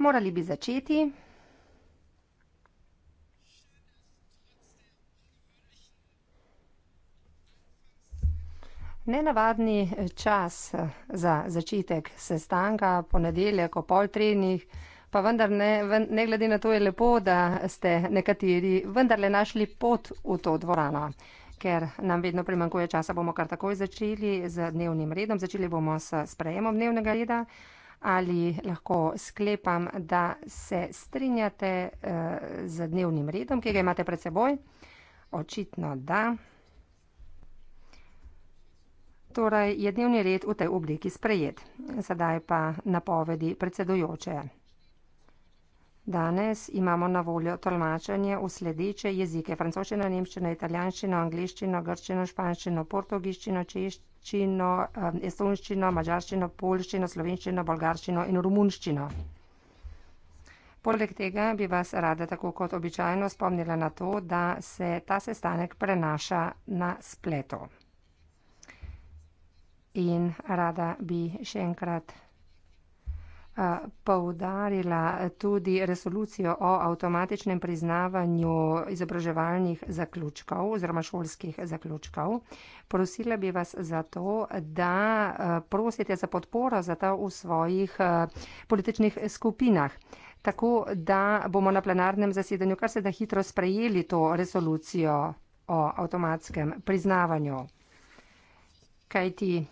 Morali bi začeti. Nenavadni čas za začetek sestanka, ponedeljek o pol trenih, pa vendar ne, ne glede na to je lepo, da ste nekateri vendarle našli pot v to dvorano. Ker nam vedno primankuje časa, bomo kar takoj začeli z dnevnim redom. Začeli bomo s sprejemom dnevnega reda ali lahko sklepam, da se strinjate eh, z dnevnim redom, ki ga imate pred seboj? Očitno da. Torej je dnevni red v tej obliki sprejet. Sedaj pa napovedi predsedujoče. Danes imamo na voljo tolmačanje v sledeče jezike. Francoščino, nemščino, italijanščino, angliščino, grščino, španščino, portugiščino, češčino, estonščino, mađarščino, polščino, slovenščino, bolgarščino in rumunščino. Poleg tega bi vas rada tako kot običajno spomnila na to, da se ta sestanek prenaša na spleto. In rada bi še enkrat poudarila tudi resolucijo o avtomatičnem priznavanju izobraževalnih zaključkov oziroma šolskih zaključkov. Prosila bi vas za to, da prosite za podporo za to v svojih političnih skupinah. Tako da bomo na plenarnem zasedanju kar se da hitro sprejeli to resolucijo o avtomatskem priznavanju. Kajti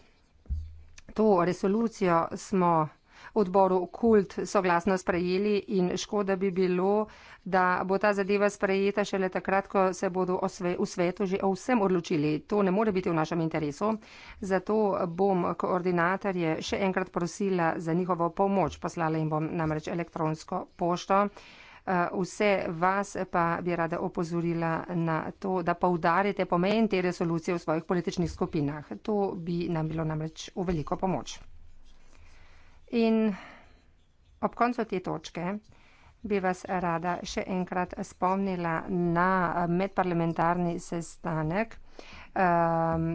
to resolucijo smo odboru Kult soglasno sprejeli in škoda bi bilo, da bo ta zadeva sprejeta šele takrat, ko se bodo osve, v svetu že o vsem odločili. To ne more biti v našem interesu. Zato bom koordinatorje še enkrat prosila za njihovo pomoč. Poslala jim bom namreč elektronsko pošto. Eh, vse vas pa bi rada opozorila na to, da poudarite pomen te resolucije v svojih političnih skupinah. To bi nam bilo namreč v veliko pomoč. In ob koncu te točke bi vas rada še enkrat spomnila na medparlamentarni sestanek um, ehm,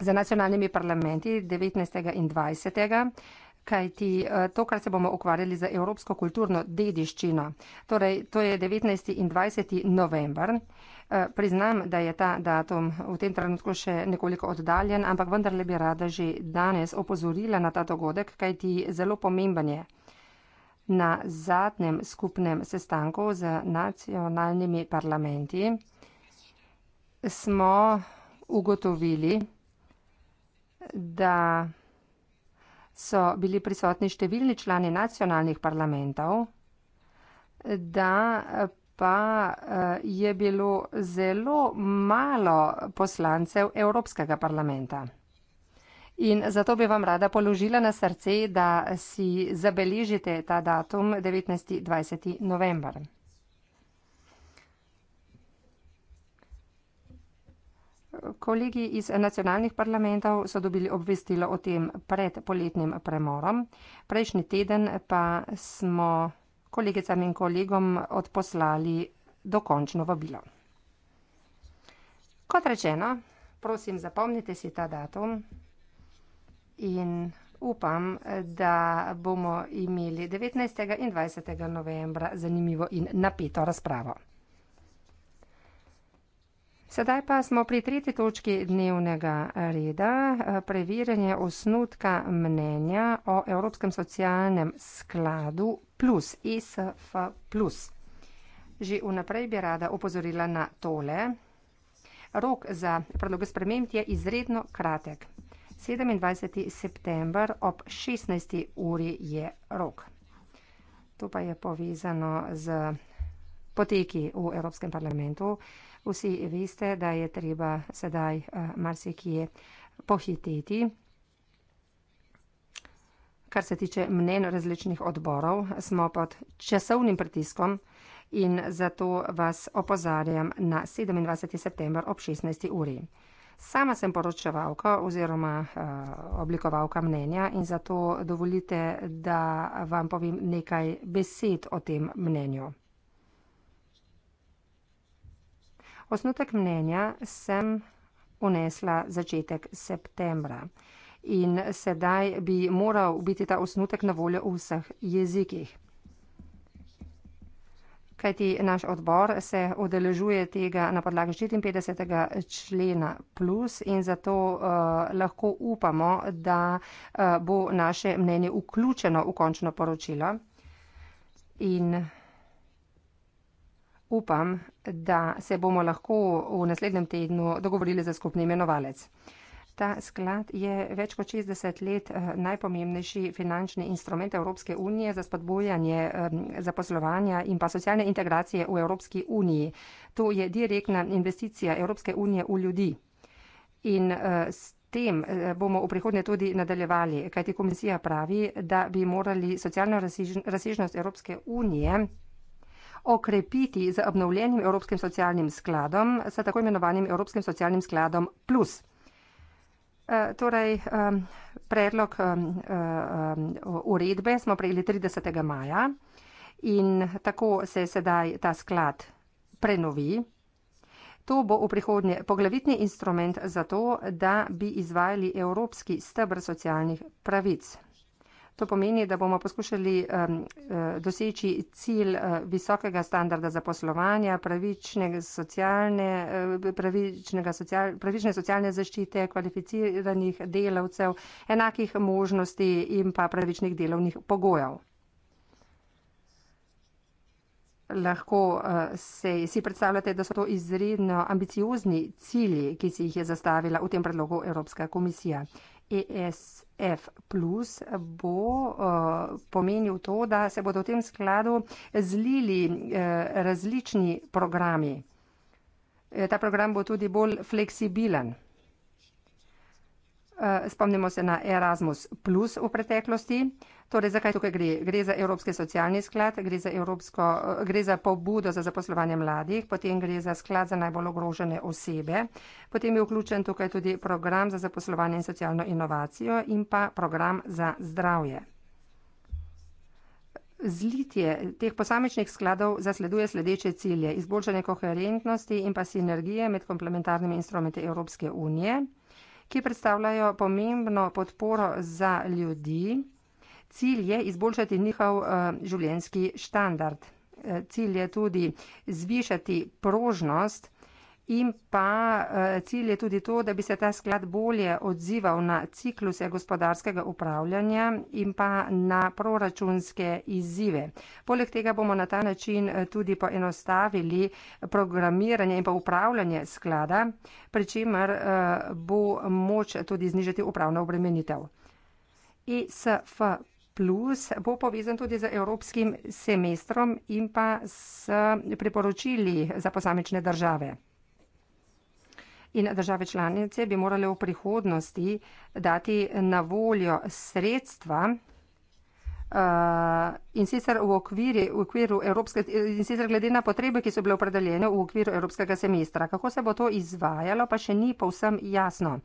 za nacionalnimi parlamenti 19. in 20. Kajti eh, to, kar se bomo ukvarjali z evropsko kulturno dediščino, torej to je 19. in 20. november. Eh, priznam, da je ta datum v tem trenutku še nekoliko oddaljen, ampak vendarle bi rada že danes opozorila na ta dogodek, kaj ti zelo pomemben je. Na zadnjem skupnem sestanku z nacionalnimi parlamenti smo ugotovili, da so bili prisotni številni člani nacionalnih parlamentov, da pa eh, je bilo zelo malo poslancev Evropskega parlamenta. In zato bi vam rada položila na srce, da si zabeležite ta datum 19.20. novembar. Kolegi iz nacionalnih parlamentov so dobili obvestilo o tem pred poletnim premorom. Prejšnji teden pa smo kolegicam in kolegom odposlali dokončno vabilo. Kot rečeno, prosim, zapomnite si ta datum in upam, da bomo imeli 19. in 20. novembra zanimivo in napeto razpravo. Sedaj pa smo pri tretji točki dnevnega reda, eh, preverjanje osnutka mnenja o Evropskem socialnem skladu plus ESF. Že vnaprej bi rada opozorila na tole. Rok za predloge sprememb je izredno kratek. 27. september ob 16. uri je rok. To pa je povezano z poteki v Evropskem parlamentu. Vsi veste, da je treba sedaj eh, marsikje pohiteti. Kar se tiče mnen različnih odborov, smo pod časovnim pritiskom in zato vas opozarjam na 27. september ob 16. uri. Sama sem poročevalka oziroma uh, oblikovalka mnenja in zato dovolite, da vam povem nekaj besed o tem mnenju. Osnutek mnenja sem unesla začetek septembra. In sedaj bi moral biti ta osnutek na voljo v vseh jezikih. Kajti naš odbor se odeležuje tega na podlagi 54. člena plus in zato uh, lahko upamo, da uh, bo naše mnenje vključeno v končno poročilo. In upam, da se bomo lahko v naslednjem tednu dogovorili za skupni imenovalec. Ta sklad je več kot 60 let eh, najpomembnejši finančni instrument Evropske unije za spodbujanje eh, zaposlovanja in pa socialne integracije v Evropski uniji. To je direktna investicija Evropske unije v ljudi. In eh, s tem bomo v prihodnje tudi nadaljevali, kajti komisija pravi, da bi morali socialno razsežnost Evropske unije okrepiti z obnovljenim Evropskim socialnim skladom, s tako imenovanim Evropskim socialnim skladom plus. E, torej, e, predlog e, uredbe smo prejeli 30. maja in tako se sedaj ta sklad prenovi. To bo v prihodnje poglavitni instrument za to, da bi izvajali evropski stebr socialnih pravic. To pomeni, da bomo poskušali um, doseči cilj uh, visokega standarda zaposlovanja, pravične socialne, eh, pravičnega social, pravične socialne zaščite, kvalificiranih delavcev, enakih možnosti in pa pravičnih delovnih pogojev. Lahko se, si predstavljate, da so to izredno ambiciozni cilji, ki si jih je zastavila v tem predlogu Evropska komisija. ES, F, bo uh, pomenil to, da se bodo v tem skladu zlili uh, različni programi. Eh, ta program bo tudi bolj fleksibilen. Eh, spomnimo se na Erasmus Plus v preteklosti. Torej, zakaj tukaj gre? Gre za Evropski socialni sklad, gre za, Evropsko, eh, gre za pobudo za zaposlovanje mladih, potem gre za sklad za najbolj ogrožene osebe, potem je vključen tukaj tudi program za zaposlovanje in socialno inovacijo in pa program za zdravje. Zlitje teh posamičnih skladov zasleduje sledeče cilje. Izboljšanje koherentnosti in pa sinergije med komplementarnimi instrumenti Evropske unije ki predstavljajo pomembno podporo za ljudi. Cilj je izboljšati njihov eh, življenjski standard. Eh, cilj je tudi zvišati prožnost In pa eh, cilj je tudi to, da bi se ta sklad bolje odzival na cikluse gospodarskega upravljanja in pa na proračunske izzive. Poleg tega bomo na ta način eh, tudi poenostavili programiranje in pa upravljanje sklada, pri čemer eh, bo moč tudi znižati upravno obremenitev. ESF plus bo povezan tudi z evropskim semestrom in pa s priporočili za posamečne države in države članice bi morale v prihodnosti dati na voljo sredstva eh, in sicer v, okviri, v okviru Evropske, in sicer glede na potrebe, ki so bile opredeljene v okviru Evropskega semestra. Kako se bo to izvajalo, pa še ni povsem jasno.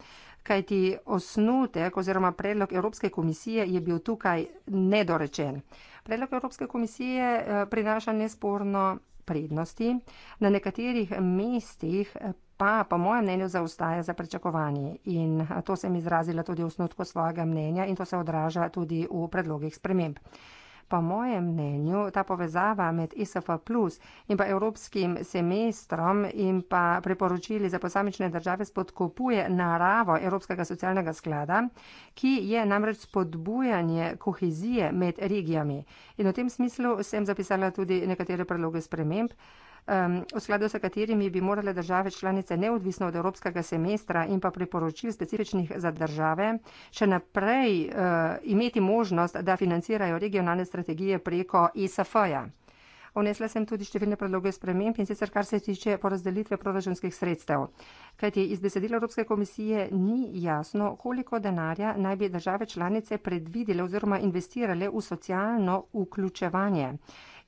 Kaj ti osnutek oziroma predlog Evropske komisije je bil tukaj nedorečen. Predlog Evropske komisije eh, prinaša nesporno prednosti, na nekaterih mestih pa po mojem mnenju zaostaja za pričakovanji. In to sem izrazila tudi v osnutku svojega mnenja in to se odraža tudi v predlogih sprememb. Po mojem mnenju ta povezava med ISF plus in pa evropskim semestrom in pa priporočili za posamične države spodkopuje naravo Evropskega socialnega sklada, ki je namreč spodbujanje kohezije med regijami. In v tem smislu sem zapisala tudi nekatere predloge sprememb um, v skladu s katerimi bi morale države članice neodvisno od evropskega semestra in pa priporočil specifičnih za države še naprej uh, imeti možnost, da financirajo regionalne strategije preko ISF-ja. Onesla sem tudi številne predloge sprememb in sicer kar se tiče porazdelitve proračunskih sredstev. Kajti iz besedila Evropske komisije ni jasno, koliko denarja naj bi države članice predvidele oziroma investirale v socialno vključevanje.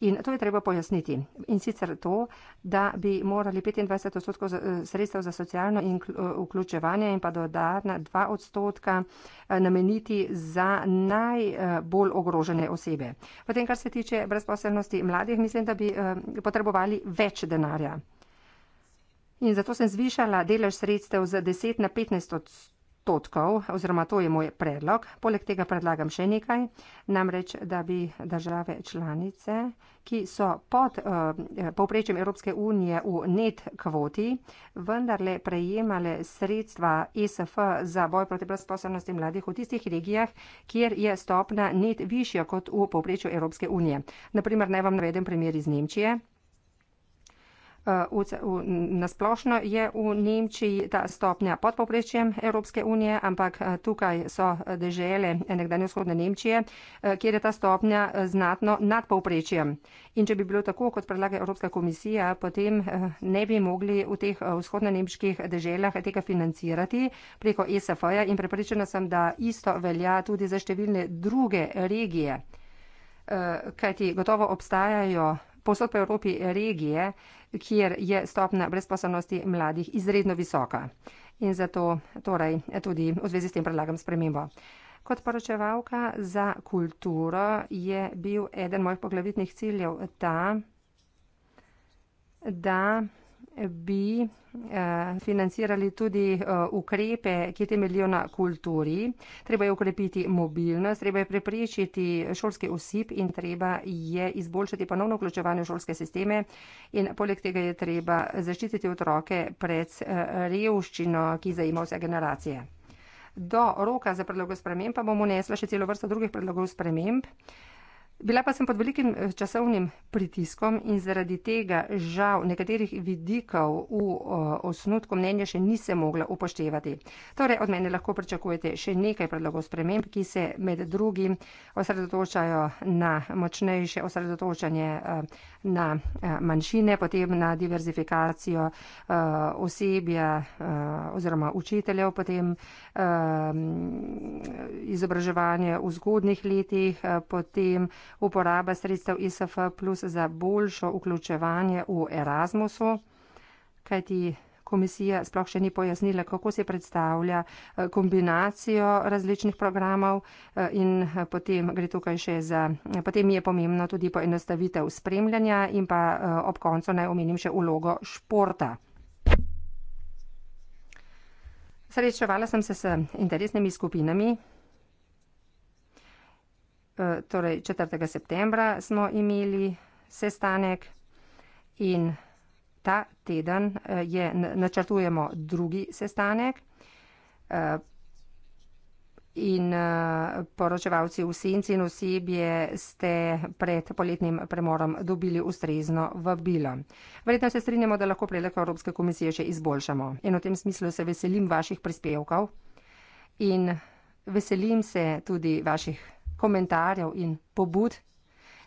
In to je treba pojasniti. In sicer to, da bi morali 25 odstotkov eh, sredstev za socialno eh, vključevanje in pa dodatna 2 odstotka eh, nameniti za najbolj ogrožene osebe. Potem, kar se tiče brezposelnosti mladih, mislim, da bi potrebovali več denarja. In zato sem zvišala delež sredstev z 10 na 15 odstotkov odstotkov, oziroma to je moj predlog. Poleg tega predlagam še nekaj, namreč, da bi države članice, ki so pod uh, povprečjem Evropske unije v net kvoti, vendarle prejemale sredstva ESF za boj proti brezposobnosti mladih v tistih regijah, kjer je stopna net višja kot v povprečju Evropske unije. Naprimer, naj vam navedem primer iz Nemčije. Nasplošno je v Nemčiji ta stopnja pod poprečjem Evropske unije, ampak eh, tukaj so dežele nekdanje vzhodne Nemčije, eh, kjer je ta stopnja eh, znatno nad poprečjem. In če bi bilo tako, kot predlaga Evropska komisija, potem ne bi mogli v teh vzhodne nemških deželah tega financirati preko ESF-ja in prepričana sem, da isto velja tudi za številne druge regije. Kajti gotovo obstajajo posod po Evropi regije, kjer je stopna brezposobnosti mladih izredno visoka. In zato torej, tudi v zvezi s tem predlagam spremembo. Kot poročevalka za kulturo je bil eden mojih poglavitnih ciljev ta, da bi eh, financirali tudi eh, ukrepe, ki temeljijo na kulturi. Treba je ukrepiti mobilnost, treba je preprečiti šolske usip in treba je izboljšati ponovno vključevanje v šolske sisteme. In poleg tega je treba zaščititi otroke pred eh, revščino, ki zajima vse generacije. Do roka za predlogo sprememb pa bomo nesla še celo vrsto drugih predlogov sprememb. Eh, Bila pa sem pod velikim eh, časovnim pritiskom in zaradi tega žal nekaterih vidikov v eh, osnutku mnenja še nisem mogla upoštevati. Torej, od mene lahko pričakujete še nekaj predlogov sprememb, ki se med drugim osredotočajo na močnejše osredotočanje eh, na manjšine, potem na diverzifikacijo osebja oziroma učiteljev, potem izobraževanje v zgodnih letih, potem uporaba sredstev ISF plus za boljšo vključevanje v Erasmusu, kajti komisija sploh še ni pojasnila, kako se predstavlja eh, kombinacijo različnih programov eh, in eh, potem gre tukaj še za, potem je pomembno tudi poenostavitev spremljanja in pa ob koncu naj omenim še ulogo športa. Srečevala sem se s interesnimi skupinami. Eh, torej 4. septembra smo imeli sestanek in ta teden eh, je, načrtujemo drugi sestanek eh, in poročevalci v senci in osebje ste pred poletnim premorom dobili ustrezno vabilo. Verjetno se strinjamo, da lahko predlog Evropske komisije še izboljšamo in v tem smislu se veselim vaših prispevkov in veselim se tudi vaših komentarjev in pobud.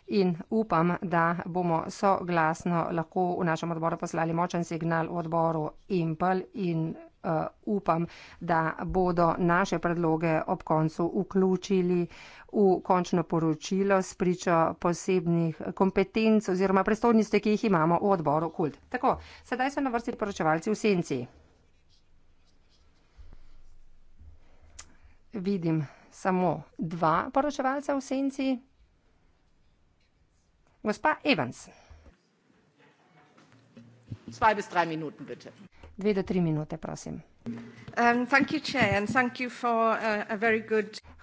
In upam, da bomo soglasno lahko v našem odboru poslali močen signal v odboru Impel in uh, upam, da bodo naše predloge ob koncu vključili v končno poročilo s pričo posebnih kompetenc oziroma predstavnice, ki jih imamo v odboru Kult. Tako, sedaj so na vrsti poročevalci v senci. Vidim, samo dva poročevalca v senci. Gospa Evans. Dve do tri minute, prosim. Um, uh,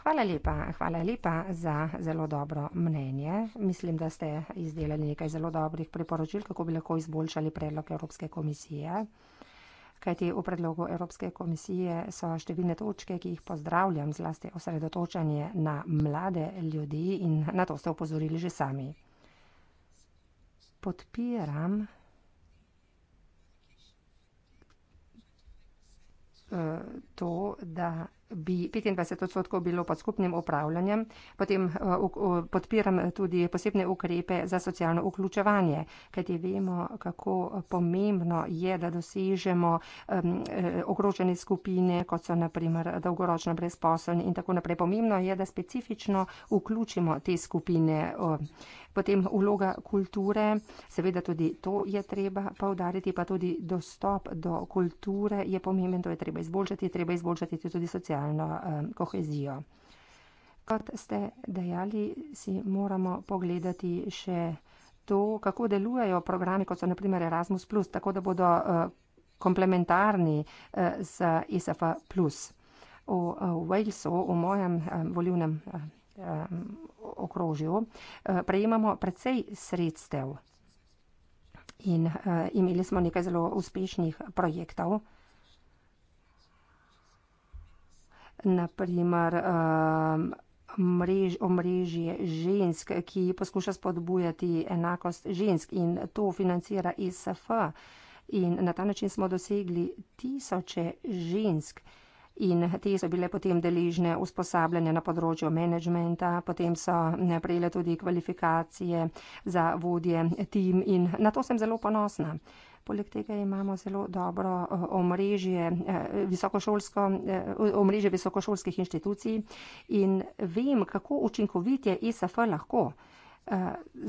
hvala lepa, hvala lepa za zelo dobro mnenje. Mislim, da ste izdelali nekaj zelo dobrih priporočil, kako bi lahko izboljšali predlog Evropske komisije kajti v predlogu Evropske komisije so številne točke, ki jih pozdravljam, zlasti osredotočanje na mlade ljudi in na to ste upozorili že sami. Podpiram eh, to, da bi 25 odstotkov bilo pod skupnim upravljanjem. Potem eh, podpiram tudi posebne ukrepe za socialno vključevanje, kajti vemo, kako eh, pomembno je, da dosežemo eh, ogrožene skupine, kot so naprimer dolgoročno brezposobni in tako naprej. Pomembno je, da specifično vključimo te skupine. Potem vloga kulture, seveda tudi to je treba poudariti, pa tudi dostop do kulture je pomemben, to je treba izboljšati, treba izboljšati tudi socialno socialno um, kohezijo. Kot ste dejali, si moramo pogledati še to, kako delujejo programi, kot so naprimer Erasmus, tako da bodo uh, komplementarni uh, eh, z ISF. V uh, Walesu, v mojem um, volivnem um, okrožju, uh, prejemamo precej sredstev in uh, imeli smo nekaj zelo uspešnih projektov. naprimer um, mrež, omrežje žensk, ki poskuša spodbujati enakost žensk in to financira ISF. In na ta način smo dosegli tisoče žensk. In te so bile potem deležne usposabljanja na področju menedžmenta, potem so eh, prejele tudi kvalifikacije za vodje tim in na to sem zelo ponosna. Poleg tega imamo zelo dobro eh, omrežje, eh, visokošolsko, eh, omrežje visokošolskih inštitucij in vem, kako učinkovit je ISF e lahko.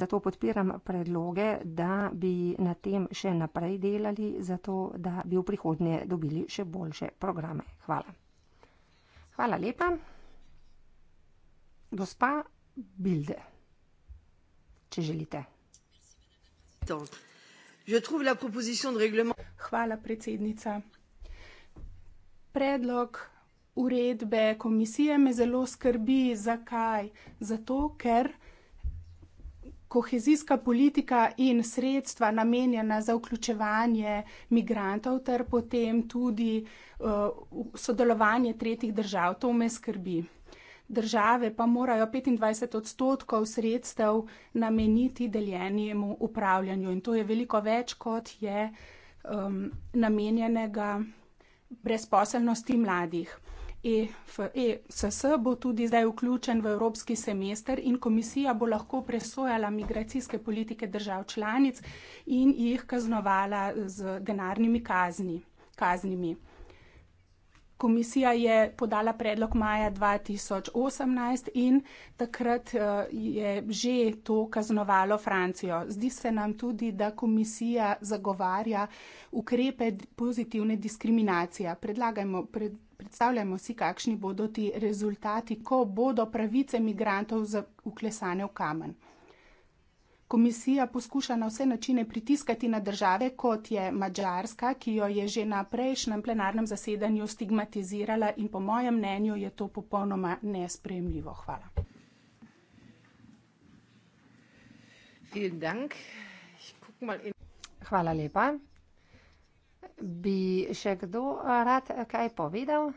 Zato podpiram predloge, da bi na tem še naprej delali, zato da bi v prihodnje dobili še boljše programe. Hvala. Hvala lepa. Gospa Bilde, če želite. Don't. Hvala, predsednica. Predlog uredbe komisije me zelo skrbi. Zakaj? Zato, ker kohezijska politika in sredstva namenjena za vključevanje migrantov ter potem tudi uh, sodelovanje tretjih držav, to me skrbi države pa morajo 25 odstotkov sredstev nameniti deljenjemu upravljanju in to je veliko več, kot je um, namenjenega brezposelnosti mladih. EFSS e bo tudi zdaj vključen v evropski semester in komisija bo lahko presojala migracijske politike držav članic in jih kaznovala z denarnimi kazni, kaznimi. Komisija je podala predlog maja 2018 in takrat eh, je že to kaznovalo Francijo. Zdi se nam tudi, da komisija zagovarja ukrepe pozitivne diskriminacije. Predlagajmo, pred, predstavljamo si, kakšni bodo ti rezultati, ko bodo pravice migrantov uklesane v kamen komisija poskuša na vse načine pritiskati na države, kot je Mačarska, ki jo je že na prejšnjem plenarnem zasedanju stigmatizirala in po mojem mnenju je to popolnoma nespremljivo. Hvala. Hvala lepa. Bi še kdo rad kaj povedal?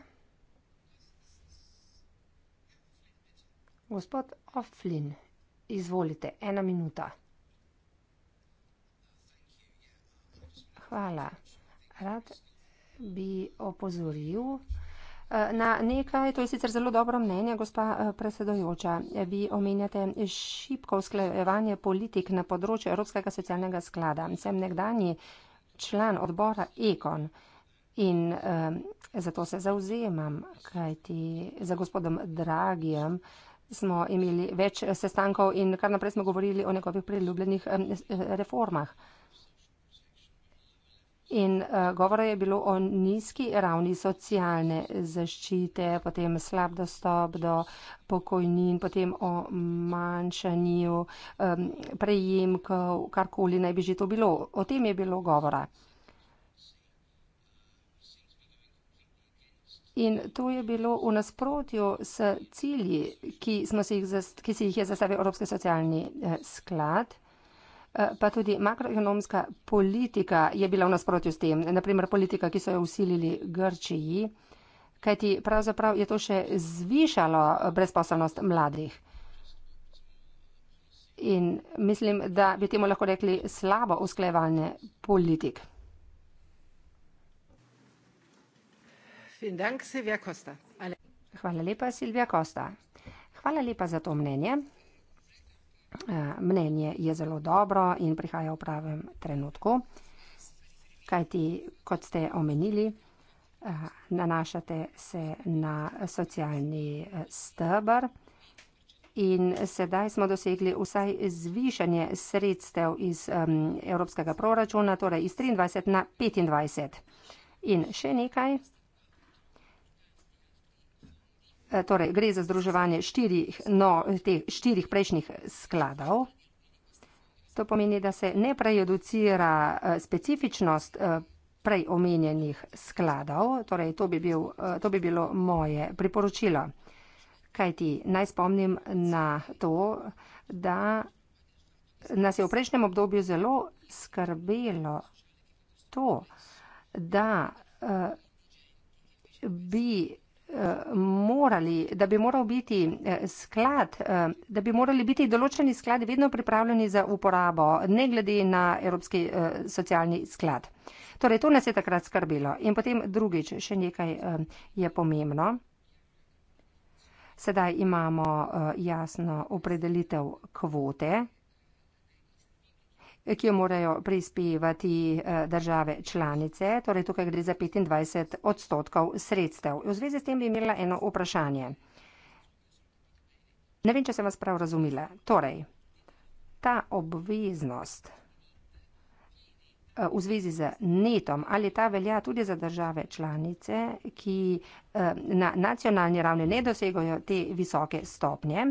Gospod Oflin, Izvolite, ena minuta. Hvala. Rad bi opozoril eh, na nekaj, to je sicer zelo dobro mnenje, gospa eh, predsedojoča. Vi omenjate šipko usklajevanje politik na področju Evropskega socialnega sklada. Sem nekdani član odbora Ekon in eh, zato se zauzemam, kajti za gospodom Dragijem, smo imeli več eh, sestankov in kar naprej smo govorili o njegovih priljubljenih eh, reformah. In eh, govora je bilo o nizki ravni socialne zaščite, potem slab dostop do pokojnin, potem o manjšanju prejemkov, karkoli naj bi že to bilo. O tem je bilo govora. In to je bilo v nasprotju s cilji, ki, si jih, ki si jih je zastavil Evropski socialni eh, sklad. Eh, pa tudi makroekonomska politika je bila v nasprotju s tem, naprimer politika, ki so jo usilili Grčiji, kajti pravzaprav je to še zvišalo eh, brezposobnost mladih. In mislim, da bi temu lahko rekli slabo usklejevanje politik. Hvala lepa, Silvija Kosta. Hvala lepa za to mnenje. Eh, mnenje je zelo dobro in prihaja v pravem trenutku, kajti, kot ste omenili, eh, nanašate se na socialni eh, stebr in sedaj smo dosegli vsaj zvišanje sredstev iz um, evropskega proračuna, torej iz 23 na 25. In še nekaj torej gre za združevanje štirih, no, teh štirih prejšnjih skladov. To pomeni, da se ne prejuducira eh, specifičnost eh, prej omenjenih skladov, torej to bi, bil, eh, to bi bilo moje priporočilo. Kaj ti naj spomnim na to, da nas je v prejšnjem obdobju zelo skrbelo to, da uh, bi morali, da bi moral biti eh, sklad, eh, da bi morali biti določeni skladi vedno pripravljeni za uporabo, ne glede na Evropski eh, socialni sklad. Torej, to nas je takrat skrbelo. In potem drugič, še nekaj je pomembno. Sedaj imamo jasno opredelitev kvote, ki jo morajo prispevati eh, države članice, torej tukaj gre za 25 odstotkov sredstev. V zvezi s tem bi imela eno vprašanje. Ne vem, če sem vas prav razumela. Torej, ta obveznost eh, v zvezi z netom, ali ta velja tudi za države članice, ki eh, na nacionalni ravni ne dosegajo te visoke stopnje,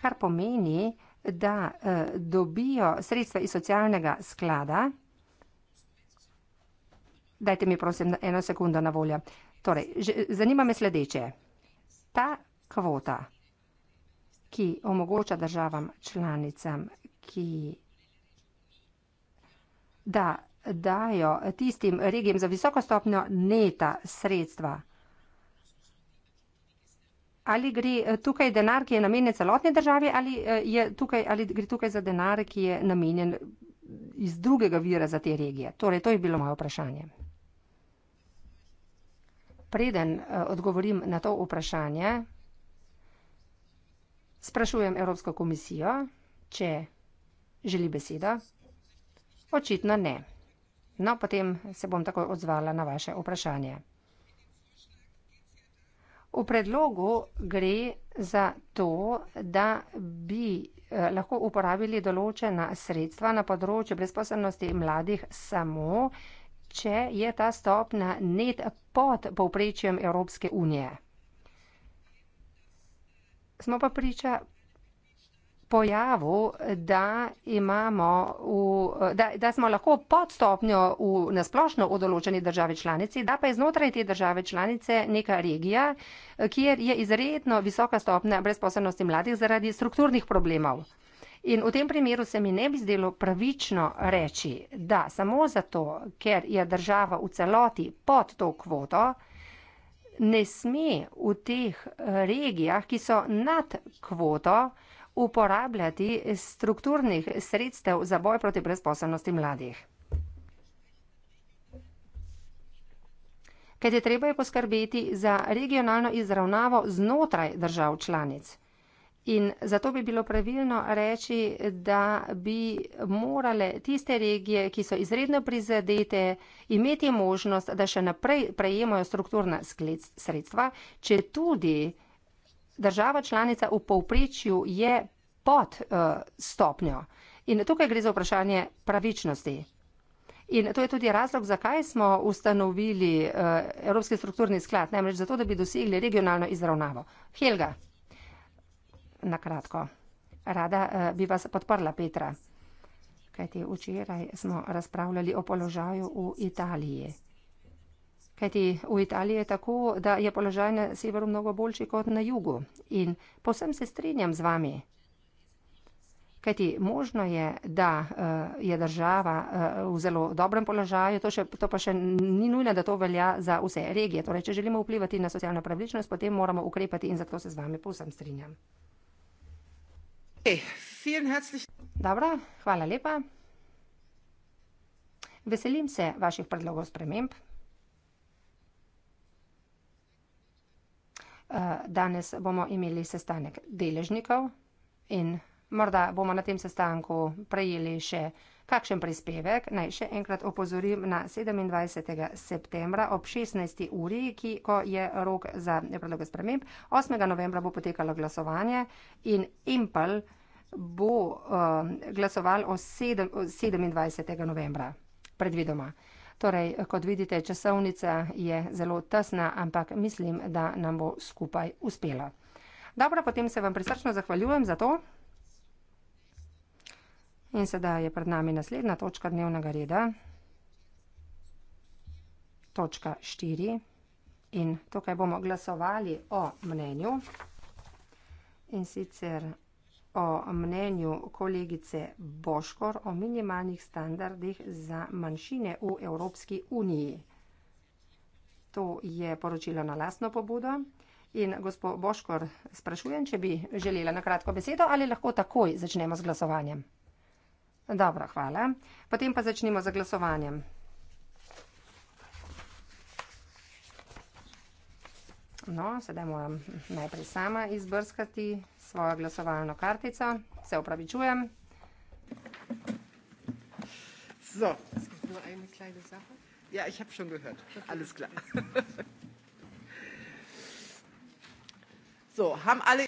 kar pomeni, da eh, dobijo sredstva iz socialnega sklada. Dajte mi prosim eno sekundo na voljo. Torej, zanima me sledeče. Ta kvota, ki omogoča državam članicam, ki da dajo tistim regijam za visoko stopnjo neta sredstva, Ali gre eh, tukaj denar, ki je namenjen celotni državi, ali, eh, tukaj, ali gre tukaj za denar, ki je namenjen eh, iz drugega vira za te regije? Torej, to je bilo moje vprašanje. Preden odgovorim na to vprašanje, sprašujem Evropsko komisijo, če želi besedo. Očitno ne. No, potem se bom tako odzvala na vaše vprašanje. V predlogu gre za to, da bi eh, lahko uporabili določena sredstva na področju brezposobnosti mladih samo, če je ta stopna net pod povprečjem Evropske unije. Smo pa priča pojavu, da, imamo v, da, da smo lahko pod stopnjo v nasplošno v določeni državi članici, da pa je znotraj te države članice neka regija, kjer je izredno visoka stopnja brezposobnosti mladih zaradi strukturnih problemov. In v tem primeru se mi ne bi zdelo pravično reči, da samo zato, ker je država v celoti pod to kvoto, ne sme v teh regijah, ki so nad kvoto, uporabljati strukturnih sredstev za boj proti brezposobnosti mladih. Kajti treba je poskrbeti za regionalno izravnavo znotraj držav članic. In zato bi bilo pravilno reči, da bi morale tiste regije, ki so izredno prizadete, imeti možnost, da še naprej prejemajo strukturna sredstva, če tudi država članica v povprečju je pod uh, stopnjo. In tukaj gre za vprašanje pravičnosti. In to je tudi razlog, zakaj smo ustanovili uh, Evropski strukturni sklad, namreč zato, da bi dosegli regionalno izravnavo. Helga, na kratko, rada uh, bi vas podprla, Petra, kajti včeraj smo razpravljali o položaju v Italiji. Kajti v Italiji je tako, da je položaj na severu mnogo boljši kot na jugu. In posem se strinjam z vami. Kajti možno je, da uh, je država uh, v zelo dobrem položaju, to, še, to pa še ni nujno, da to velja za vse regije. Torej, če želimo vplivati na socialno pravičnost, potem moramo ukrepati in zato se z vami posem strinjam. Dobro, hvala lepa. Veselim se vaših predlogov spremembe. Eh, danes bomo imeli sestanek deležnikov in morda bomo na tem sestanku prejeli še kakšen prispevek. Naj še enkrat opozorim na 27. septembra ob 16. uri, ki, ko je rok za predloge sprememb. 8. novembra bo potekalo glasovanje in Impel bo uh, glasoval o 7, 27. novembra predvidoma. Torej, kot vidite, časovnica je zelo tesna, ampak mislim, da nam bo skupaj uspela. Dobro, potem se vam prisrčno zahvaljujem za to. In sedaj je pred nami naslednja točka dnevnega reda. Točka 4. In tukaj bomo glasovali o mnenju. In sicer o mnenju kolegice Boškor o minimalnih standardih za manjšine v Evropski uniji. To je poročilo na lasno pobudo. In gospod Boškor, sprašujem, če bi želela na kratko besedo ali lahko takoj začnemo z glasovanjem. Dobro, hvala. Potem pa začnimo z glasovanjem. No, sedaj moram najprej sama izbrskati svojo glasovalno kartico. Se upravičujem. So. Es gibt nur eine kleine Sache. Ja, ich habe schon gehört. Okay. Alles klar. so, haben alle.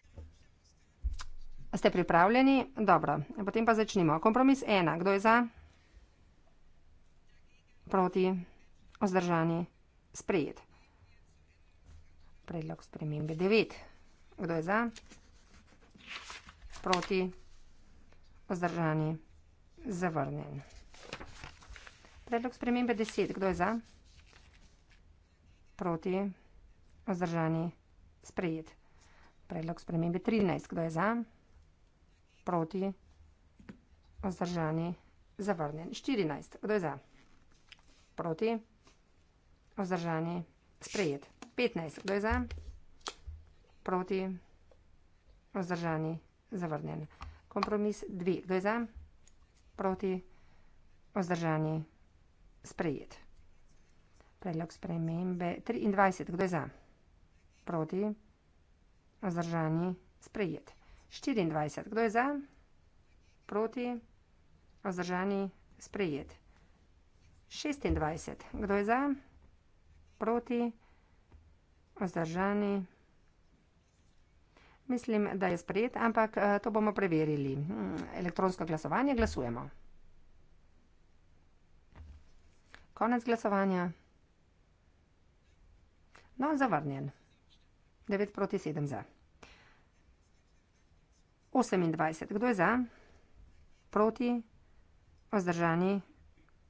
Ste pripravljeni? Dobro, potem pa začnimo. Kompromis ena. Kdo je za? Proti? Ozdržani? Sprejet predlog spremembe 9. Kdo je za? Proti? Vzdržani? Zavrnen. Predlog spremembe 10. Kdo je za? Proti? Vzdržani? Sprejet. Predlog spremembe 13. Kdo je za? Proti? Vzdržani? Zavrnen. 14. Kdo je za? Proti? Vzdržani? Sprejet. 15, kdo je za? Proti, vzdržani, zavrnjen. Kompromis 2, kdo je za? Proti, vzdržani, sprejet. Predlog spremembe 23, kdo je za? Proti, vzdržani, sprejet. 24, kdo je za? Proti, vzdržani, sprejet. 26, kdo je za? Proti, vzdržani, sprejet vzdržani. Mislim, da je sprejet, ampak eh, to bomo preverili. Hmm, elektronsko glasovanje glasujemo. Konec glasovanja. No, zavrnjen. 9 proti 7 za. 28. Kdo je za? Proti? Vzdržani?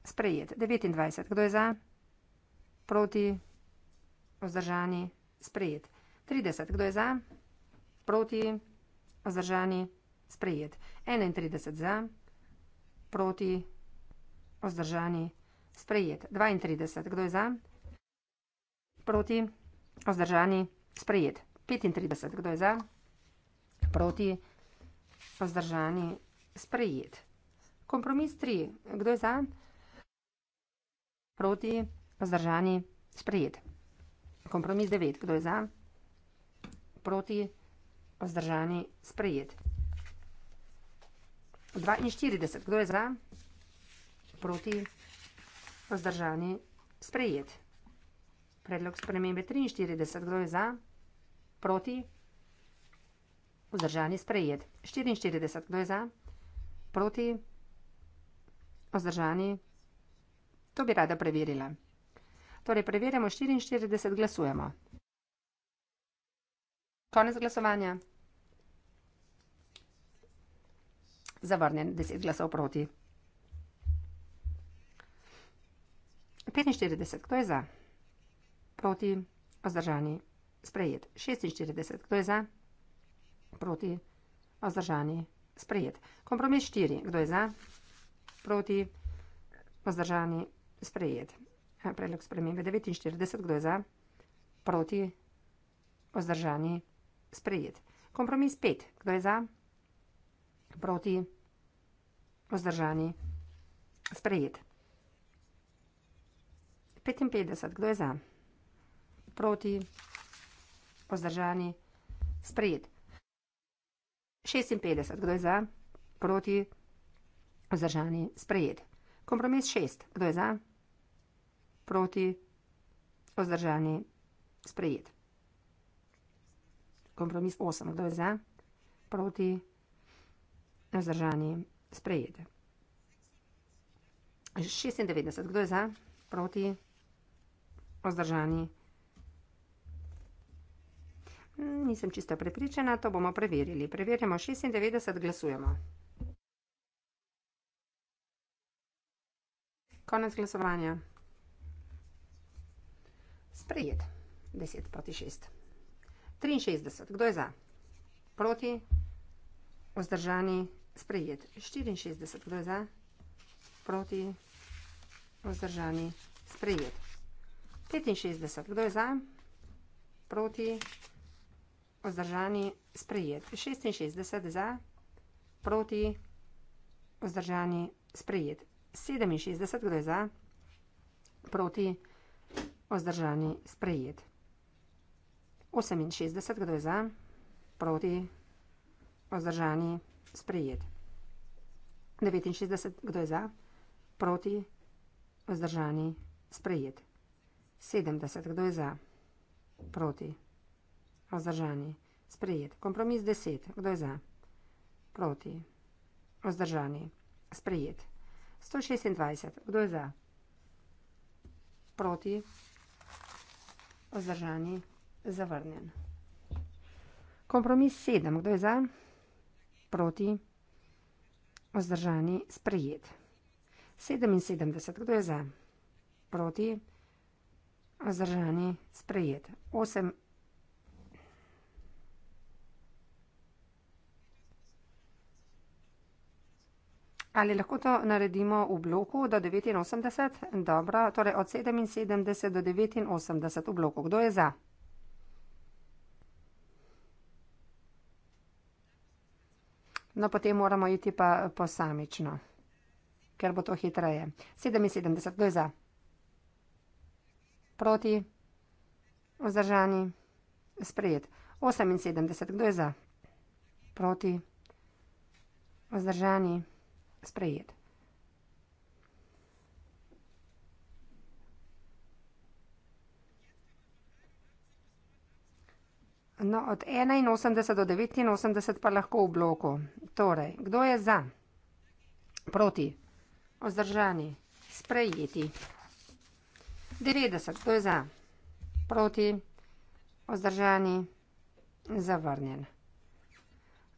Sprejet. 29. Kdo je za? Proti? Vzdržani? sprejet. 30. Kdo je za? Proti? Ozdržani? Sprejet. 31. Za? Proti? Ozdržani? Sprejet. 32. Kdo je za? Proti? Ozdržani? Sprejet. 35. Kdo je za? Proti? Ozdržani? Sprejet. Kompromis 3. Kdo je za? Proti? Ozdržani? Sprejet. Kompromis 9. Kdo je za? Proti? Vzdržani? Sprejet. 42. Kdo je za? Proti? Vzdržani? Sprejet. Predlog spremembe 43. Kdo je za? Proti? Vzdržani? Sprejet. 44. Kdo je za? Proti? Vzdržani? To bi rada preverila. Torej preverjamo 44, glasujemo. Konec glasovanja. Zavrnjen 10 glasov proti. 45, kdo je za? Proti, vzdržani, sprejet. 46, kdo je za? Proti, vzdržani, sprejet. Kompromis 4, kdo je za? Proti, vzdržani, sprejet predlog spremembe 49, kdo je za, proti, vzdržani, sprejet. Kompromis 5, kdo je za, proti, vzdržani, sprejet. 55, kdo je za, proti, vzdržani, sprejet. 56, kdo je za, proti, vzdržani, sprejet. Kompromis 6, kdo je za, proti, vzdržani, sprejet proti vzdržani sprejet. Kompromis 8. Kdo je za? Proti vzdržani sprejet. 96. Kdo je za? Proti vzdržani Nisem čisto prepričana, to bomo preverili. Preverjamo 96, glasujemo. Konec glasovanja. Sprejet. 10 proti 6. 63. Kdo je za? Proti. Vzdržani. Sprejet. 64. Kdo je za? Proti. Vzdržani. Sprejet. 65. Kdo je za? Proti. Vzdržani. Sprejet. 66. Za. Proti. Vzdržani. Sprejet. 67. Kdo je za? Proti. Vzdržani vzdržani, sprejet. 68, kdo je za, proti, vzdržani, sprejet. 69, kdo je za, proti, vzdržani, sprejet. 70, kdo je za, proti, vzdržani, sprejet. Kompromis 10, kdo je za, proti, vzdržani, sprejet. 126, kdo je za, proti, vzdržani, sprejet. Vzdržani, zavrnjen. Kompromis sedem. Kdo je za? Proti. Vzdržani, sprejet. Sedeminsedemdeset. Kdo je za? Proti. Vzdržani, sprejet. Osem. Ali lahko to naredimo v bloku do 89? Dobro, torej od 77 do 89 v bloku. Kdo je za? No, potem moramo iti pa posamično, ker bo to hitreje. 77, kdo je za? Proti? Vzdržani? Sprejet. 78, kdo je za? Proti? Vzdržani? Sprejet sprejet. No, od 81 do 89 pa lahko v bloku. Torej, kdo je za? Proti? Ozdržani? Sprejeti. 90, kdo je za? Proti? Ozdržani? Zavrnjen.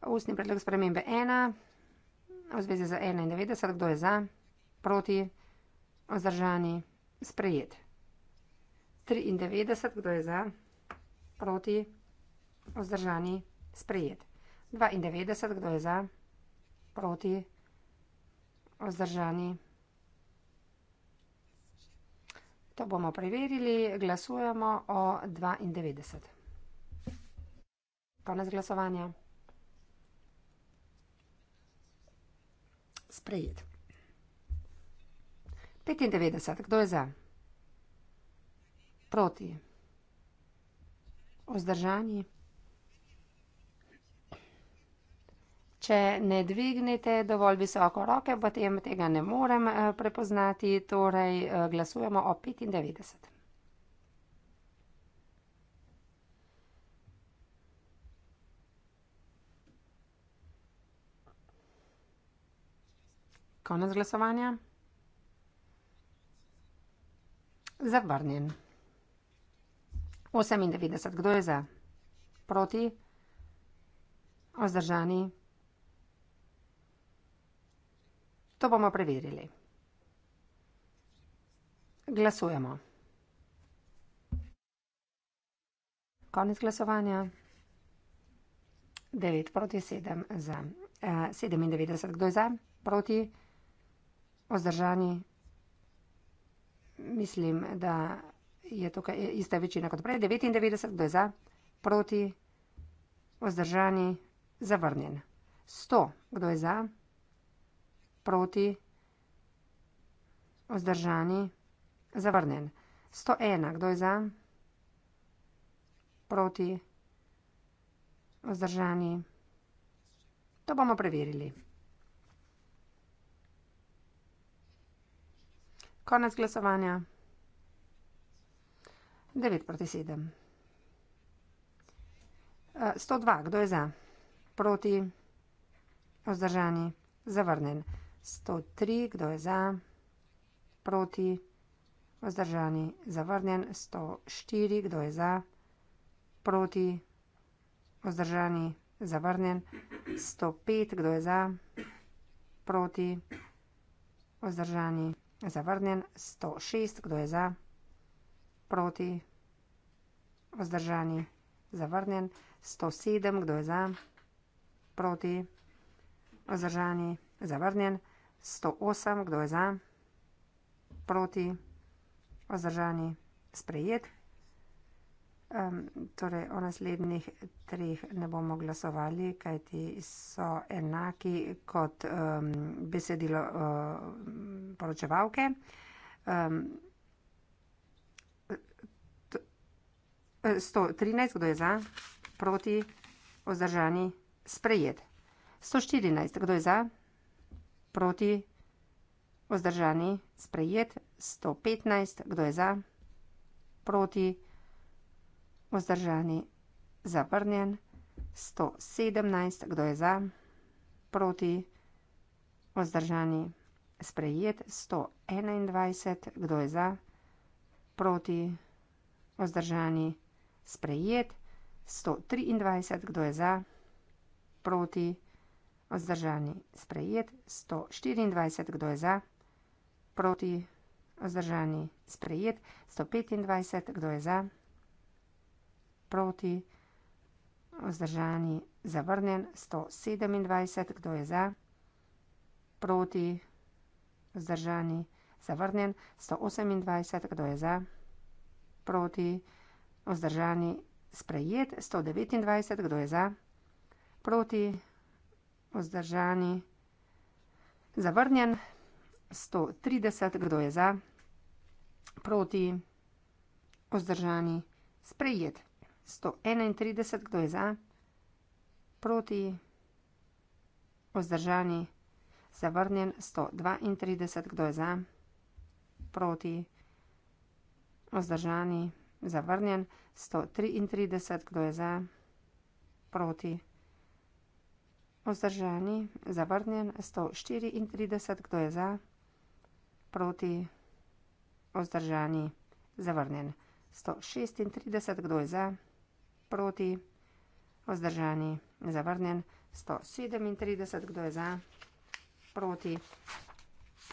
Ustni predlog spremembe 1 v zvezi z 91, kdo je za, proti, vzdržani, sprejet. 93, kdo je za, proti, vzdržani, sprejet. 92, kdo je za, proti, vzdržani, To bomo preverili, glasujemo o 92. Konec glasovanja. sprejet. 95. Kdo je za? Proti. Ozdržani. Če ne dvignete dovolj visoko roke, potem tega ne morem eh, prepoznati, torej eh, glasujemo o 95. Konec glasovanja. Zavrnjen. 98. Kdo je za? Proti? Ozdržani? To bomo preverili. Glasujemo. Konec glasovanja. 9 proti 7 za. 97. Eh, Kdo je za? Proti? vzdržani. Mislim, da je tukaj ista večina kot prej. 99, kdo je za, proti, vzdržani, zavrnjen. 100, kdo je za, proti, vzdržani, zavrnjen. 101, kdo je za, proti, vzdržani. To bomo preverili. Konec glasovanja. 9 proti 7. 102. E, kdo je za? Proti. Ozdržani. Zavrnen. 103. Kdo je za? Proti. Ozdržani. Zavrnen. 104. Kdo je za? Proti. Ozdržani. Zavrnen. 105. Kdo je za? Proti. Ozdržani. Zavrnjen 106, kdo je za? Proti? Vzdržani? Zavrnjen 107, kdo je za? Proti? Vzdržani? Zavrnjen 108, kdo je za? Proti? Vzdržani? Sprejet? Um, torej o naslednjih treh ne bomo glasovali, kajti so enaki kot um, besedilo uh, poročevalke. Um, 113, e, kdo je za, proti, vzdržani, sprejet. 114, kdo je za, proti, vzdržani, sprejet. 115, kdo je za, proti, vzdržani vzdržani, zavrnjen, 117, kdo je za, proti, vzdržani, sprejet, 121, kdo je za, proti, vzdržani, sprejet, 123, kdo je za, proti, vzdržani, sprejet, 124, kdo je za, proti, vzdržani, sprejet, 125, kdo je za, proti, vzdržani, sprejet, 125, kdo je za, proti, vzdržani, zavrnjen, 127, kdo je za, proti, vzdržani, zavrnjen, 128, kdo je za, proti, vzdržani, sprejet, 129, kdo je za, proti, vzdržani, zavrnjen, 130, kdo je za, proti, vzdržani, sprejet sto enaintrideset, kdo je za? Proti, vzdržani, zavrnjen, sto dvaintrideset, kdo je za? Proti, vzdržani, zavrnjen, sto triintrideset, kdo je za? Proti, vzdržani, zavrnjen, sto štiriintrideset, kdo je za? Proti, vzdržani, zavrnjen, sto šestintrideset, kdo je za? proti, vzdržani, zavrnjen, 137, kdo je za, proti,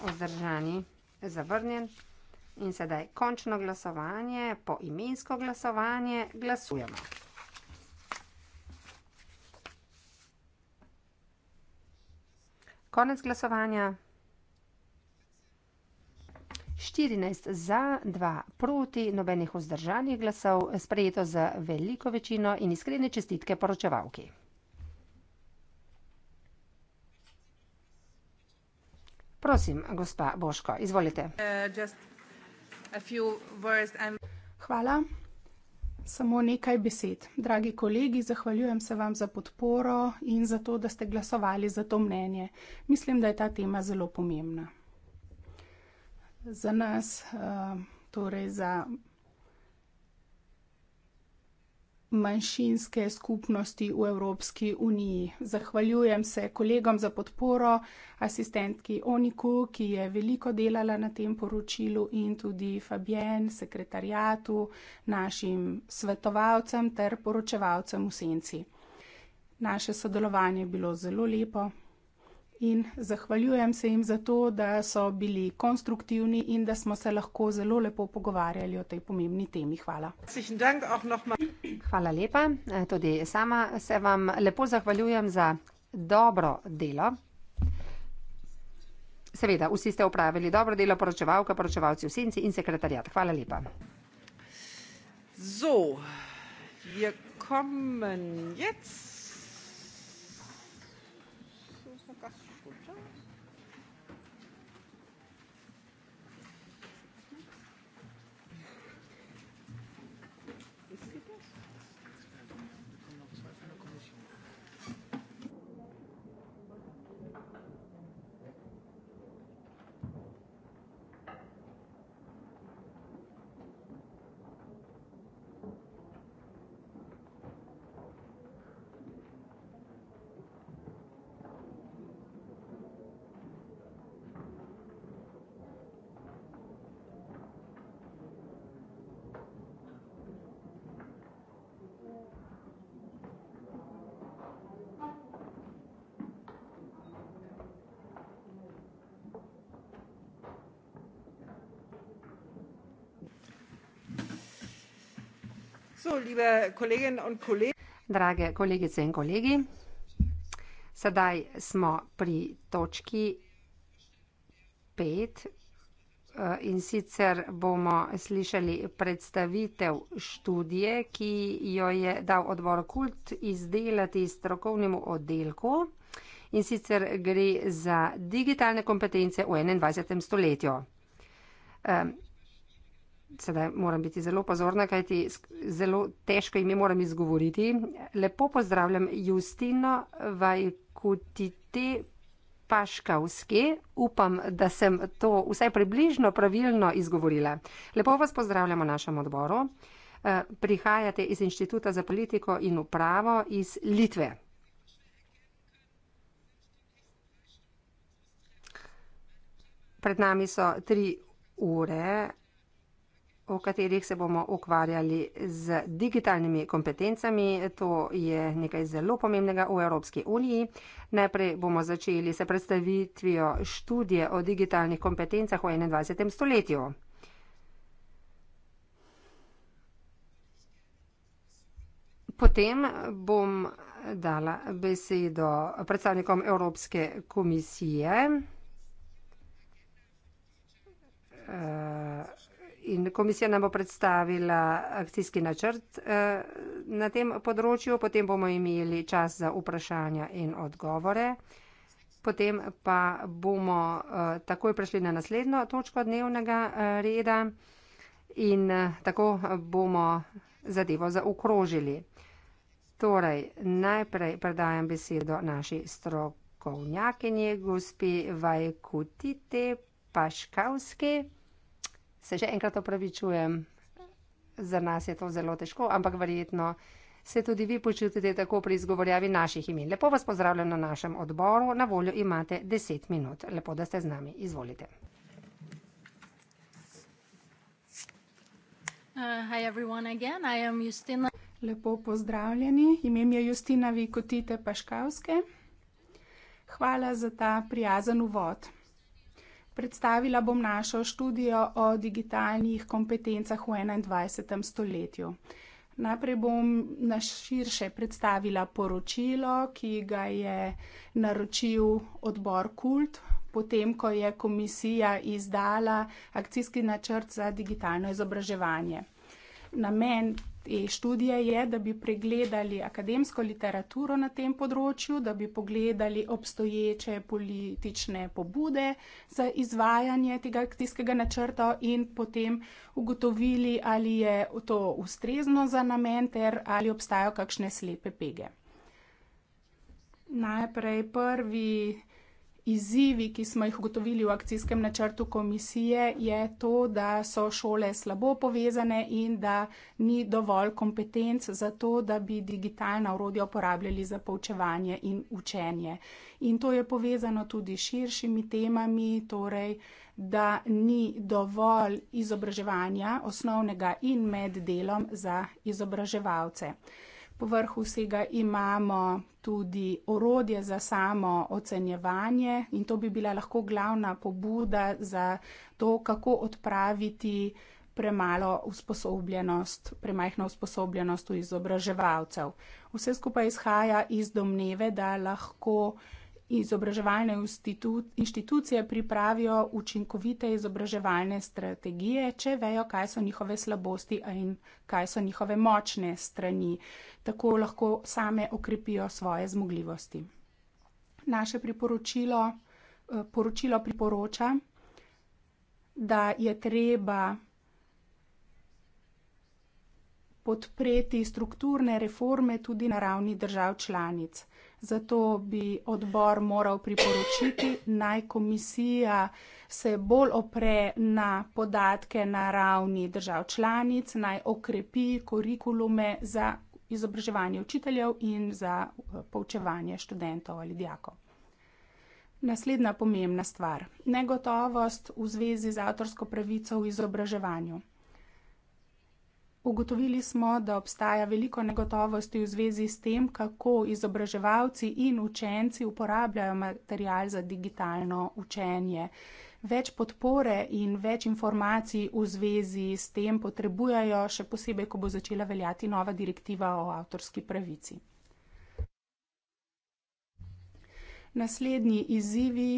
vzdržani, zavrnjen. In sedaj končno glasovanje, poimensko glasovanje, glasujemo. Konec glasovanja. 14 za, 2 proti, nobenih vzdržanih glasov, sprejeto za veliko večino in iskrene čestitke poročevalki. Prosim, gospa Boško, izvolite. Uh, Hvala. Samo nekaj besed. Dragi kolegi, zahvaljujem se vam za podporo in za to, da ste glasovali za to mnenje. Mislim, da je ta tema zelo pomembna za nas, eh, torej za manjšinske skupnosti v Evropski uniji. Zahvaljujem se kolegom za podporo, asistentki Oniku, ki je veliko delala na tem poročilu in tudi Fabien, sekretarjatu, našim svetovalcem ter poročevalcem v senci. Naše sodelovanje je bilo zelo lepo in zahvaljujem se jim za to, da so bili konstruktivni in da smo se lahko zelo lepo pogovarjali o tej pomembni temi. Hvala. Hvala lepa. E, tudi sama se vam lepo zahvaljujem za dobro delo. Seveda, vsi ste upravili dobro delo, poročevalka, poročevalci v senci in sekretarjat. Hvala lepa. So, wir kommen jetzt. predsedstvo, liebe Kolleginnen und Kollegen. Drage kolegice in kolegi, sedaj smo pri točki pet eh, in sicer bomo slišali predstavitev študije, ki jo je dal odbor kult izdelati strokovnemu oddelku in sicer gre za digitalne kompetence v 21. stoletju. Eh, Sedaj moram biti zelo pozorna, kajti zelo težko ime moram izgovoriti. Lepo pozdravljam Justino Vajkutite Paškavske. Upam, da sem to vsaj približno pravilno izgovorila. Lepo vas pozdravljam v našem odboru. Eh, prihajate iz Inštituta za politiko in upravo iz Litve. Pred nami so tri ure o katerih se bomo ukvarjali z digitalnimi kompetencami. To je nekaj zelo pomembnega v Evropski uniji. Najprej bomo začeli s predstavitvijo študije o digitalnih kompetencah v 21. stoletju. Potem bom dala besedo predstavnikom Evropske komisije. Uh, in komisija nam bo predstavila akcijski načrt eh, na tem področju, potem bomo imeli čas za vprašanja in odgovore. Potem pa bomo eh, takoj prešli na naslednjo točko dnevnega eh, reda in tako bomo zadevo zaokrožili. Torej, najprej predajam besedo naši strokovnjakinji, gospi Vajkutite Paškavski se še enkrat opravičujem, za nas je to zelo težko, ampak verjetno se tudi vi počutite tako pri izgovorjavi naših imen. Lepo vas pozdravljam na našem odboru, na voljo imate 10 minut. Lepo, da ste z nami. Izvolite. Uh, hi everyone again, I am Justina. Lepo pozdravljeni, ime mi je Justina Vikotite Paškavske. Hvala za ta prijazen uvod. Predstavila bom našo študijo o digitalnih kompetencah v 21. stoletju. Najprej bom na širše predstavila poročilo, ki ga je naročil odbor Kult, potem ko je komisija izdala akcijski načrt za digitalno izobraževanje. Namen te študije je, da bi pregledali akademsko literaturo na tem področju, da bi pogledali obstoječe politične pobude za izvajanje tega akcijskega načrta in potem ugotovili, ali je to ustrezno za namen ter ali obstajajo kakšne slepe pege. Najprej prvi izzivi, ki smo jih ugotovili v akcijskem načrtu komisije, je to, da so šole slabo povezane in da ni dovolj kompetenc za to, da bi digitalna urodja uporabljali za poučevanje in učenje. In to je povezano tudi s širšimi temami, torej, da ni dovolj izobraževanja osnovnega in med delom za izobraževalce. Povrhu vsega imamo tudi orodje za samo ocenjevanje in to bi bila lahko glavna pobuda za to, kako odpraviti premalo usposobljenost, premajhno usposobljenost v izobraževalcev. Vse skupaj izhaja iz domneve, da lahko izobraževalne inštitucije pripravijo učinkovite izobraževalne strategije, če vejo, kaj so njihove slabosti in kaj so njihove močne strani tako lahko same okrepijo svoje zmogljivosti. Naše priporočilo, eh, poročilo priporoča, da je treba podpreti strukturne reforme tudi na ravni držav članic. Zato bi odbor moral priporočiti, naj komisija se bolj opre na podatke na ravni držav članic, naj okrepi kurikulume za izobraževanje učiteljev in za eh, poučevanje študentov ali dijakov. Naslednja pomembna stvar. Negotovost v zvezi z avtorsko pravico v izobraževanju. Ugotovili smo, da obstaja veliko negotovosti v zvezi s tem, kako izobraževalci in učenci uporabljajo material za digitalno učenje. Uh, več podpore in več informacij v zvezi s tem potrebujejo, še posebej, ko bo začela veljati nova direktiva o avtorski pravici. Naslednji izzivi,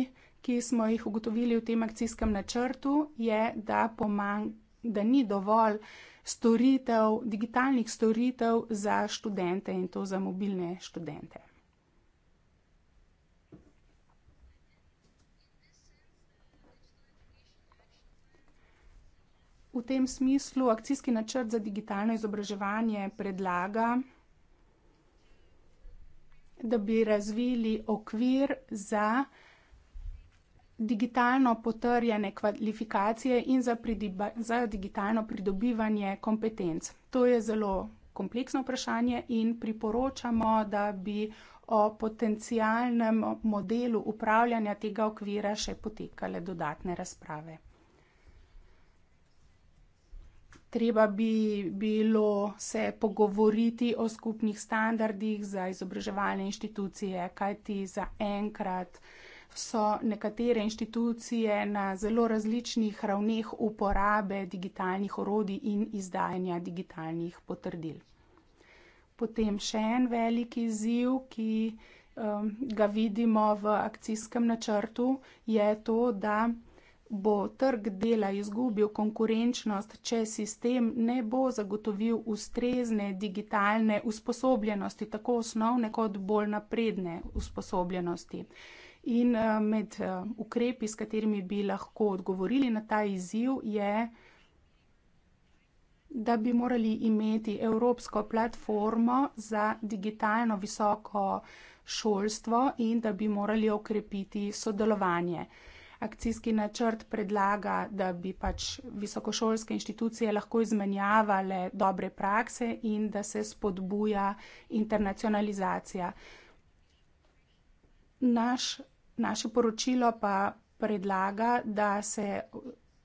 ki smo jih ugotovili v tem akcijskem načrtu, je, da, pomang, da ni dovolj storitev, digitalnih storitev za študente in to za mobilne študente. v tem smislu akcijski načrt za digitalno izobraževanje predlaga, da bi razvili okvir za digitalno potrjene kvalifikacije in za, za digitalno pridobivanje kompetenc. To je zelo kompleksno vprašanje in priporočamo, da bi o potencijalnem modelu upravljanja tega okvira še potekale dodatne razprave treba bi bilo se pogovoriti o skupnih standardih za izobraževalne inštitucije, kajti za enkrat so nekatere inštitucije na zelo različnih ravneh uporabe digitalnih orodij in izdajanja digitalnih potrdil. Potem še en veliki izziv, ki um, ga vidimo v akcijskem načrtu, je to, da bo trg dela izgubil konkurenčnost, če sistem ne bo zagotovil ustrezne digitalne usposobljenosti, tako osnovne kot bolj napredne usposobljenosti. In eh, med eh, ukrepi, s katerimi bi lahko odgovorili na ta izziv, je, da bi morali imeti evropsko platformo za digitalno visoko šolstvo in da bi morali okrepiti sodelovanje akcijski načrt predlaga, da bi pač visokošolske inštitucije lahko izmenjavale dobre prakse in da se spodbuja internacionalizacija. Naš, naše poročilo pa predlaga, da se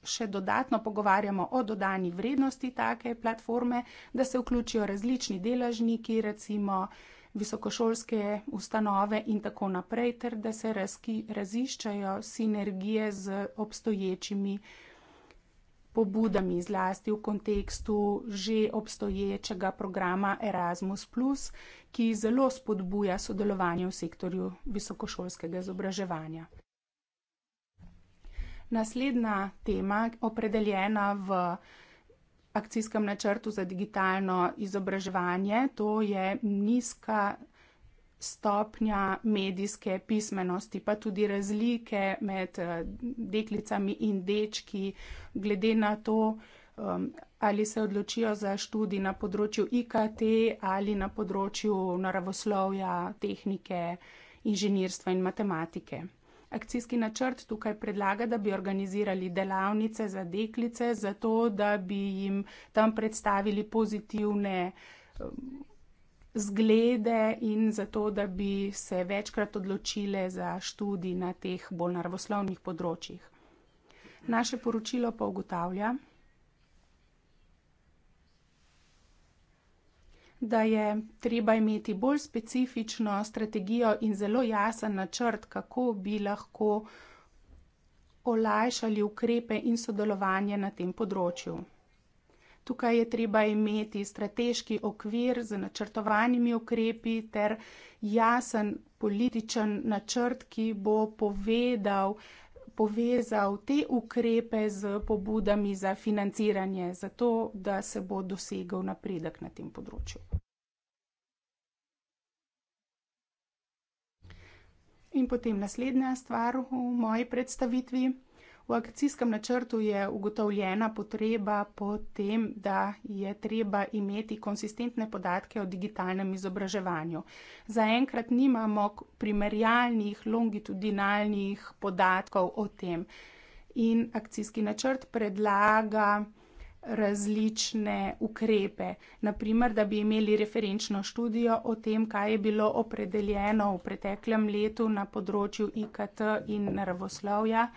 še dodatno pogovarjamo o dodani vrednosti take platforme, da se vključijo različni deležniki, recimo visokošolske ustanove in tako naprej, ter da se razki, raziščajo sinergije z obstoječimi pobudami, zlasti v kontekstu že obstoječega programa Erasmus, ki zelo spodbuja sodelovanje v sektorju visokošolskega izobraževanja. Naslednja tema, opredeljena v akcijskem načrtu za digitalno izobraževanje, to je nizka stopnja medijske pismenosti, pa tudi razlike med eh, deklicami in dečki, glede na to, um, ali se odločijo za študij na področju IKT ali na področju naravoslovja, tehnike, inženirstva in matematike. Akcijski načrt tukaj predlaga, da bi organizirali delavnice za deklice, zato da bi jim tam predstavili pozitivne um, zglede in zato, da bi se večkrat odločile za študij na teh bolj naravoslovnih področjih. Naše poročilo pa ugotavlja, da je treba imeti bolj specifično strategijo in zelo jasen načrt, kako bi lahko olajšali ukrepe in sodelovanje na tem področju. Tukaj je treba imeti strateški okvir z načrtovanimi ukrepi ter jasen političen načrt, ki bo povedal, povezal te ukrepe z pobudami za financiranje, zato da se bo dosegel napredek na tem področju? In potem naslednja stvar v moji predstavitvi. V akcijskem načrtu je ugotovljena potreba po tem, da je treba imeti konsistentne podatke o digitalnem izobraževanju. Zaenkrat nimamo primerjalnih longitudinalnih podatkov o tem. In akcijski načrt predlaga različne ukrepe. Naprimer, da bi imeli referenčno študijo o tem, kaj je bilo opredeljeno v preteklem letu na področju IKT in naravoslovja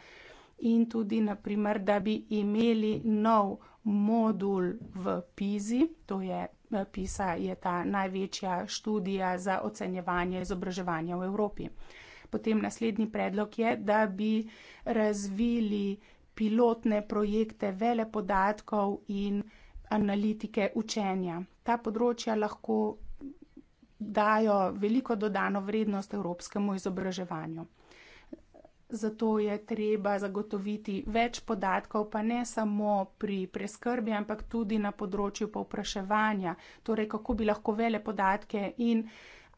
in tudi na primer, da bi imeli nov modul v PISI, to je eh, PISA je ta največja študija za ocenjevanje izobraževanja v Evropi. Potem naslednji predlog je, da bi razvili pilotne projekte velepodatkov in analitike učenja. Ta področja lahko dajo veliko dodano vrednost evropskemu izobraževanju. Zato je treba zagotoviti več podatkov, pa ne samo pri preskrbi, ampak tudi na področju povpraševanja. Torej, kako bi lahko vele podatke in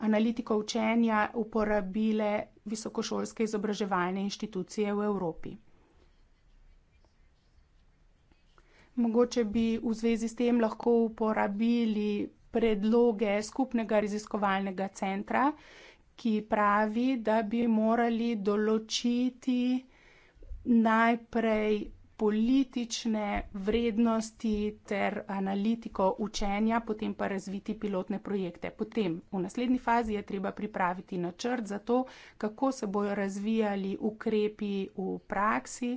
analitiko učenja uporabile visokošolske izobraževalne inštitucije v Evropi. Mogoče bi v zvezi s tem lahko uporabili predloge skupnega raziskovalnega centra, ki pravi, da bi morali določiti najprej politične vrednosti ter analitiko učenja, potem pa razviti pilotne projekte. Potem v naslednji fazi je treba pripraviti načrt za to, kako se bojo razvijali ukrepi v praksi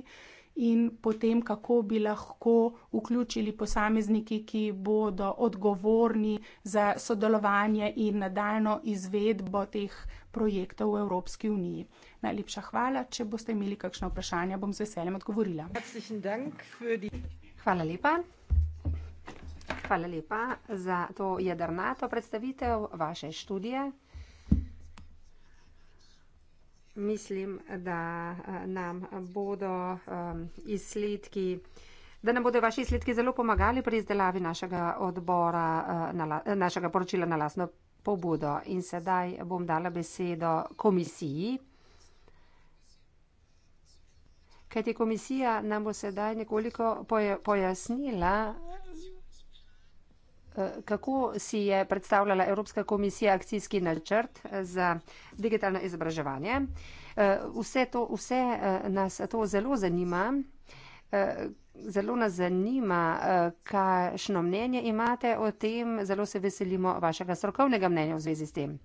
in potem, kako bi lahko vključili posamezniki, ki bodo odgovorni za sodelovanje in nadaljno izvedbo teh projektov v Evropski uniji. Najlepša hvala, če boste imeli kakšno vprašanje, bom z veseljem odgovorila. Hvala lepa. Hvala lepa za to jedrnato predstavitev vaše študije mislim, da eh, nam bodo eh, izsledki, da nam bodo vaši izsledki zelo pomagali pri izdelavi našega odbora, eh, našega poročila na lasno pobudo. In sedaj bom dala besedo komisiji. Kajti komisija nam bo sedaj nekoliko pojasnila, kako si je predstavljala Evropska komisija akcijski načrt eh, za digitalno izobraževanje. Eh, vse, to, vse eh, nas to zelo zanima. Zelo nas zanima, kakšno mnenje imate o tem. Zelo se veselimo vašega strokovnega mnenja v zvezi s tem.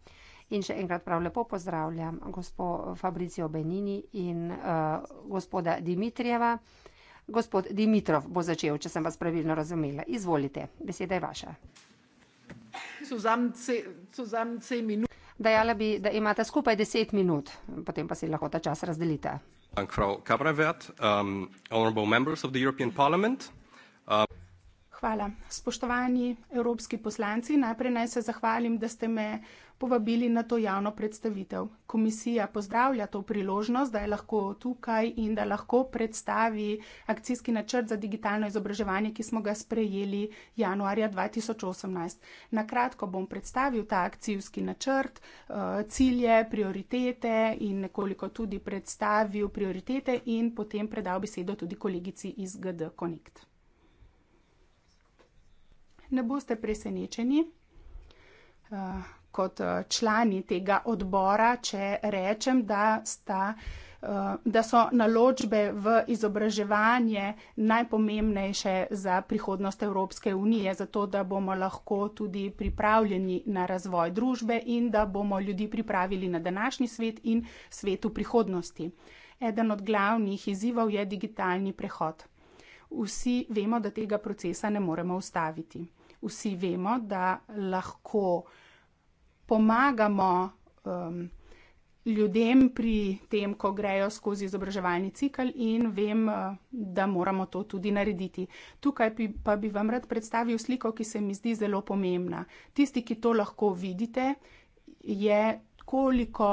In še enkrat prav lepo pozdravljam gospod Fabricio Benini in uh, gospoda Dimitrijeva. Uh, Gospod Dimitrov bo začel, če sem vas pravilno razumela. Izvolite, beseda je vaša. Dajala bi, da imate skupaj deset minut, potem pa si lahko ta čas razdelite. Um, uh, Hvala. Spoštovani evropski poslanci, najprej naj se zahvalim, da ste me povabili na to javno predstavitev. Komisija pozdravlja to priložnost, da je lahko tukaj in da lahko predstavi akcijski načrt za digitalno izobraževanje, ki smo ga sprejeli januarja 2018. Na kratko bom predstavil ta akcijski načrt, eh, cilje, prioritete in nekoliko tudi predstavil prioritete in potem predal besedo tudi kolegici iz GD Connect. Ne boste presenečeni. Eh, kot eh, člani tega odbora, če rečem, da sta eh, da so naložbe v izobraževanje najpomembnejše za prihodnost Evropske unije, zato da bomo lahko tudi pripravljeni na razvoj družbe in da bomo ljudi pripravili na današnji svet in svet v prihodnosti. Eden od glavnih izzivov je digitalni prehod. Vsi vemo, da tega procesa ne moremo ustaviti. Vsi vemo, da lahko pomagamo um, ljudem pri tem, ko grejo skozi izobraževalni cikl in vem, uh, da moramo to tudi narediti. Tukaj bi, pa bi vam rad predstavil sliko, ki se mi zdi zelo pomembna. Tisti, ki to lahko vidite, je koliko,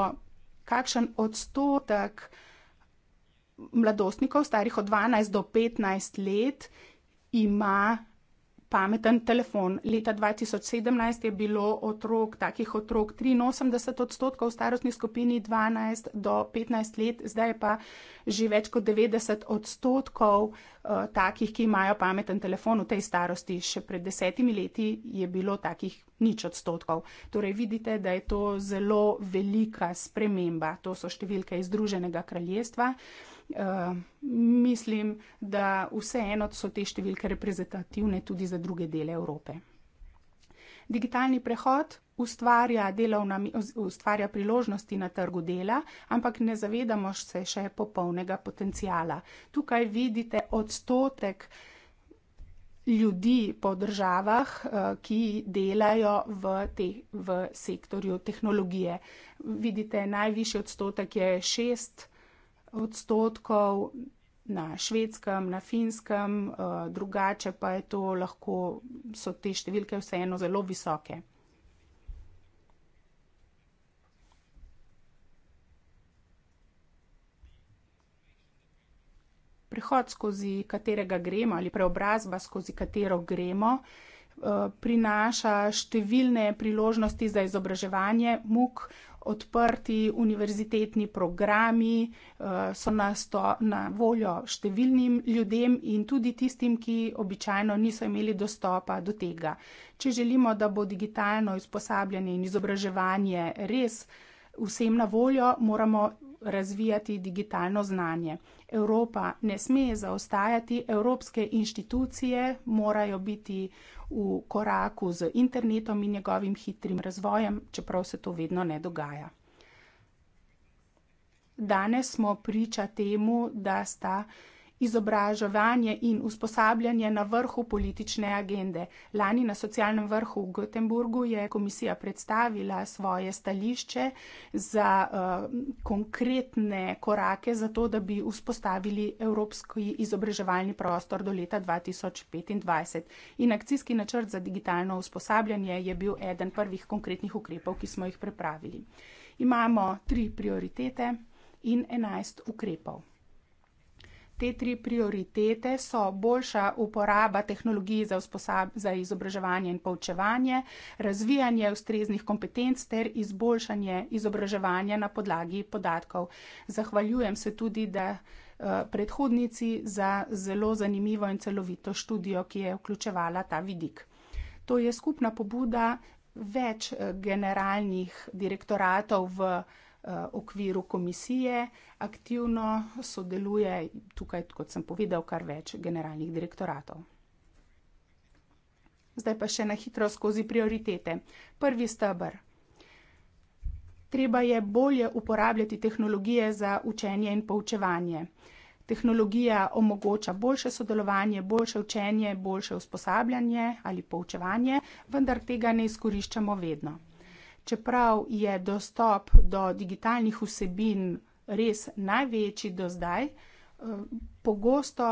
kakšen odstotek mladostnikov, starih od 12 do 15 let, ima pameten telefon. Leta 2017 je bilo otrok, takih otrok 83 odstotkov v starostni skupini 12 do 15 let, zdaj pa že več kot 90 odstotkov uh, takih, ki imajo pameten telefon v tej starosti. Še pred desetimi leti je bilo takih nič odstotkov. Torej vidite, da je to zelo velika sprememba. To so številke iz Združenega kraljestva. Uh, Eh, mislim, da vseeno so te številke reprezentativne tudi za druge dele Evrope. Digitalni prehod ustvarja, delovna, ustvarja priložnosti na trgu dela, ampak ne zavedamo se še popolnega potencijala. Tukaj vidite odstotek ljudi po državah, eh, ki delajo v, te, v sektorju tehnologije. Vidite, najvišji odstotek je šest odstotkov, na švedskem, na finskem, eh, drugače pa je to lahko, so te številke vseeno zelo visoke. Prehod, skozi katerega gremo, ali preobrazba, skozi katero gremo, eh, prinaša številne priložnosti za izobraževanje muck, odprti univerzitetni programi, eh, so na, sto, na voljo številnim ljudem in tudi tistim, ki običajno niso imeli dostopa do tega. Če želimo, da bo digitalno usposabljanje in izobraževanje res vsem na voljo, moramo razvijati digitalno znanje. Evropa ne sme zaostajati, evropske inštitucije morajo biti v koraku z internetom in njegovim hitrim razvojem, čeprav se to vedno ne dogaja. Danes smo priča temu, da sta izobraževanje in usposabljanje na vrhu politične agende. Lani na socialnem vrhu v Gotemburgu je komisija predstavila svoje stališče za uh, konkretne korake za to, da bi vzpostavili evropski izobraževalni prostor do leta 2025. In akcijski načrt za digitalno usposabljanje je bil eden prvih konkretnih ukrepov, ki smo jih pripravili. Imamo tri prioritete in enajst ukrepov te tri prioritete so boljša uporaba tehnologij za, za izobraževanje in poučevanje, razvijanje ustreznih kompetenc ter izboljšanje izobraževanja na podlagi podatkov. Zahvaljujem se tudi da, uh, predhodnici za zelo zanimivo in celovito študijo, ki je vključevala ta vidik. To je skupna pobuda več eh, generalnih direktoratov v. Eh, okviru komisije aktivno sodeluje tukaj, kot sem povedal, kar več generalnih direktoratov. Zdaj pa še na hitro skozi prioritete. Prvi stebr. Treba je bolje uporabljati tehnologije za učenje in poučevanje. Tehnologija omogoča boljše sodelovanje, boljše učenje, boljše usposabljanje ali poučevanje, vendar tega ne izkoriščamo vedno čeprav je dostop do digitalnih vsebin res največji do zdaj, eh, pogosto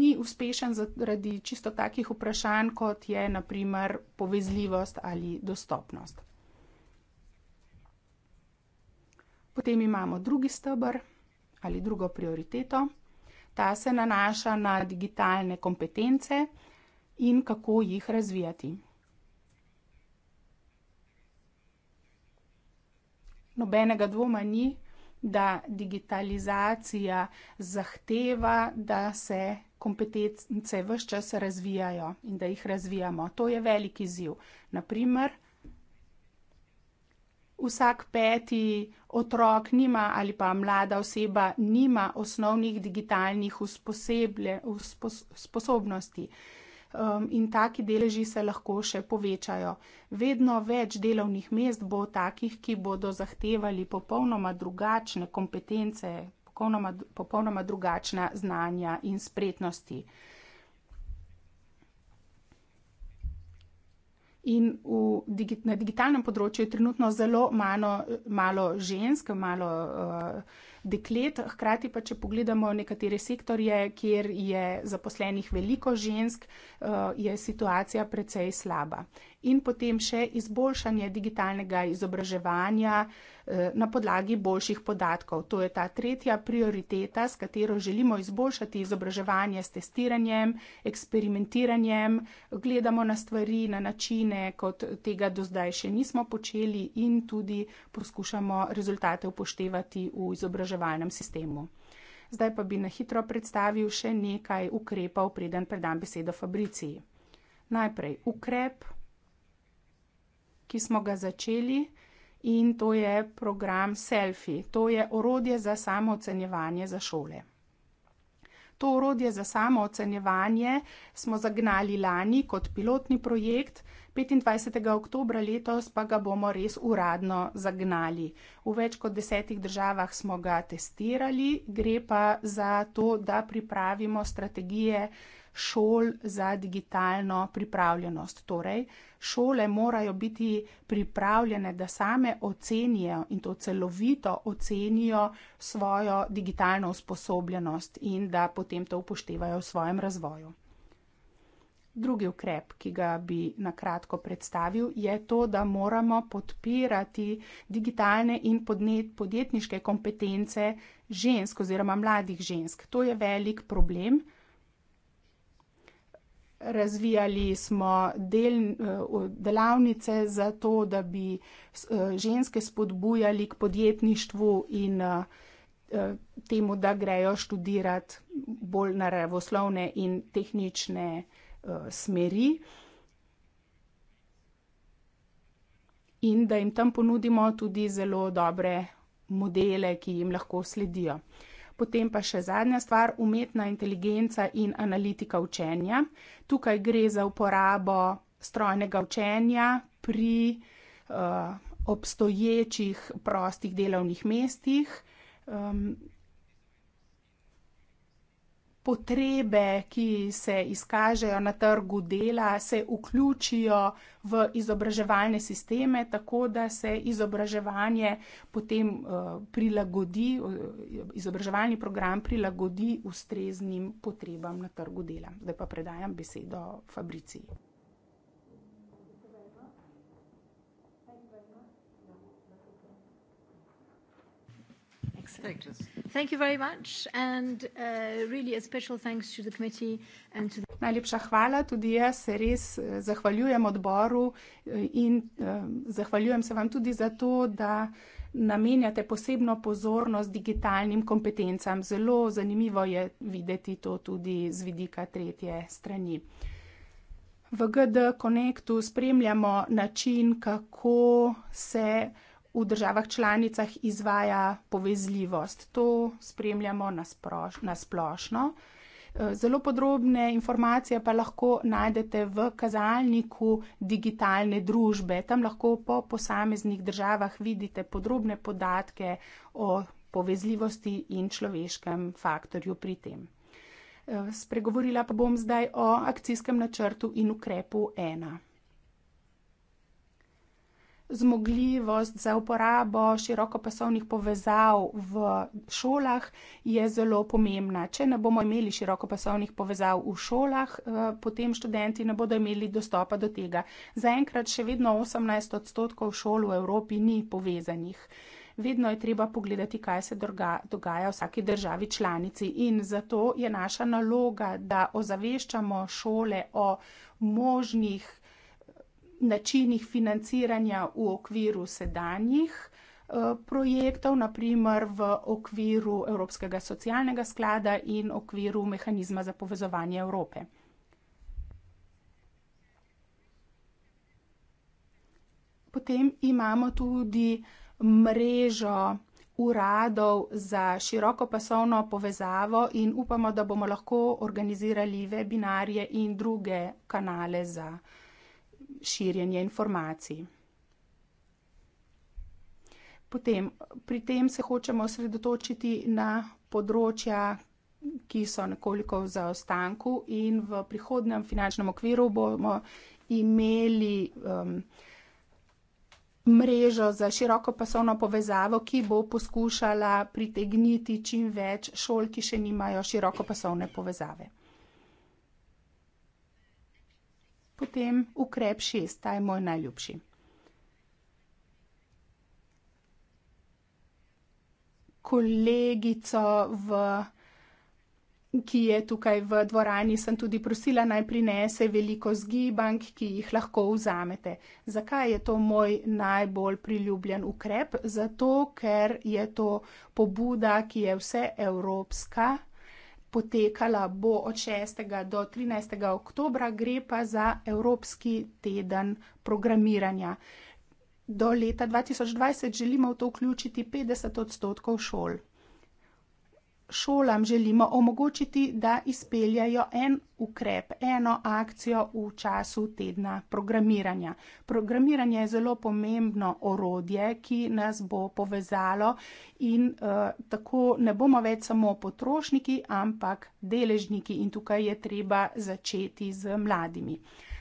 ni uspešen zaradi čisto takih vprašanj, kot je na primer povezljivost ali dostopnost. Potem imamo drugi steber ali drugo prioriteto. Ta se nanaša na digitalne kompetence in kako jih razvijati. nobenega dvoma ni, da digitalizacija zahteva, da se kompetence vse čas razvijajo in da jih razvijamo. To je velik izziv. Naprimer, vsak peti otrok nima ali pa mlada oseba nima osnovnih digitalnih usposobljenosti um, in taki deleži se lahko še povečajo. Vedno več delovnih mest bo takih, ki bodo zahtevali popolnoma drugačne kompetence, popolnoma, popolnoma drugačna znanja in spretnosti. In v, na digitalnem področju je trenutno zelo malo, malo žensk, malo uh, deklet. Hkrati pa, če pogledamo nekatere sektorje, kjer je zaposlenih veliko žensk, eh, je situacija precej slaba in potem še izboljšanje digitalnega izobraževanja eh, na podlagi boljših podatkov. To je ta tretja prioriteta, s katero želimo izboljšati izobraževanje s testiranjem, eksperimentiranjem, gledamo na stvari na načine, kot tega do zdaj še nismo počeli in tudi poskušamo rezultate upoštevati v izobraževalnem sistemu. Zdaj pa bi na hitro predstavil še nekaj ukrepov, preden predam besedo Fabriciji. Najprej ukrep ki smo ga začeli, in to je program Selfie. To je orodje za samoocenjevanje za šole. To orodje za samoocenjevanje smo zagnali lani kot pilotni projekt, 25. oktobra letos pa ga bomo res uradno zagnali. V več kot desetih državah smo ga testirali, gre pa za to, da pripravimo strategije šol za digitalno pripravljenost. Torej, šole morajo biti pripravljene, da same ocenijo in to celovito ocenijo svojo digitalno usposobljenost in da potem to upoštevajo v svojem razvoju. Drugi ukrep, ki ga bi na kratko predstavil, je to, da moramo podpirati digitalne in podjetniške kompetence žensk oziroma mladih žensk. To je velik problem. Razvijali smo del, eh, delavnice za to, da bi eh, ženske spodbujali k podjetništvu in eh, temu, da grejo študirati bolj naravoslovne in tehnične smeri. In da jim tam ponudimo tudi zelo dobre modele, ki jim lahko sledijo. Potem pa še zadnja stvar, umetna inteligenca in analitika učenja. Tukaj gre za uporabo strojnega učenja pri uh, obstoječih prostih delovnih mestih. Um, potrebe, ki se izkažejo na trgu dela, se vključijo v izobraževalne sisteme, tako da se izobraževanje potem eh, prilagodi, eh, izobraževalni program prilagodi ustreznim potrebam na trgu dela. Zdaj pa predajam besedo Fabriciji. Perfect. Thank you very much and uh, really a special thanks to the committee and to the Najlepša hvala, tudi jaz se res uh, zahvaljujem odboru uh, in uh, zahvaljujem se vam tudi za to, da namenjate posebno pozornost digitalnim kompetencam. Zelo zanimivo je videti to tudi z vidika tretje strani. V GD Connectu spremljamo način, kako se v državah članicah izvaja povezljivost. To spremljamo na, sproš, na splošno. Eh, zelo podrobne informacije pa lahko najdete v kazalniku digitalne družbe. Tam lahko po posameznih državah vidite podrobne podatke o povezljivosti in človeškem faktorju pri tem. Eh, spregovorila pa bom zdaj o akcijskem načrtu in ukrepu ena zmogljivost za uporabo širokopasovnih povezav v šolah je zelo pomembna. Če ne bomo imeli širokopasovnih povezav v šolah, eh, potem študenti ne bodo imeli dostopa do tega. Zaenkrat še vedno 18 odstotkov šol v Evropi ni povezanih. Vedno je treba pogledati, kaj se dogaja v vsaki državi članici in zato je naša naloga, da ozaveščamo šole o možnih načinih financiranja v okviru sedanjih eh, projektov, naprimer v okviru Evropskega socialnega sklada in okviru mehanizma za povezovanje Evrope. Potem imamo tudi mrežo uradov za širokopasovno povezavo in upamo, da bomo lahko organizirali webinarje in druge kanale za, širjenje informacij. Potem, pri tem se hočemo osredotočiti na področja, ki so nekoliko v zaostanku in v prihodnem finančnem okviru bomo imeli um, mrežo za široko pasovno povezavo, ki bo poskušala pritegniti čim več šol, ki še nimajo široko pasovne povezave. Potem ukrep šest, ta je moj najljubši. Kolegico, v, ki je tukaj v dvorani, sem tudi prosila, naj prinese veliko zgibank, ki jih lahko vzamete. Zakaj je to moj najbolj priljubljen ukrep? Zato, ker je to pobuda, ki je vse evropska potekala bo od 6. do 13. oktober, gre pa za Evropski teden programiranja. Do leta 2020 želimo v to vključiti 50 odstotkov šol šolam želimo omogočiti, da izpeljajo en ukrep, eno akcijo v času tedna programiranja. Programiranje je zelo pomembno orodje, ki nas bo povezalo in eh, tako ne bomo več samo potrošniki, ampak deležniki in tukaj je treba začeti z mladimi.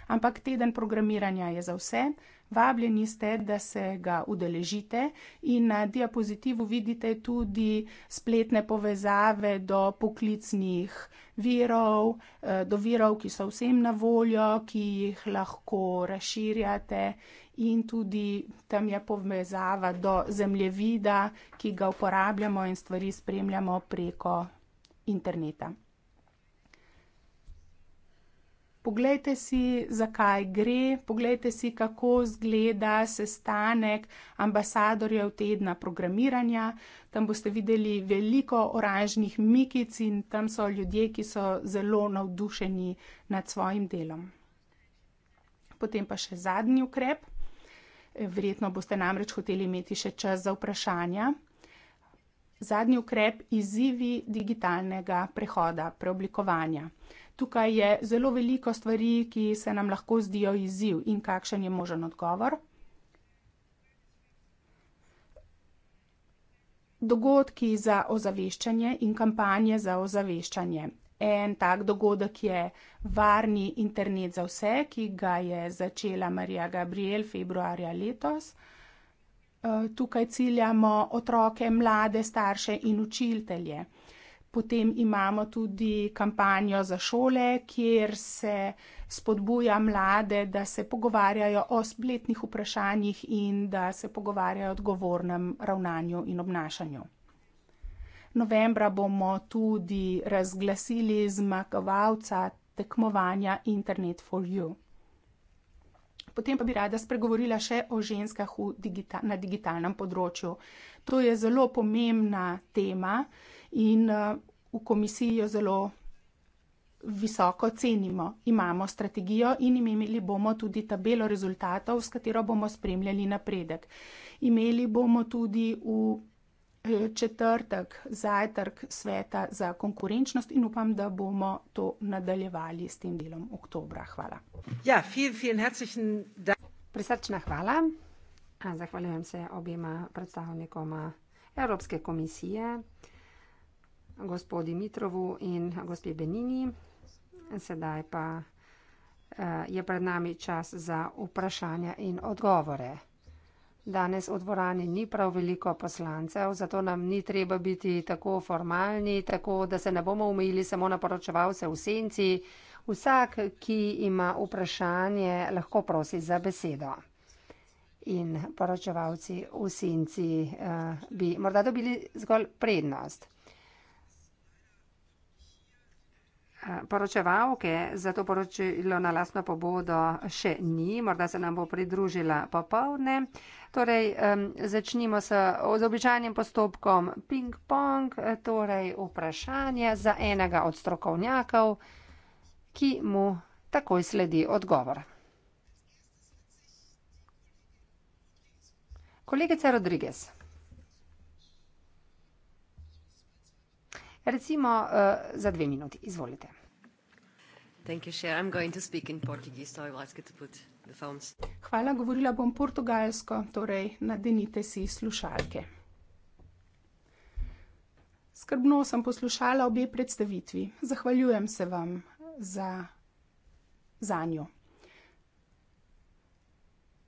Ampak teden programiranja je za vse, Vabljeni ste, da se ga udeležite in na diapozitivu vidite tudi spletne povezave do poklicnih virov, eh, do virov, ki so vsem na voljo, ki jih lahko razširjate in tudi tam je povezava do zemljevida, ki ga uporabljamo in stvari spremljamo preko interneta. Poglejte si, zakaj gre, poglejte si, kako zgleda sestanek ambasadorjev tedna programiranja. Tam boste videli veliko oranžnih mikic in tam so ljudje, ki so zelo navdušeni nad svojim delom. Potem pa še zadnji ukrep. Verjetno boste namreč hoteli imeti še čas za vprašanja. Zadnji ukrep izzivi digitalnega prehoda, preoblikovanja tukaj je zelo veliko stvari, ki se nam lahko zdijo izziv in kakšen je možen odgovor. Dogodki za ozaveščanje in kampanje za ozaveščanje. En tak dogodek je varni internet za vse, ki ga je začela Marija Gabriel februarja letos. Eh, tukaj ciljamo otroke, mlade, starše in učitelje. Potem imamo tudi kampanjo za šole, kjer se spodbuja mlade, da se pogovarjajo o spletnih vprašanjih in da se pogovarjajo o odgovornem ravnanju in obnašanju. Novembra bomo tudi razglasili zmagovalca tekmovanja Internet for You. Potem pa bi rada spregovorila še o ženskah digita na digitalnem področju. To je zelo pomembna tema in, eh, v komisiji jo zelo visoko cenimo. Imamo strategijo in imeli bomo tudi tabelo rezultatov, s katero bomo spremljali napredek. Imeli bomo tudi v eh, četrtek zajtrk sveta za konkurenčnost in upam, da bomo to nadaljevali s tem delom oktobra. Hvala. Ja, vielen, vielen herzlichen Dank. Prisrčna hvala. Zahvaljujem se obima predstavnikoma Evropske komisije gospodi Mitrovu in gospe Benini. Sedaj pa eh, je pred nami čas za vprašanja in odgovore. Danes v dvorani ni prav veliko poslancev, zato nam ni treba biti tako formalni, tako da se ne bomo umili samo na poročevalce v senci. Vsak, ki ima vprašanje, lahko prosi za besedo. In poročevalci v senci uh, bi morda dobili zgolj prednost. poročevalke za to poročilo na lasno pobodo še ni, morda se nam bo pridružila popovdne. Torej, začnimo s, z običajnim postopkom ping-pong, torej vprašanje za enega od strokovnjakov, ki mu takoj sledi odgovor. Kolegica Rodriguez. recimo uh, za dve minuti. Izvolite. Hvala, govorila bom portugalsko, torej nadenite si slušalke. Skrbno sem poslušala obe predstavitvi. Zahvaljujem se vam za, za njo.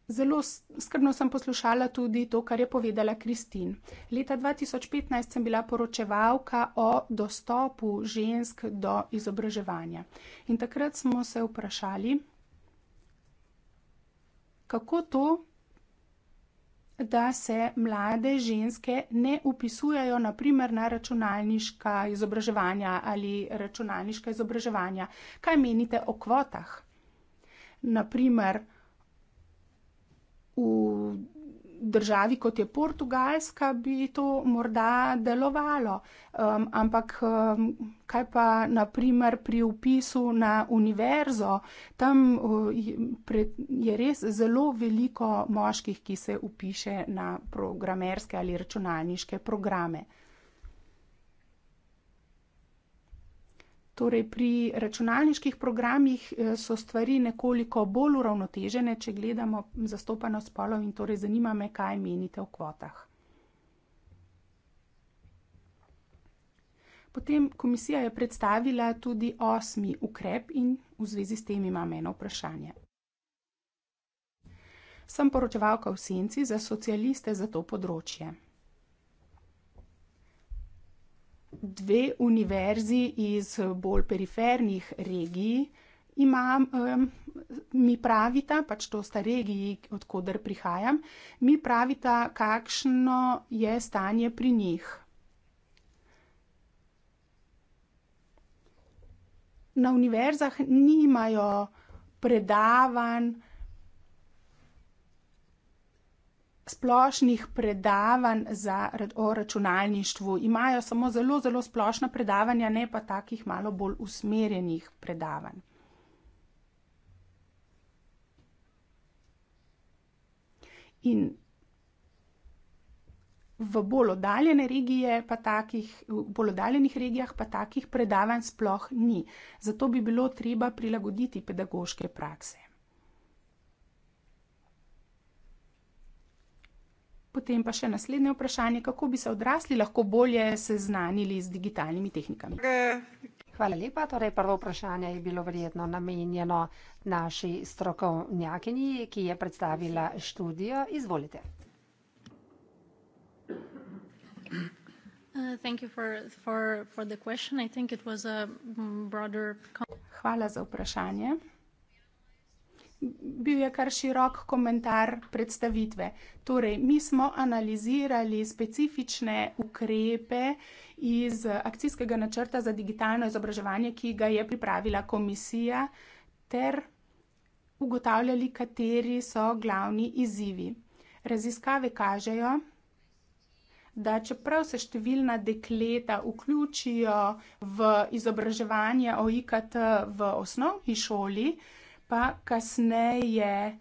Zelo skrbno sem poslušala tudi to, kar je povedala Kristin. Leta 2015 sem bila poročevalka o dostopu žensk do izobraževanja. In takrat smo se vprašali, kako to, da se mlade ženske ne upisujajo naprimer na računalniška izobraževanja ali računalniška izobraževanja. Kaj menite o kvotah? Naprimer, v državi, kot je Portugalska, bi to morda delovalo. Um, ampak um, kaj pa naprimer pri upisu na univerzo, tam uh, je res zelo veliko moških, ki se upiše na programerske ali računalniške programe. Torej, pri računalniških programih eh, so stvari nekoliko bolj uravnotežene, če gledamo zastopanost spolov in torej zanima me, kaj menite o kvotah. Potem komisija je predstavila tudi osmi ukrep in v zvezi s tem imam eno vprašanje. Sem poročevalka v senci za socialiste za to področje dve univerzi iz eh, bolj perifernih regij imam, mi pravita, pač to sta regiji, od koder prihajam, mi pravita, kakšno je stanje pri njih. Na univerzah nimajo predavanj, splošnih predavanj za, o računalništvu. Imajo samo zelo, zelo splošna predavanja, ne pa takih malo bolj usmerjenih predavanj. In v bolj oddaljene regije, pa takih, v bolj oddaljenih regijah, pa takih predavanj sploh ni. Zato bi bilo treba prilagoditi pedagoške prakse. Potem pa še naslednje vprašanje, kako bi se odrasli lahko bolje seznanili z digitalnimi tehnikami. Hvala lepa. Torej, prvo vprašanje je bilo verjetno namenjeno naši strokovnjakinji, ki je predstavila študijo. Izvolite. Uh, mm, Hvala za vprašanje bil je kar širok komentar predstavitve. Torej, mi smo analizirali specifične ukrepe iz akcijskega načrta za digitalno izobraževanje, ki ga je pripravila komisija, ter ugotavljali, kateri so glavni izzivi. Raziskave kažejo, da čeprav se številna dekleta vključijo v izobraževanje o IKT v osnovni šoli, pa kasneje eh,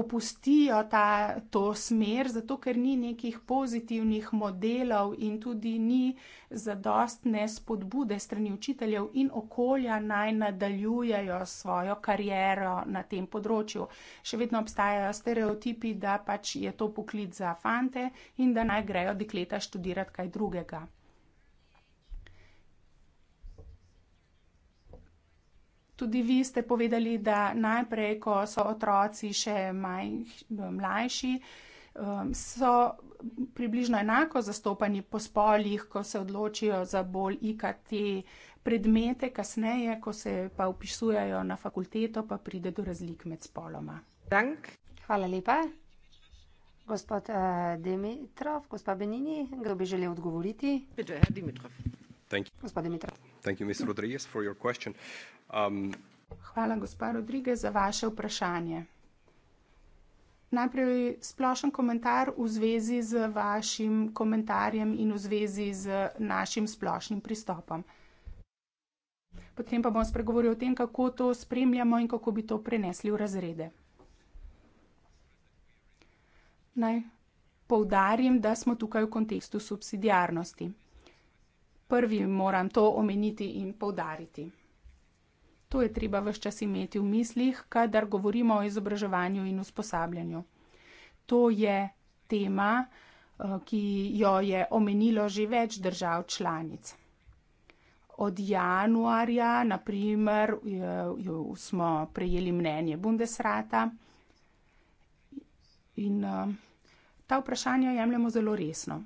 opustijo ta, to smer, zato ker ni nekih pozitivnih modelov in tudi ni zadostne spodbude strani učiteljev in okolja naj nadaljujejo svojo kariero na tem področju. Še vedno obstajajo stereotipi, da pač je to poklic za fante in da naj grejo dekleta študirati kaj drugega. tudi vi ste povedali, da najprej, ko so otroci še maj, mlajši, um, so približno enako zastopani po spolih, ko se odločijo za bolj IKT predmete, kasneje, ko se pa upisujajo na fakulteto, pa pride do razlik med spoloma. Dank. Hvala lepa. Gospod uh, Dimitrov, gospod Benini, kdo bi želel odgovoriti? Gospod Dimitrov. Gospod Dimitrov. Um, Hvala, gospa Rodriguez, za vaše vprašanje. Najprej splošen komentar v zvezi z vašim komentarjem in v zvezi z našim splošnim pristopom. Potem pa bom spregovoril o tem, kako to spremljamo in kako bi to prenesli v razrede. Naj poudarim, da smo tukaj v kontekstu subsidijarnosti prvi moram to omeniti in poudariti. To je treba vse čas imeti v mislih, kadar govorimo o izobraževanju in usposabljanju. To je tema, eh, ki jo je omenilo že več držav članic. Od januarja, naprimer, smo prejeli mnenje Bundesrata in eh, ta vprašanja jemljemo zelo resno.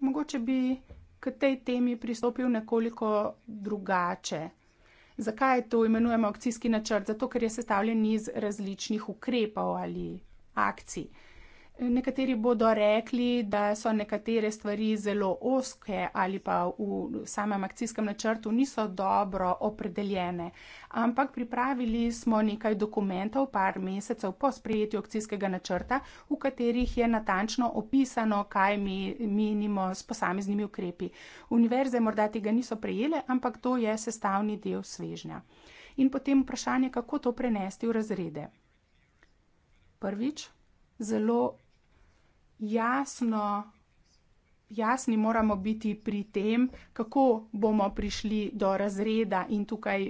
mogoče bi k tej temi pristopil nekoliko drugače. Zakaj to imenujemo akcijski načrt? Zato, ker je sestavljen iz različnih ukrepov ali akcij. Nekateri bodo rekli, da so nekatere stvari zelo oske ali pa v samem akcijskem načrtu niso dobro opredeljene. Ampak pripravili smo nekaj dokumentov, par mesecev po sprejetju akcijskega načrta, v katerih je natančno opisano, kaj mi menimo s posameznimi ukrepi. Univerze morda tega niso prejele, ampak to je sestavni del svežnja. In potem vprašanje, kako to prenesti v razrede. Prvič. Zelo jasno, jasni moramo biti pri tem, kako bomo prišli do razreda, in tukaj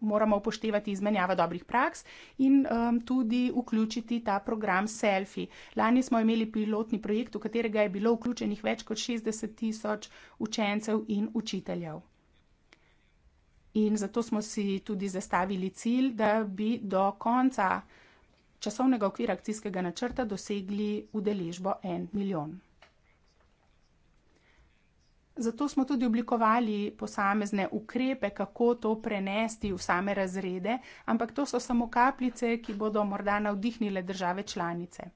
moramo upoštevati izmenjava dobrih praks in um, tudi vključiti ta program Selfie. Lani smo imeli pilotni projekt, v katerega je bilo vključenih več kot 60 tisoč učencev in učiteljev. In zato smo si tudi zastavili cilj, da bi do konca časovnega okvira akcijskega načrta dosegli udeležbo en milijon. Zato smo tudi oblikovali posamezne ukrepe, kako to prenesti v same razrede, ampak to so samo kapljice, ki bodo morda navdihnile države članice.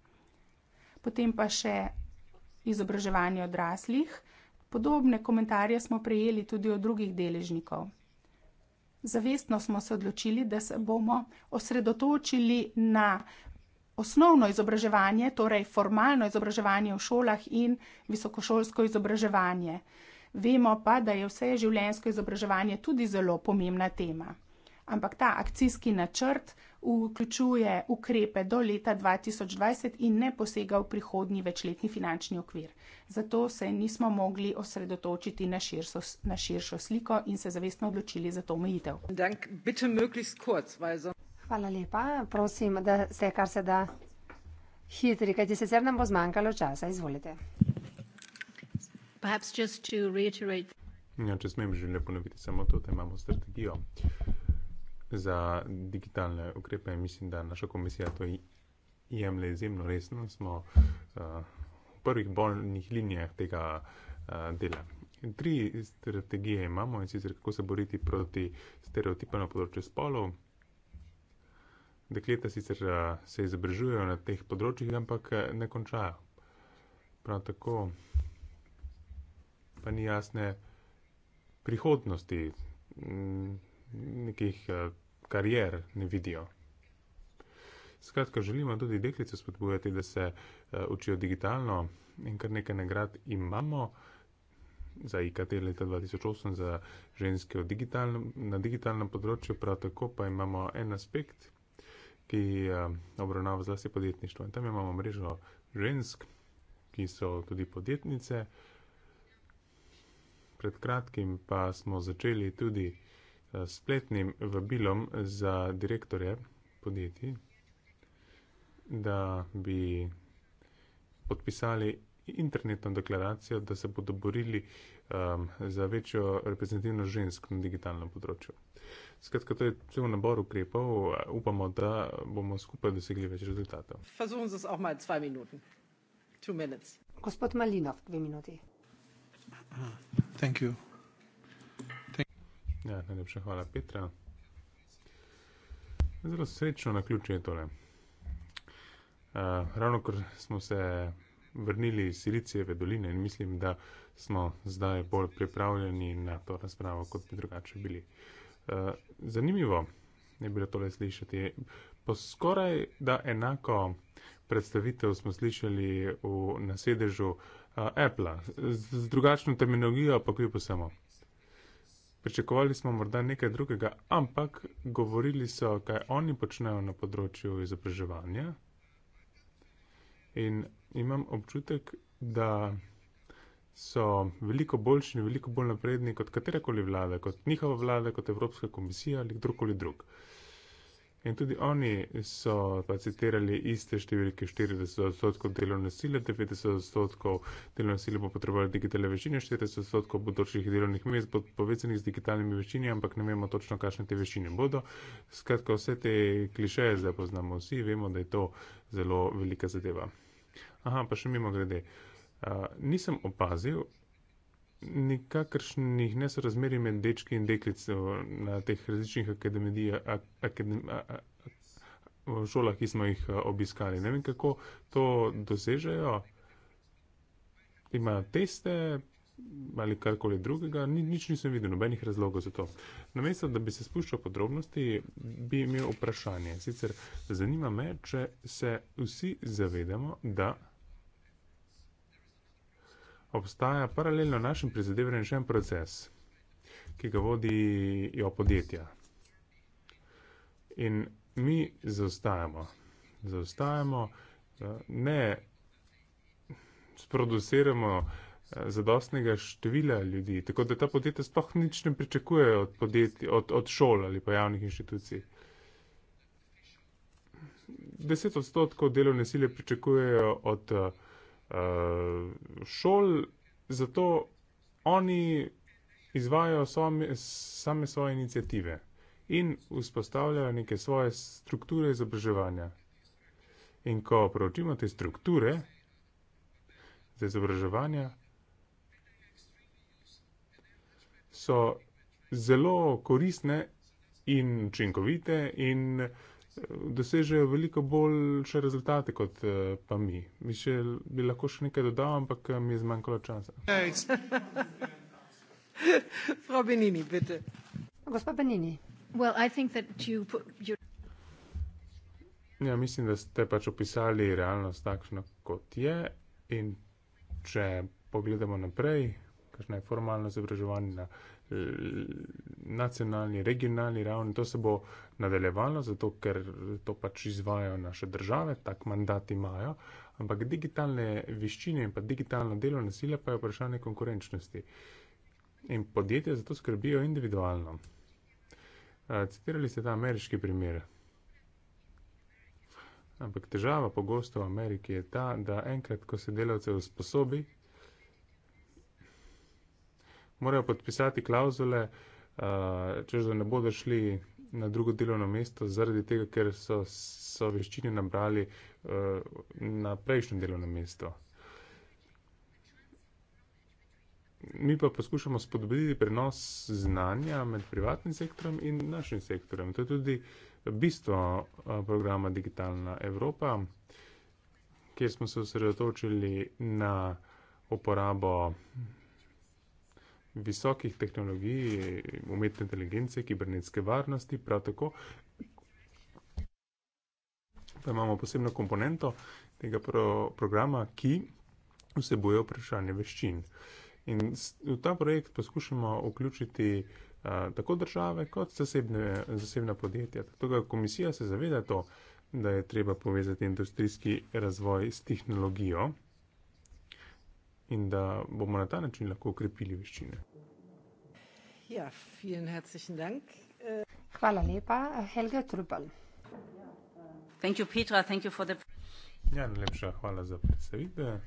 Potem pa še izobraževanje odraslih. Podobne komentarje smo prejeli tudi od drugih deležnikov. Zavestno smo se odločili, da se bomo osredotočili na osnovno izobraževanje, torej formalno izobraževanje v šolah in visokošolsko izobraževanje. Vemo pa, da je vse življenjsko izobraževanje tudi zelo pomembna tema. Ampak ta akcijski načrt vključuje ukrepe do leta 2020 in ne posega v prihodnji večletni finančni okvir. Zato se nismo mogli osredotočiti na širšo, na širšo sliko in se zavestno odločili za to omejitev. Hvala lepa, prosim, da ste kar se da hitri, kajti sicer nam bo zmanjkalo časa. Izvolite. Ja, če smem, želim le ponoviti samo to, da imamo strategijo za digitalne ukrepe. Mislim, da naša komisija to jemlje izjemno resno. Smo eh, v prvih bolnih linijah tega eh, dela. Tri strategije imamo in sicer kako se boriti proti stereotipom na področju spolov. Dekleta sicer eh, se izobražujejo na teh področjih, ampak ne končajo. Prav tako pa ni jasne prihodnosti mm, nekih karijer ne vidijo. Skratka, želimo tudi deklice spodbujati, da se uh, učijo digitalno in kar nekaj nagrad imamo za IKT leta 2008 za ženske digitalnem, na digitalnem področju, prav tako pa imamo en aspekt, ki uh, obravnava zlasti podjetništvo in tam imamo mrežo žensk, ki so tudi podjetnice. Pred kratkim pa smo začeli tudi spletnim vabilom za direktorje podjetij, da bi podpisali internetno deklaracijo, da se bodo borili um, za večjo reprezentativnost žensk na digitalnem področju. Skratka, to je cel nabor ukrepov, upamo, da bomo skupaj dosegli več rezultatov. Gospod Malinov, dve minuti. Hvala. Ja, najlepša hvala, Petra. Zelo srečno na ključu je tole. Uh, ravno, ker smo se vrnili iz Silicijeve doline in mislim, da smo zdaj bolj pripravljeni na to razpravo, kot bi drugače bili. Uh, zanimivo je bilo tole slišati. Po skoraj da enako predstavitev smo slišali v, na sedežu uh, eh, Apple, z, z drugačno terminologijo, pa kljub vsemu. Pričakovali smo morda nekaj drugega, ampak govorili so, kaj oni počnejo na področju izobraževanja. In imam občutek, da so veliko boljši, veliko bolj napredni kot katerakoli vlada, kot njihova vlada, kot Evropska komisija ali kdorkoli drug. Uh, In tudi oni so pa citirali iste številke 40 odstotkov delovne sile, 90 odstotkov delovne sile bo potrebovali digitalne večine, 40 odstotkov bodočih delovnih mest bo povezanih z digitalnimi večini, ampak ne vemo točno, kakšne te večine bodo. Skratka, vse te klišeje zdaj poznamo vsi, vemo, da je to zelo velika zadeva. Aha, pa še mimo grede. Uh, nisem opazil, nikakršnih nesorazmerij med dečki in deklicami na teh različnih akademijah, akademi, šolah, ki smo jih obiskali. Ne vem, kako to dosežejo. Imajo teste ali karkoli drugega, Ni, nič nisem videl, nobenih razlogov za to. Na mesto, da bi se spuščal podrobnosti, bi imel vprašanje. Sicer zanima me, če se vsi zavedamo, da obstaja paralelno našim prizadevanjem še en proces, ki ga vodijo podjetja. In mi zaostajamo. Zaostajamo, eh, ne sproduciramo eh, zadostnega števila ljudi, tako da ta podjetja sploh nič ne pričakujejo od, podjetja, od, od šol ali pa javnih inštitucij. Deset odstotkov delovne sile pričakujejo od uh, uh, šol, zato oni izvajo same, same svoje inicijative in vzpostavljajo neke svoje strukture izobraževanja. In ko proučimo te strukture za izobraževanje, so zelo koristne in učinkovite in uh, dosežejo veliko boljše rezultate kot eh, pa mi. Mi še bi lahko še nekaj dodal, ampak eh, mi je zmanjkalo časa. Benini, bitte. Gospa Benini. Well, I think that you put your... Ja, mislim, da ste pač opisali realnost takšno, kot je in če pogledamo naprej, kakšna je formalna izobraževanja Eh, nacionalni, regionalni ravni. To se bo nadaljevalo, zato ker to pač izvajo naše države, tak mandat imajo. Ampak digitalne veščine in pa digitalno delo nasilja pa je vprašanje konkurenčnosti. In podjetja zato skrbijo individualno. Eh, citirali ste ta ameriški primer. Ampak težava pogosto v Ameriki je ta, da enkrat, ko se delavce usposobi, morajo podpisati klauzule, uh, čež da ne bodo šli na drugo delovno mesto zaradi tega, ker so, so veščine nabrali uh, na prejšnjem delovnem mestu. Mi pa poskušamo spodbuditi prenos znanja med privatnim sektorom in našim sektorom. To je tudi bistvo programa Digitalna Evropa, kjer smo se osredotočili na uporabo visokih tehnologij, umetne inteligence, kibernetske varnosti, prav tako. Pa imamo posebno komponento tega pro programa, ki vsebuje vprašanje veščin. In v ta projekt poskušamo vključiti a, tako države kot zasebne, zasebna podjetja. Tako da komisija se zaveda to, da je treba povezati industrijski razvoj s tehnologijo in da bomo na ta način lahko ukrepili veščine. Ja, vielen herzlichen Dank. Hvala lepa, Helge Trubal. Thank you, Petra, thank you for the... Ja, najlepša hvala za predstavitev.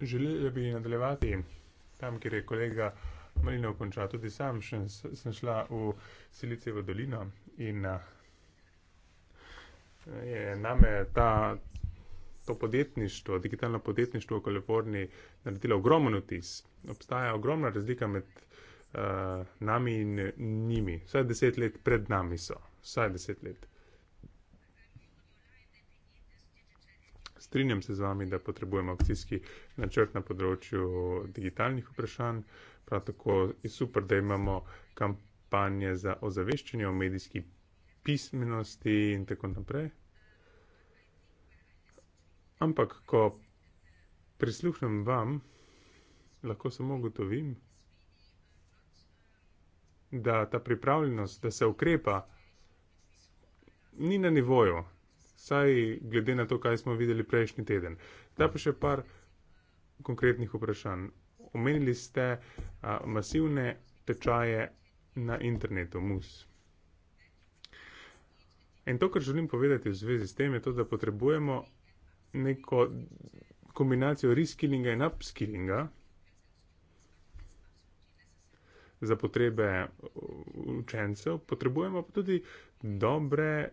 Želela bi nadaljevati tam, kjer je kolega Malino končal. Tudi sam še, sem šla v Silicijevo dolino in eh, je name ta, to podjetništvo, digitalno podjetništvo v Kaliforniji naredilo ogromen vtis. Obstaja ogromna razlika med uh, nami in njimi. Vsaj deset let pred nami so. Vsaj deset let. Strinjam se z vami, da potrebujemo akcijski načrt na področju digitalnih vprašanj. Prav tako je super, da imamo kampanje za ozaveščanje o medijski pismenosti in tako naprej. Ampak, ko prisluhnem vam, lahko samo gotovim, da ta pripravljenost, da se ukrepa, ni na nivoju, saj glede na to, kaj smo videli prejšnji teden. Zdaj pa še par konkretnih vprašanj. Omenili ste a, masivne tečaje na internetu, mus. In to, kar želim povedati v zvezi s tem, je to, da potrebujemo neko kombinacijo reskillinga in upskillinga za potrebe učencev, potrebujemo pa tudi dobre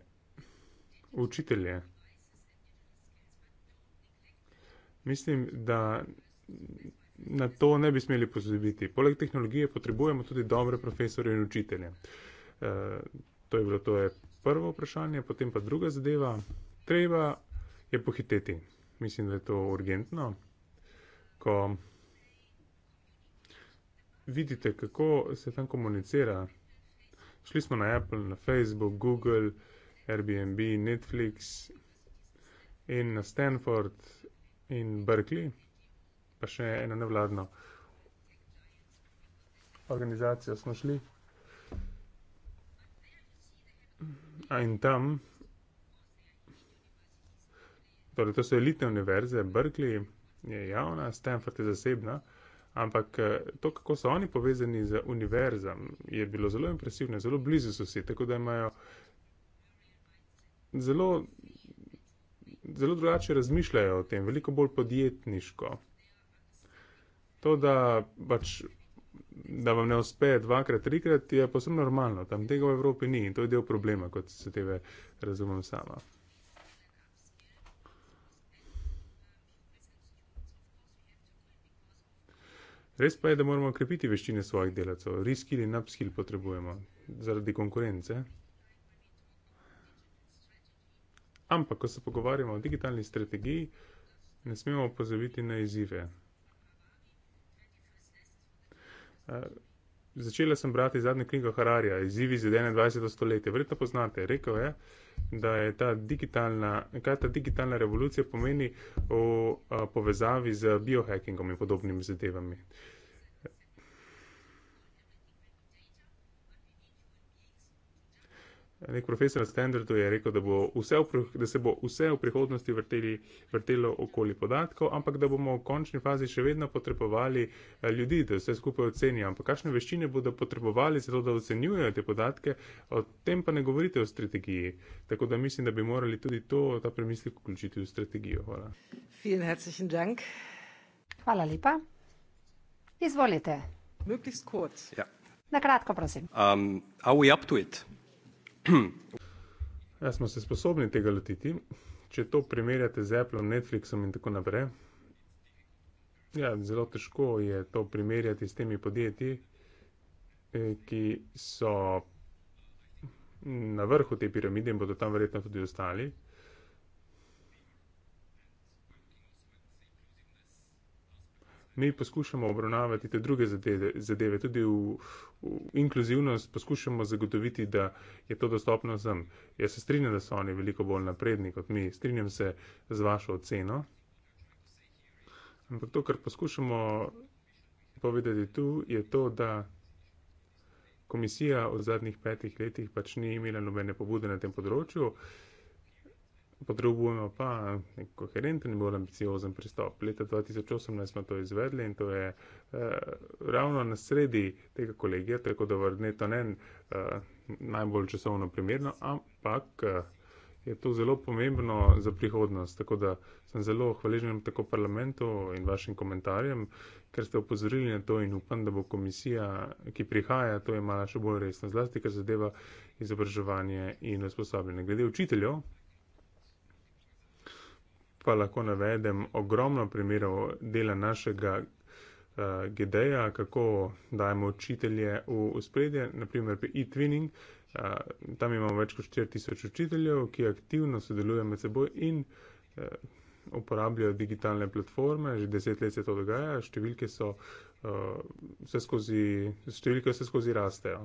učitelje. Mislim, da na to ne bi smeli pozabiti. Poleg tehnologije potrebujemo tudi dobre profesore in učitelje. E, to je bilo to je prvo vprašanje, potem pa druga zadeva. Treba je pohiteti. Mislim, da je to urgentno. Ko vidite, kako se tam komunicira, šli smo na Apple, na Facebook, Google, Airbnb, Netflix in na Stanford in Berkeley, pa še eno nevladno organizacijo smo šli. In tam Torej, to so elite univerze, Berkeley je javna, Stanford je zasebna, ampak eh, to, kako so oni povezani z univerzam, je bilo zelo impresivno, zelo blizu so si, tako da imajo zelo, zelo drugače razmišljajo o tem, veliko bolj podjetniško. To, da pač. Da vam ne uspe dvakrat, trikrat, je posebno normalno. Tam tega v Evropi ni in to je del problema, kot se tebe razumem sama. Res pa je, da moramo okrepiti veščine svojih delavcev. Reskill in upskill potrebujemo zaradi konkurence. Ampak, ko se pogovarjamo o digitalni strategiji, ne smemo pozabiti na izzive. Eh, začela sem brati zadnjo knjigo Hararja, Izivi za 21. stoletje. Verjetno poznate, rekel je, da je ta digitalna, kaj ta digitalna revolucija pomeni v a, povezavi z biohackingom in podobnimi zadevami. Nek profesor na Standardu je rekel, da, bo vse v, da se bo vse v prihodnosti vrteli, vrtelo okoli podatkov, ampak da bomo v končni fazi še vedno potrebovali eh, ljudi, da vse skupaj ocenijo. Ampak kakšne veščine bodo potrebovali za to, da ocenjujejo te podatke, o tem pa ne govorite o strategiji. Tako da mislim, da bi morali tudi to, ta premislek vključiti v strategijo. Hvala. Hvala lepa. Izvolite. Ja. Na kratko, prosim. Um, ja, smo se sposobni tega lotiti, če to primerjate z Apple, Netflixom in tako naprej. Ja, zelo težko je to primerjati s temi podjetji, eh, ki so na vrhu te piramide in bodo tam verjetno tudi ostali. mi poskušamo obravnavati te druge zadeve, zadeve. tudi v, v inkluzivnost poskušamo zagotoviti, da je to dostopno vsem. Jaz se strinjam, da so oni veliko bolj napredni kot mi, strinjam se z vašo oceno. Ampak to, kar poskušamo povedati tu, je to, da komisija v zadnjih petih letih pač ni imela nobene pobude na tem področju potrebujemo pa nek koherenten in bolj ambiciozen pristop. Leta 2018 smo to izvedli in to je uh, ravno na sredi tega kolegija, tako da vrne to ne uh, najbolj časovno primerno, ampak. Uh, Je to zelo pomembno za prihodnost, tako da sem zelo hvaležen tako parlamentu in vašim komentarjem, ker ste upozorili na to in upam, da bo komisija, ki prihaja, to imala še bolj resno, zlasti, ker zadeva izobraževanje in usposabljanje. Glede učiteljev, pa lahko navedem ogromno primerov dela našega uh, eh, GD-ja, kako dajemo učitelje v spredje, naprimer pri e-twinning. Uh, tam imamo več kot 4000 učiteljev, ki aktivno sodelujejo med seboj in uh, uporabljajo digitalne platforme. Že deset let se to dogaja, številke so. Uh, vse skozi, številke vse skozi rastejo.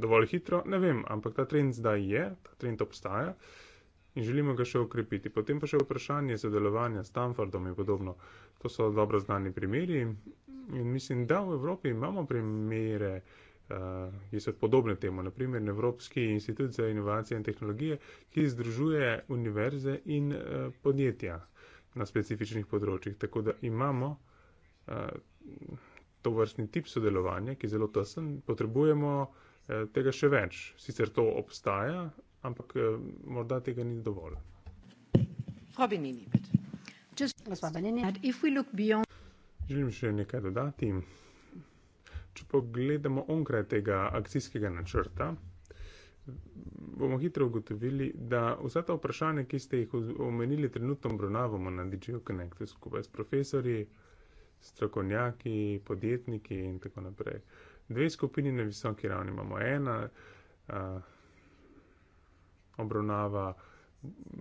Dovolj hitro, ne vem, ampak ta trend zdaj je, ta trend obstaja. Uh, in želimo ga še okrepiti. Potem pa še vprašanje sodelovanja s Stanfordom in podobno. To so dobro znani primeri in mislim, da v Evropi imamo primere, eh, ki so podobne temu. Naprimer, Evropski institut za inovacije in tehnologije, ki združuje univerze in eh, podjetja na specifičnih področjih. Tako da imamo eh, to vrstni tip sodelovanja, ki je zelo tesen, potrebujemo tega še več. Sicer to obstaja, ampak eh, morda tega ni dovolj. Želim še nekaj dodati. Če pogledamo onkraj tega akcijskega načrta, bomo hitro ugotovili, da vsa ta vprašanja, ki ste jih omenili, trenutno obravnavamo na DigiO Connectu skupaj s profesori, strokovnjaki, podjetniki in tako naprej. Dve skupini na visoki ravni imamo ena. Uh, obravnava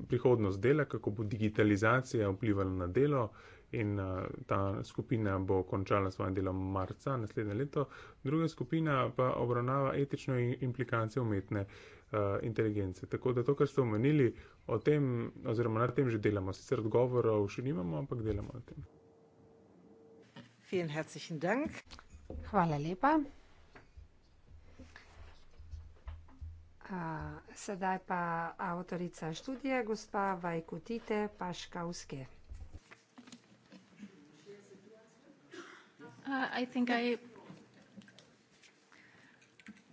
prihodnost dela, kako bo digitalizacija vplivala na delo. In eh, ta skupina bo končala svoje delo marca naslednje leto, druga skupina pa obravnava etične implikacije umetne uh, inteligence. Tako da to, kar ste omenili, o tem, oziroma na tem že delamo, sicer odgovorov še nimamo, ampak delamo na tem. Hvala lepa. sedaj pa avtorica študije, gospa Vajkutite Paškavske. Uh, I think I,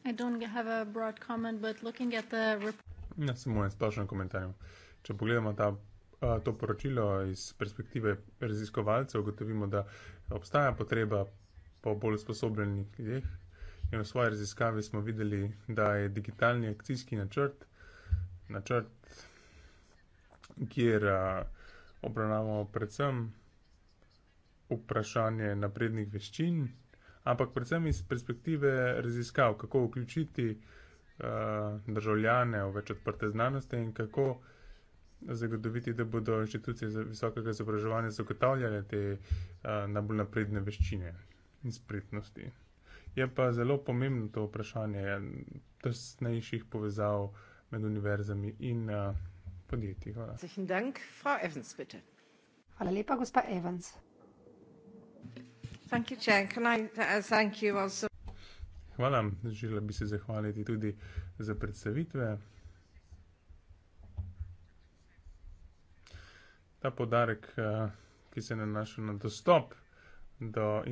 I don't have a broad comment, but looking at the Ja, samo en splošen komentar. Če pogledamo ta, to poročilo iz perspektive raziskovalcev, ugotovimo, da obstaja potreba po bolj sposobljenih ljudeh, In v svoji raziskavi smo videli, da je digitalni akcijski načrt, načrt, kjer eh, obravnavamo predvsem vprašanje naprednih veščin, ampak predvsem iz perspektive raziskav, kako vključiti eh, državljane v več odprte znanosti in kako zagotoviti, da bodo inštitucije za visokega izobraževanja zagotavljale te uh, najbolj napredne veščine in spretnosti. Je pa zelo pomembno to vprašanje ja, tesnejših povezav med univerzami in uh, podjetji. Hvala. Dank, Frau Evans, bitte. Hvala lepa, gospa Evans. Uh, Hvala, želela bi se zahvaliti tudi za predstavitve. Ta podarek, eh, ki se nanaša na dostop do,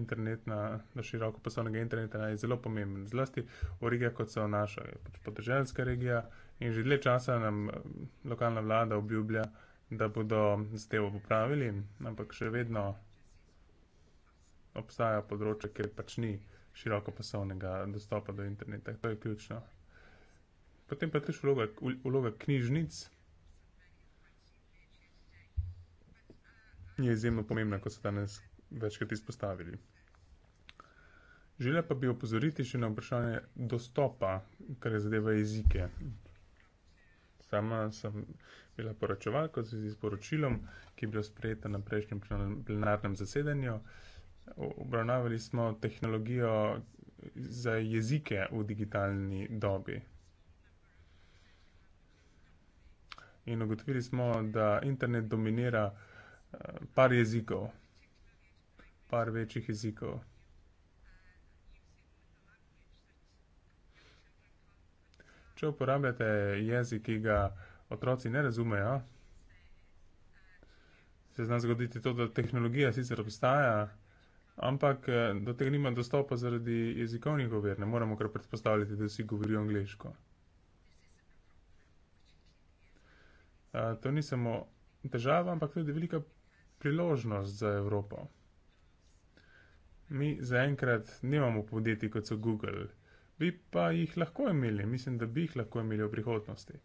do široko poslovnega interneta je zelo pomemben. Zlasti v regijah, kot so naša, je pač podeželjska regija in že dlje časa nam eh, lokalna vlada obljublja, da bodo z tevo popravili, ampak še vedno obstaja področje, kjer pač ni široko poslovnega dostopa do interneta. To je ključno. Potem pa tudi vloga, vloga knjižnic. Je izjemno pomembna, ko so danes večkrat izpostavili. Želela pa bi opozoriti še na vprašanje dostopa, kar je zadeva jezike. Sama sem bila poročevalka z izporočilom, ki je bilo sprejeta na prejšnjem plenarnem zasedanju. Obravnavali smo tehnologijo za jezike v digitalni dobi. In ugotovili smo, da internet dominira eh, par jezikov par večjih jezikov. Če uporabljate jezik, ki ga otroci ne razumejo, se zna zgoditi to, da tehnologija sicer obstaja, ampak eh, do tega nima dostopa zaradi jezikovnih ovir. Ne moramo kar predpostavljati, da vsi govorijo angliško. Eh, to ni samo država, ampak tudi velika priložnost za Evropo. Mi zaenkrat nimamo podjetij kot so Google, bi pa jih lahko imeli, mislim, da bi jih lahko imeli v prihodnosti.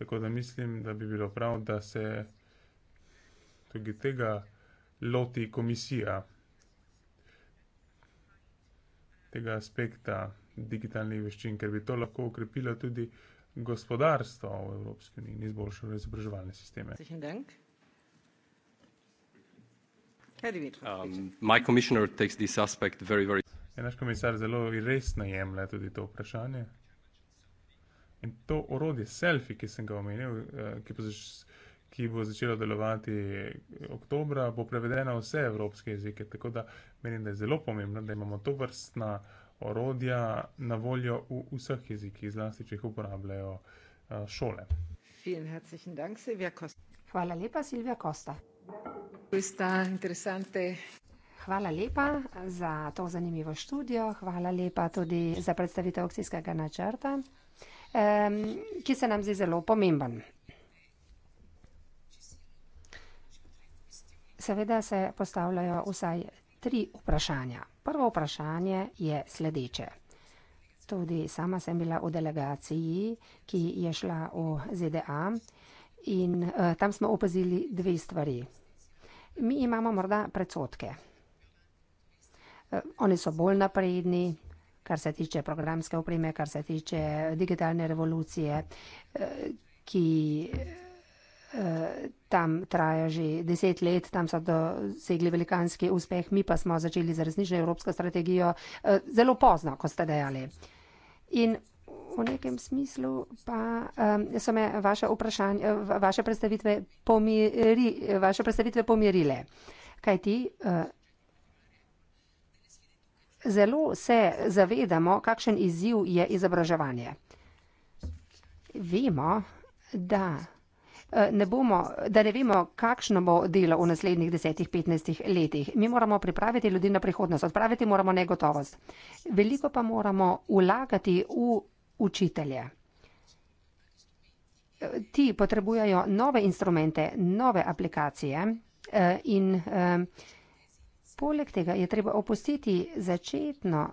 Tako da mislim, da bi bilo prav, da se tudi tega loti komisija, tega aspekta digitalnih veščin, ker bi to lahko ukrepilo tudi gospodarstvo v Evropski uniji in izboljšalo izobraževalne sisteme. Zdaj, Um, very, very... Je ja, naš komisar zelo resno jemlje tudi to vprašanje. In to orodje selfie, ki sem ga omenil, eh, ki bo, zač ki bo začelo delovati eh, oktobra, bo prevedeno vse evropske jezike. Tako da menim, da je zelo pomembno, da imamo to vrstna orodja na voljo v vseh jezikih, zlasti če jih uporabljajo eh, šole. Hvala lepa, Silvija Kosta. Hvala lepa za to zanimivo študijo, hvala lepa tudi za predstavitev akcijskega načrta, ki se nam zdi zelo pomemben. Seveda se postavljajo vsaj tri vprašanja. Prvo vprašanje je sledeče. Tudi sama sem bila v delegaciji, ki je šla v ZDA. In uh, tam smo opazili dve stvari. Mi imamo morda predsotke. Uh, oni so bolj napredni, kar se tiče programske opreme, kar se tiče eh, digitalne revolucije, uh, ki uh, tam traja že deset let, tam so dosegli velikanski uspeh, mi pa smo začeli z resnično evropsko strategijo uh, zelo pozno, kot ste dejali. In v nekem smislu pa um, so me vaše, vprašanje, vaše, predstavitve pomiri, vaše predstavitve pomirile. Kaj ti? Uh, eh, zelo se zavedamo, kakšen izziv je izobraževanje. Vemo, da. Eh, ne bomo, da ne vemo, kakšno bo delo v naslednjih 10-15 letih. Mi moramo pripraviti ljudi na prihodnost, odpraviti moramo negotovost. Veliko pa moramo vlagati v učitelje. Ti potrebujejo nove instrumente, nove aplikacije eh, in eh, poleg tega je treba opustiti začetno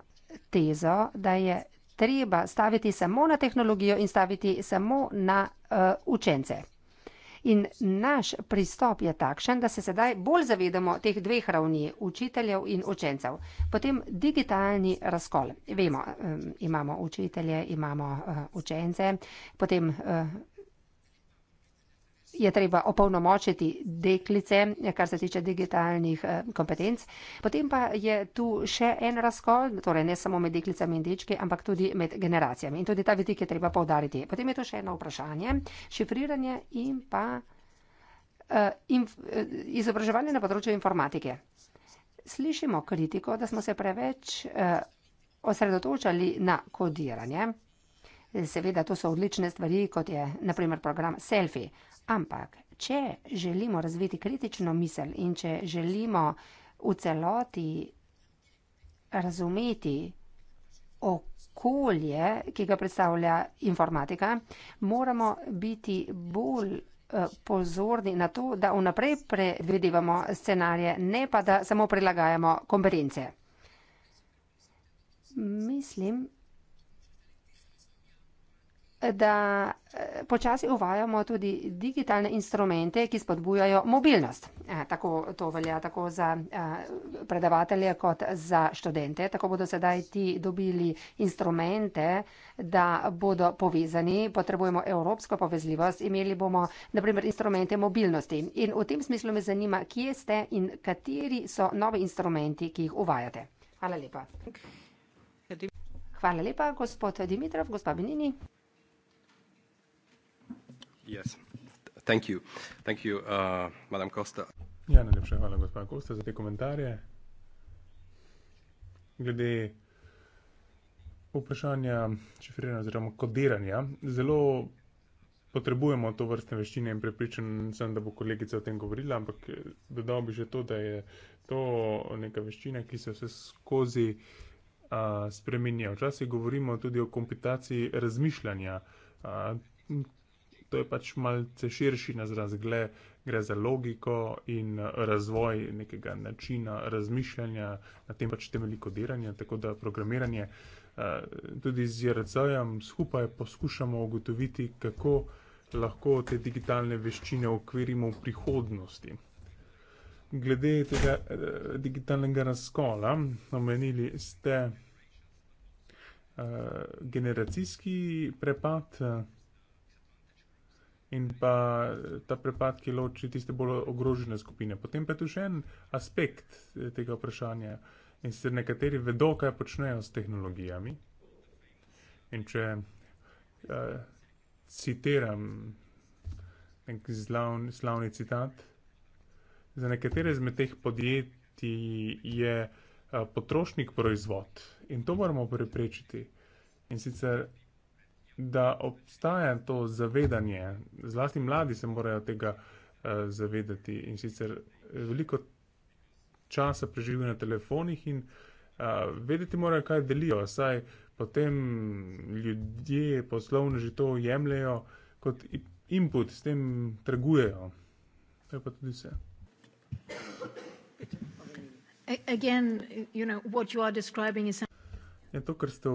tezo, da je treba staviti samo na tehnologijo in staviti samo na eh, učence. In naš pristop je takšen, da se sedaj bolj zavedamo teh dveh ravni, učiteljev in učencev. Potem digitalni razkol. Vemo, imamo učitelje, imamo eh, učence, potem eh, je treba opolnomočiti deklice, kar se tiče digitalnih eh, kompetenc. Potem pa je tu še en razkol, torej ne samo med deklicami in dečki, ampak tudi med generacijami. In tudi ta vidik je treba povdariti. Potem je tu še eno vprašanje, šifriranje in pa eh, inf, eh, izobraževanje na področju informatike. Slišimo kritiko, da smo se preveč osredotočali na kodiranje. Seveda, to so odlične stvari, kot je naprimer program Selfie, Ampak, če želimo razviti kritično misel in če želimo v celoti razumeti okolje, ki ga predstavlja informatika, moramo biti bolj eh, pozorni na to, da vnaprej predvidevamo scenarije, ne pa da samo prilagajamo konference. Mislim, da eh, počasi uvajamo tudi digitalne instrumente, ki spodbujajo mobilnost. Eh, tako, to velja tako za eh, predavatelje kot za študente. Tako bodo sedaj ti dobili instrumente, da bodo povezani. Potrebujemo evropsko povezljivost, imeli bomo naprimer instrumente mobilnosti. In v tem smislu me zanima, kje ste in kateri so novi instrumenti, ki jih uvajate. Hvala lepa. Hvala lepa, gospod Dimitrov, gospod Benini. Yes. Thank you. Thank you, uh, Madam Costa. Ja, najlepša hvala, gospod Kosta, za te komentarje. Glede vprašanja šifriranja oziroma kodiranja, zelo potrebujemo to vrstne veščine in prepričan sem, da bo kolegica o tem govorila, ampak eh, dodal bi že to, da je to neka veščina, ki se vse skozi uh, spreminja. Včasih govorimo tudi o komputaciji razmišljanja. Uh, to je pač malce širši razgled, gre za logiko in eh, razvoj nekega načina razmišljanja, na tem pač temelji kodiranje, tako da programiranje eh, tudi z JRC-jem skupaj poskušamo ugotoviti, kako lahko te digitalne veščine okvirimo v prihodnosti. Glede tega eh, digitalnega razkola, omenili ste eh, generacijski prepad, eh, in pa eh, ta prepad, ki loči tiste bolj ogrožene skupine. Potem pa je tu še en aspekt eh, tega vprašanja in sicer nekateri vedo, kaj počnejo s tehnologijami. In če uh, citiram nek slav, slavni citat, za nekatere izmed teh podjetij je uh, potrošnik proizvod in to moramo preprečiti. In sicer da obstaja to zavedanje. Zlasti mladi se morajo tega uh, zavedati in sicer eh, veliko časa preživijo na telefonih in uh, vedeti morajo, kaj delijo. Saj potem ljudje poslovno že to jemljajo kot input, s tem trgujejo. To je pa tudi vse. Again, you know, what you are describing is... Ja, to, kar ste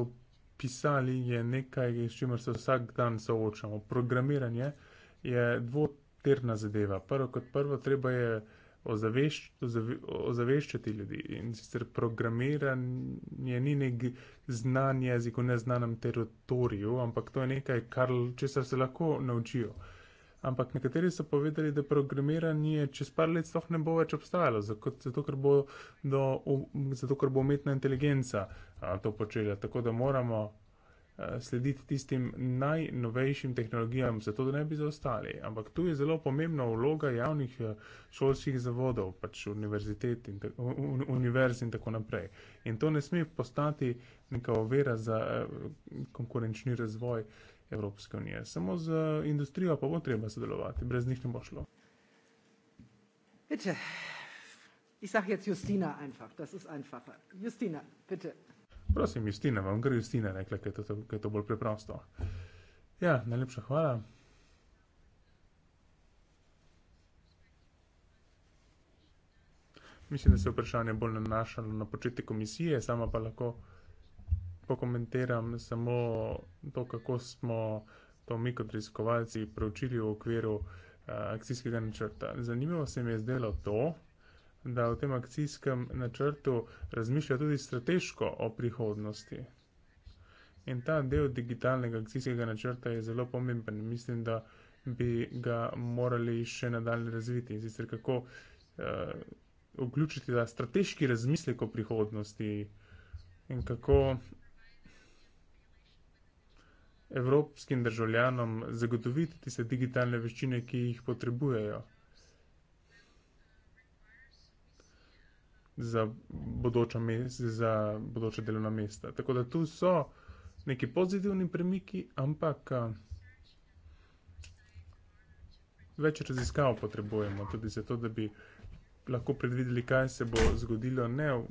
pisali, je nekaj, s čimer se vsak dan soočamo. Programiranje je dvotirna zadeva. Prvo kot prvo, treba je ozaveščati ljudi in sicer programiranje ni nek znan jezik v neznanem teritoriju, ampak to je nekaj, česar se lahko naučijo. Uh, ampak nekateri so povedali, da programiranje čez par let sploh ne bo več obstajalo, zato, zato, ker, bo do, zato ker bo umetna inteligenca a, to počela. Tako da moramo a, slediti tistim najnovejšim tehnologijam, zato da ne bi zaostali. Ampak tu je zelo pomembna vloga javnih šolskih zavodov, pač univerzitet in, un, univerz in tako naprej. In to ne sme postati neka ovira za a, konkurenčni razvoj. Evropske unije. Samo z eh, industrijo pa bo treba sodelovati, brez njih ne bo šlo. Bitte. Ich sag jetzt Justina einfach, das ist einfacher. Justina, bitte. Prosim, Justina, vam gre Justina rekla, ker je, je to bolj preprosto. Ja, najlepša hvala. Mislim, da se je vprašanje bolj nanašalo na početje komisije, sama pa lahko pokomentiram samo to, kako smo to mi kot raziskovalci preučili v okviru uh, akcijskega načrta. Zanimivo se mi je zdelo to, da v tem akcijskem načrtu razmišlja tudi strateško o prihodnosti. In ta del digitalnega akcijskega načrta je zelo pomemben. Mislim, da bi ga morali še nadalje razviti. In sicer kako uh, vključiti ta strateški razmislek o prihodnosti in kako evropskim državljanom zagotoviti tiste digitalne veščine, ki jih potrebujejo za bodoča, za bodoča delovna mesta. Tako da tu so neki pozitivni premiki, ampak več raziskav potrebujemo tudi zato, da bi lahko predvideli, kaj se bo zgodilo ne v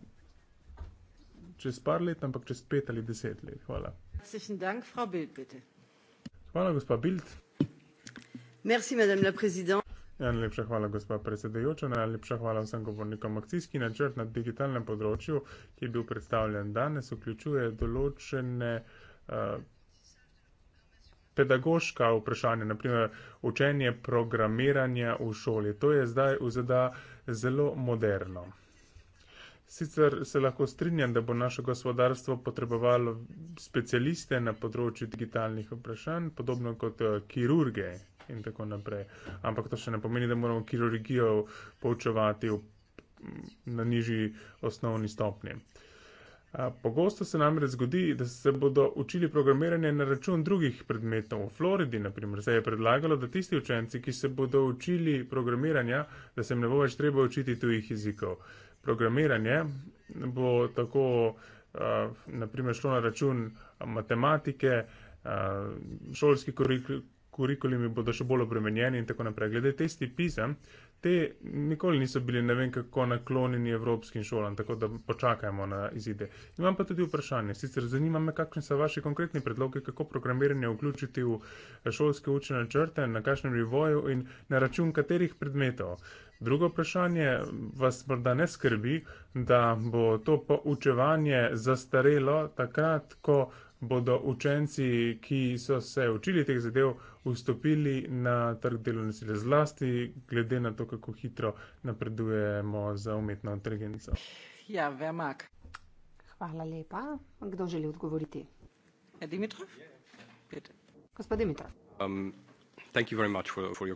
čez par let, ampak čez pet ali deset let. Hvala. Hvala, gospa Bild. Merci, madame la président. Ja, najlepša hvala, gospa predsedajoča, najlepša hvala vsem govornikom. Akcijski načrt na digitalnem področju, ki je bil predstavljen danes, vključuje določene uh, pedagoška vprašanja, naprimer učenje programiranja v šoli. To je zdaj v ZDA zelo moderno. Sicer se lahko strinjam, da bo naše gospodarstvo potrebovalo specialiste na področju digitalnih vprašanj, podobno kot eh, kirurge in tako naprej. Ampak to še ne pomeni, da moramo kirurgijo poučevati v, mm, na nižji osnovni stopni. Pogosto se nam reč zgodi, da se bodo učili programiranje na račun drugih predmetov. V Floridi, naprimer, se je predlagalo, da tisti učenci, ki se bodo učili programiranja, da se jim ne bo več treba učiti tujih jezikov programiranje, bo tako naprimer šlo na račun matematike, šolski kurikulumi bodo še bolj obremenjeni in tako naprej. Glede testi PISA, te nikoli niso bili ne vem kako naklonjeni evropskim šolam, tako da počakajmo na izide. Imam pa tudi vprašanje, sicer zanima me, kakšni so vaši konkretni predloge, kako programiranje vključiti v eh, šolske učene črte, na kakšnem rivoju in na račun katerih predmetov. Drugo vprašanje, vas morda ne skrbi, da bo to poučevanje zastarelo takrat, ko bodo učenci, ki so se učili teh zadev, vstopili na trg delovne sile zlasti, glede na to, kako hitro napredujemo za umetno inteligenco. Ja, vem, ak. Hvala lepa. Kdo želi odgovoriti? Ja, Gospod Dimitrov. Um, for, for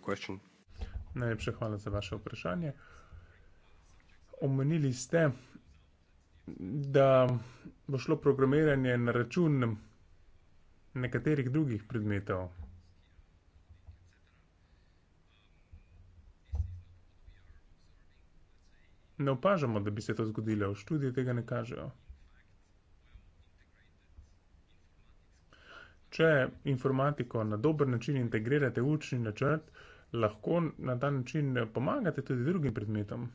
Najlepša hvala za vaše vprašanje. Omenili ste, da bo šlo programiranje na račun nekaterih drugih predmetov. Ne opažamo, da bi se to zgodilo, v študiji tega ne kažejo. Če informatiko na dober način integrirate v učni načrt, lahko na ta način pomagate tudi drugim predmetom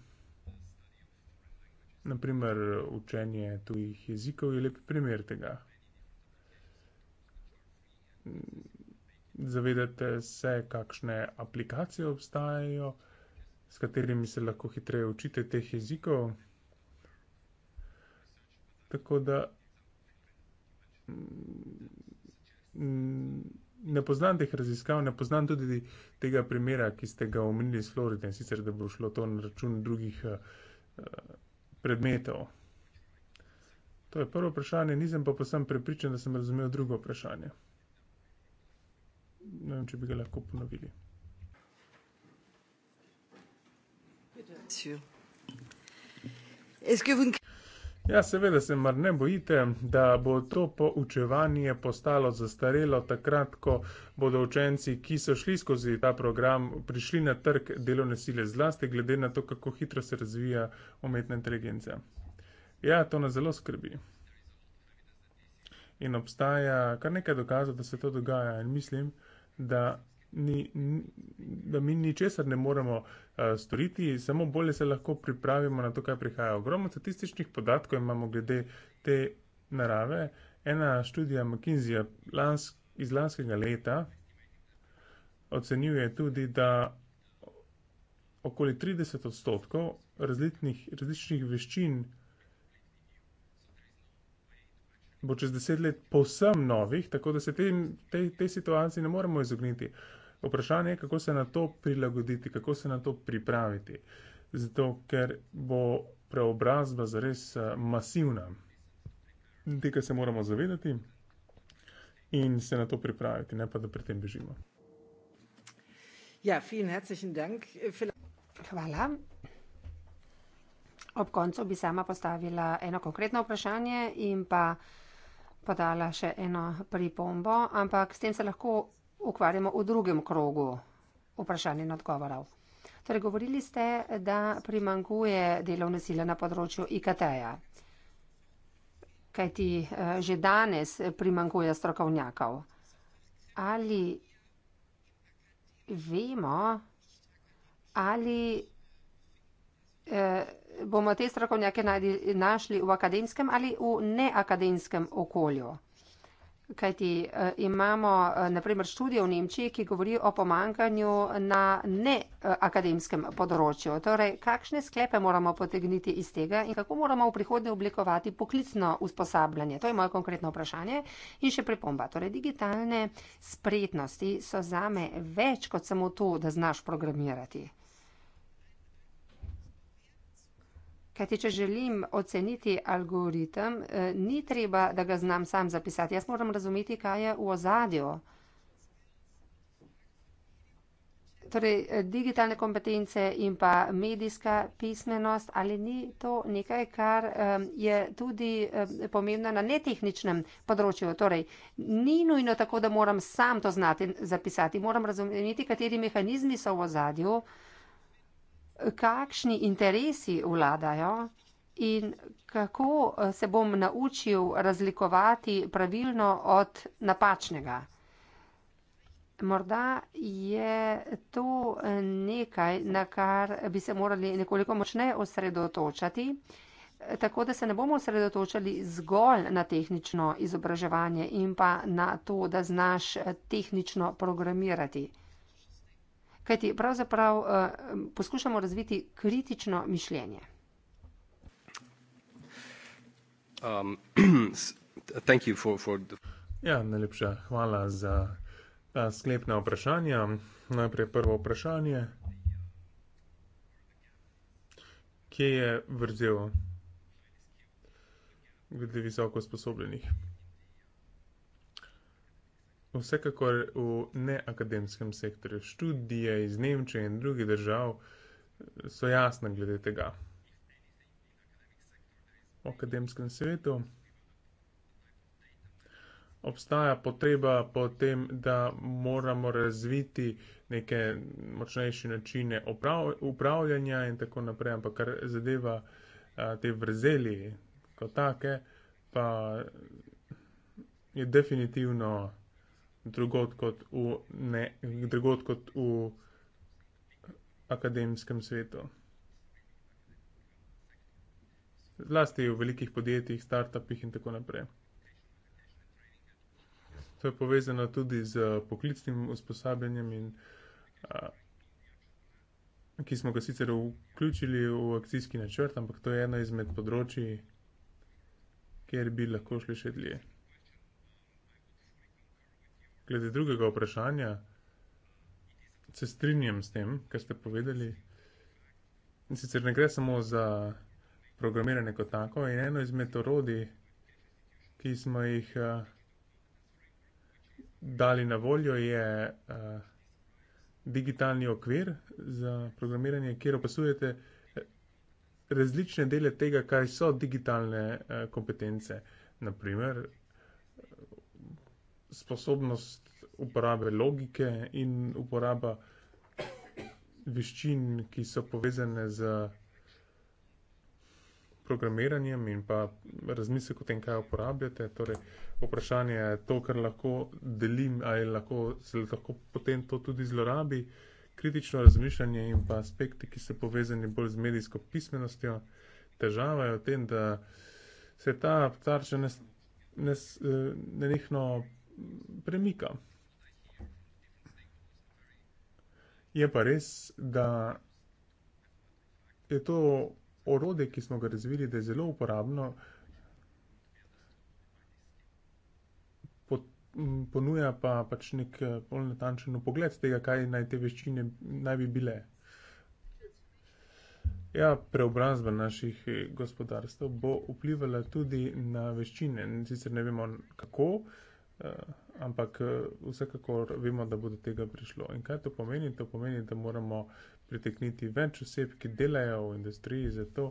naprimer učenje tujih jezikov je lep primer tega. Zavedate se, kakšne aplikacije obstajajo, s katerimi se lahko hitreje učite teh jezikov. Tako da mm, ne poznam teh raziskav, ne poznam tudi tega primera, ki ste ga omenili iz Floride, sicer da bo šlo to na račun drugih eh, predmetov? To je prvo vprašanje, nisem pa posem prepričan, da sem razumel drugo vprašanje. Ne vem, če bi ga lahko ponovili. Sure. Ja, seveda se mar ne bojite, da bo to poučevanje postalo zastarelo takrat, ko bodo učenci, ki so šli skozi ta program, prišli na trg delovne sile zlasti, glede na to, kako hitro se razvija umetna inteligenca. Ja, to nas zelo skrbi. In obstaja kar nekaj dokazov, da se to dogaja. In mislim, da ni, da mi ničesar ne moremo uh, storiti, samo bolje se lahko pripravimo na to, kaj prihaja. Ogromno statističnih podatkov imamo glede te narave. Ena študija McKinseya lansk, iz lanskega leta ocenjuje tudi, da okoli 30 odstotkov različnih veščin bo čez deset let povsem novih, tako da se tej te, te situaciji ne moremo izogniti. Uh, Vprašanje je, kako se na to prilagoditi, kako se na to pripraviti. Zato, ker bo preobrazba zares eh, masivna. Tega se moramo zavedati in se na to pripraviti, ne pa da pri tem bežimo. Ja, Hvala. Ob koncu bi sama postavila eno konkretno vprašanje in pa podala še eno pripombo, ampak s tem se lahko ukvarjamo v drugem krogu vprašanj in odgovorov. Torej, govorili ste, da primankuje delovne sile na področju IKT-ja, kajti eh, že danes primankuje strokovnjakov. Ali vemo, ali eh, bomo te strokovnjake našli v akademskem ali v neakademskem okolju? Kajti eh, imamo eh, naprimer študije v Nemčiji, ki govori o pomankanju na neakademskem eh, področju. Torej, kakšne sklepe moramo potegniti iz tega in kako moramo v prihodnje oblikovati poklicno usposabljanje? To je moje konkretno vprašanje in še pripomba. Torej, digitalne spretnosti so zame več kot samo to, da znaš programirati. Kajti, če želim oceniti algoritem, eh, ni treba, da ga znam sam zapisati. Jaz moram razumeti, kaj je v ozadju. Torej, eh, digitalne kompetence in pa medijska pismenost, ali ni to nekaj, kar je tudi pomembno na netehničnem področju. Torej, ni nujno tako, da moram sam to znati zapisati. Moram razumeti, kateri mehanizmi so v ozadju kakšni interesi vladajo in kako eh, se bom naučil razlikovati pravilno od napačnega. Morda je to nekaj, na kar bi se morali nekoliko močneje osredotočati, tako da se ne bomo osredotočali zgolj na tehnično izobraževanje in pa na to, da znaš tehnično programirati kajti pravzaprav eh, poskušamo razviti kritično mišljenje. Um, thank you for, for the... ja, najlepša hvala za ta sklepna vprašanja. Najprej prvo vprašanje. Kje je vrzel glede visoko sposobljenih? Vsekakor v neakademskem sektorju študije iz Nemčije in drugih držav so jasne glede tega. V akademskem svetu obstaja potreba po tem, da moramo razviti neke močnejše načine upravljanja in tako naprej, ampak kar zadeva a, te vrzeli kot take, pa je definitivno drugot kot v, ne, drugot kot v akademskem svetu. Zlasti v velikih podjetjih, startupih in tako naprej. To je povezano tudi z poklicnim usposabljanjem, in, a, ki smo ga sicer vključili v akcijski načrt, ampak to je ena izmed področji, kjer bi lahko šli še dlje glede drugega vprašanja, se strinjam s tem, kar ste povedali. In sicer ne gre samo za programiranje kot tako, je eno izmed orodij, ki smo jih uh, dali na voljo, je uh, digitalni okvir za programiranje, kjer opasujete eh, različne dele tega, kaj so digitalne uh, kompetence. Naprimer, sposobnost uporabe logike in uporaba veščin, ki so povezane z programiranjem in pa razmislek o tem, kaj uporabljate. Torej, vprašanje je to, kar lahko delim, ali lahko, se lahko potem to tudi zlorabi. Kritično razmišljanje in pa aspekti, ki so povezani bolj z medijsko pismenostjo, težava je v tem, da se ta tarča eh, nenehno ne, ne premika. Je pa res, da je to orode, ki smo ga razvili, da je zelo uporabno, ponuja pa pač nek eh, bolj natančen pogled tega, kaj naj te veščine naj bi bile. Ja, preobrazba naših eh, gospodarstv bo vplivala tudi na veščine, sicer ne vemo kako, uh, Eh, ampak eh, vsekakor vemo, da bo do tega prišlo. In kaj to pomeni? To pomeni, da moramo pritekniti več oseb, ki delajo v industriji, zato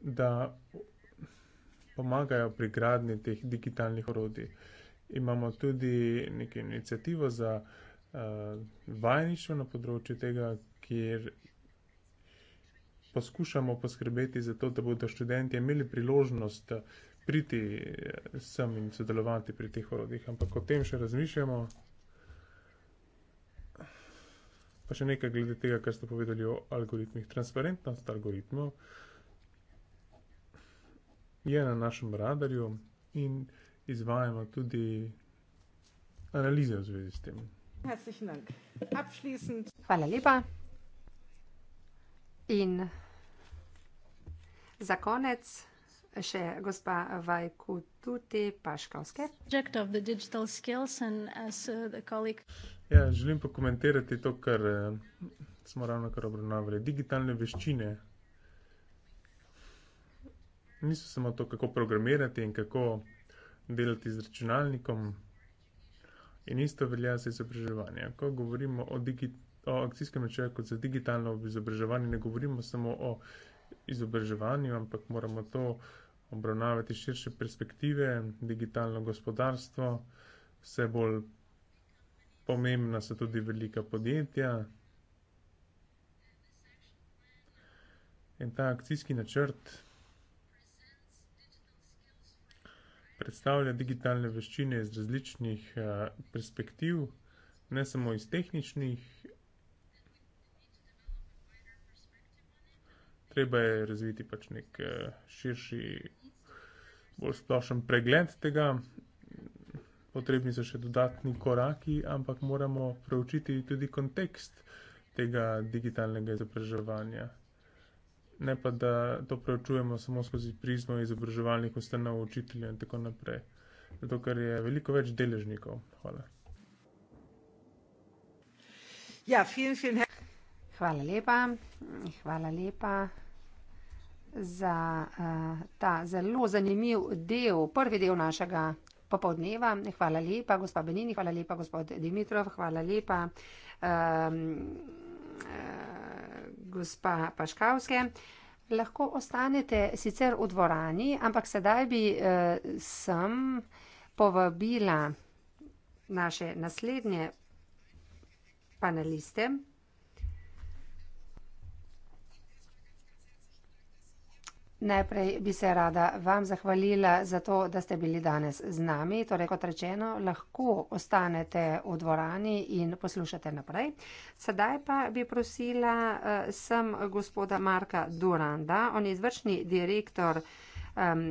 da pomagajo pri gradni teh digitalnih orodij. Imamo tudi neko inicijativo za uh, eh, vajništvo na področju tega, kjer poskušamo poskrbeti za to, da bodo študenti imeli priložnost uh, priti eh, sem in sodelovati pri teh orodjih, ampak o tem še razmišljamo. Pa še nekaj glede tega, kar ste povedali o algoritmih. Transparentnost algoritmov je na našem radarju in izvajamo tudi analize v zvezi s tem. Hvala lepa. In za konec še gospa Vajkutute Paškovske. Uh, ja, želim pa komentirati to, kar eh, smo ravno kar obravnavali. Digitalne veščine niso samo to, kako programirati in kako delati z računalnikom. In isto velja za izobraževanje. Ko govorimo o, o akcijskem načelu kot za digitalno izobraževanje, ne govorimo samo o izobraževanju, ampak moramo to uh, obravnavati širše perspektive, digitalno gospodarstvo, vse bolj pomembna so tudi velika podjetja. In ta akcijski načrt predstavlja digitalne veščine iz različnih eh, perspektiv, ne samo iz tehničnih. Treba je razviti pač nek eh, širši bolj splošen pregled tega. Potrebni so še dodatni koraki, ampak moramo preučiti tudi kontekst tega digitalnega izobraževanja. Ne pa, da to preučujemo samo skozi prizmo izobraževalnih ustanov, učiteljev in tako naprej. Zato, ker je veliko več deležnikov. Hvala. Ja, fin, fin. Hvala lepa. Hvala lepa za eh, ta zelo zanimiv del, prvi del našega popovdneva. Hvala lepa, gospa Benini, hvala lepa, gospod Dimitrov, hvala lepa, um, uh, gospa Paškavske. Lahko ostanete sicer v dvorani, ampak sedaj bi uh, sem povabila naše naslednje paneliste. Najprej bi se rada vam zahvalila za to, da ste bili danes z nami. Torej, kot rečeno, lahko ostanete v dvorani in poslušate naprej. Sedaj pa bi prosila eh, sem gospoda Marka Duranda. On je izvršni direktor um,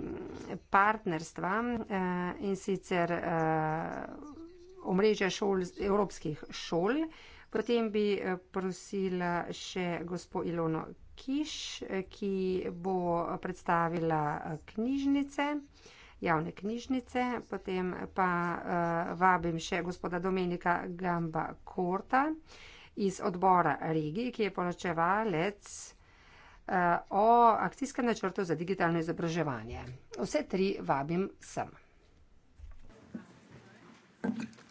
partnerstva uh, in sicer uh, omrežja šol, evropskih šol. Potem bi prosila še gospod Ilono Kirov. Kiš, ki bo predstavila eh, knjižnice, javne knjižnice. Potem pa uh, vabim še gospoda Domenika Gamba Korta iz odbora Rigi, ki je poročevalec uh, o akcijskem načrtu za digitalno izobraževanje. Vse tri vabim sem. Thank you.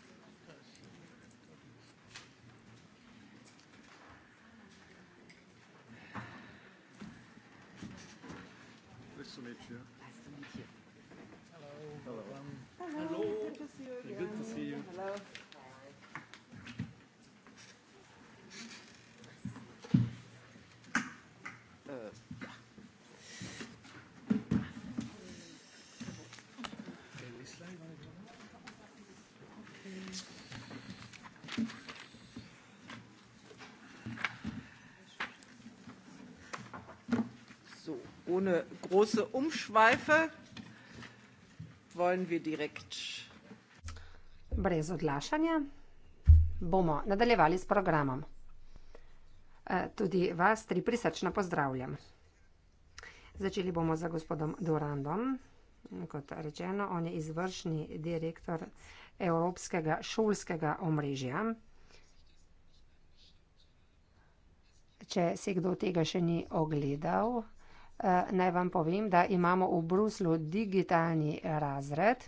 ohne große Umschweife wollen wir direkt. Brez odlašanja bomo nadaljevali s programom. E, tudi vas tri prisrčno pozdravljam. Začeli bomo za gospodom Durandom. Kot rečeno, on je izvršni direktor Evropskega šolskega omrežja. Če se kdo tega še ni ogledal, Eh, naj vam povem, da imamo v Bruslu digitalni razred,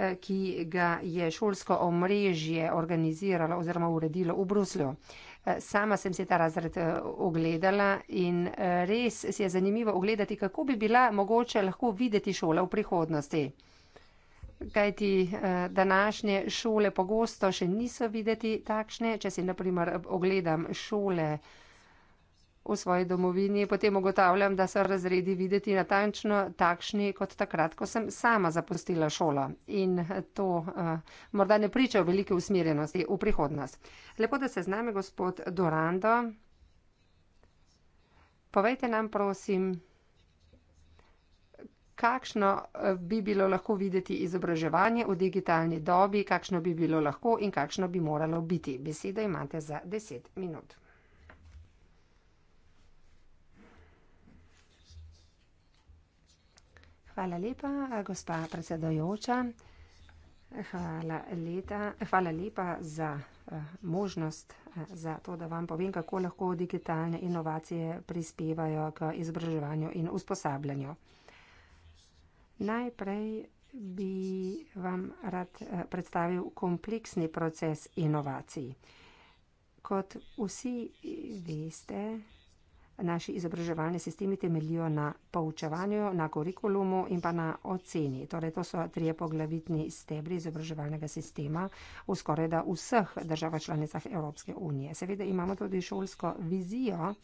eh, ki ga je šolsko omrežje organiziralo oziroma uredilo v Bruslu. Eh, sama sem si ta razred ogledala in res si je zanimivo ogledati, kako bi bila mogoče lahko videti šola v prihodnosti. Kaj ti današnje šole pogosto še niso videti takšne, če si naprimer ogledam šole, v svoji domovini, potem ugotavljam, da so razredi videti natančno takšni, kot takrat, ko sem sama zapustila šolo. In to uh, morda ne priča o velike usmerjenosti v prihodnost. Lepo, da se z nami gospod Dorando. Povejte nam, prosim, kakšno eh, bi bilo lahko videti izobraževanje v digitalni dobi, kakšno bi bilo lahko in kakšno bi moralo biti. Besedo imate za deset minut. Hvala lepa, gospa predsedojoča. Hvala, leta, hvala lepa za eh, možnost, eh, za to, da vam povem, kako lahko digitalne inovacije prispevajo k izobraževanju in usposabljanju. Najprej bi vam rad eh, predstavil kompleksni proces inovacij. Kot vsi veste, naši izobraževalni sistemi temeljijo na poučevanju, na kurikulumu in pa na oceni. Torej, to so trije poglavitni stebri izobraževalnega sistema v skoraj da vseh državah članicah Evropske unije. Seveda imamo tudi šolsko vizijo.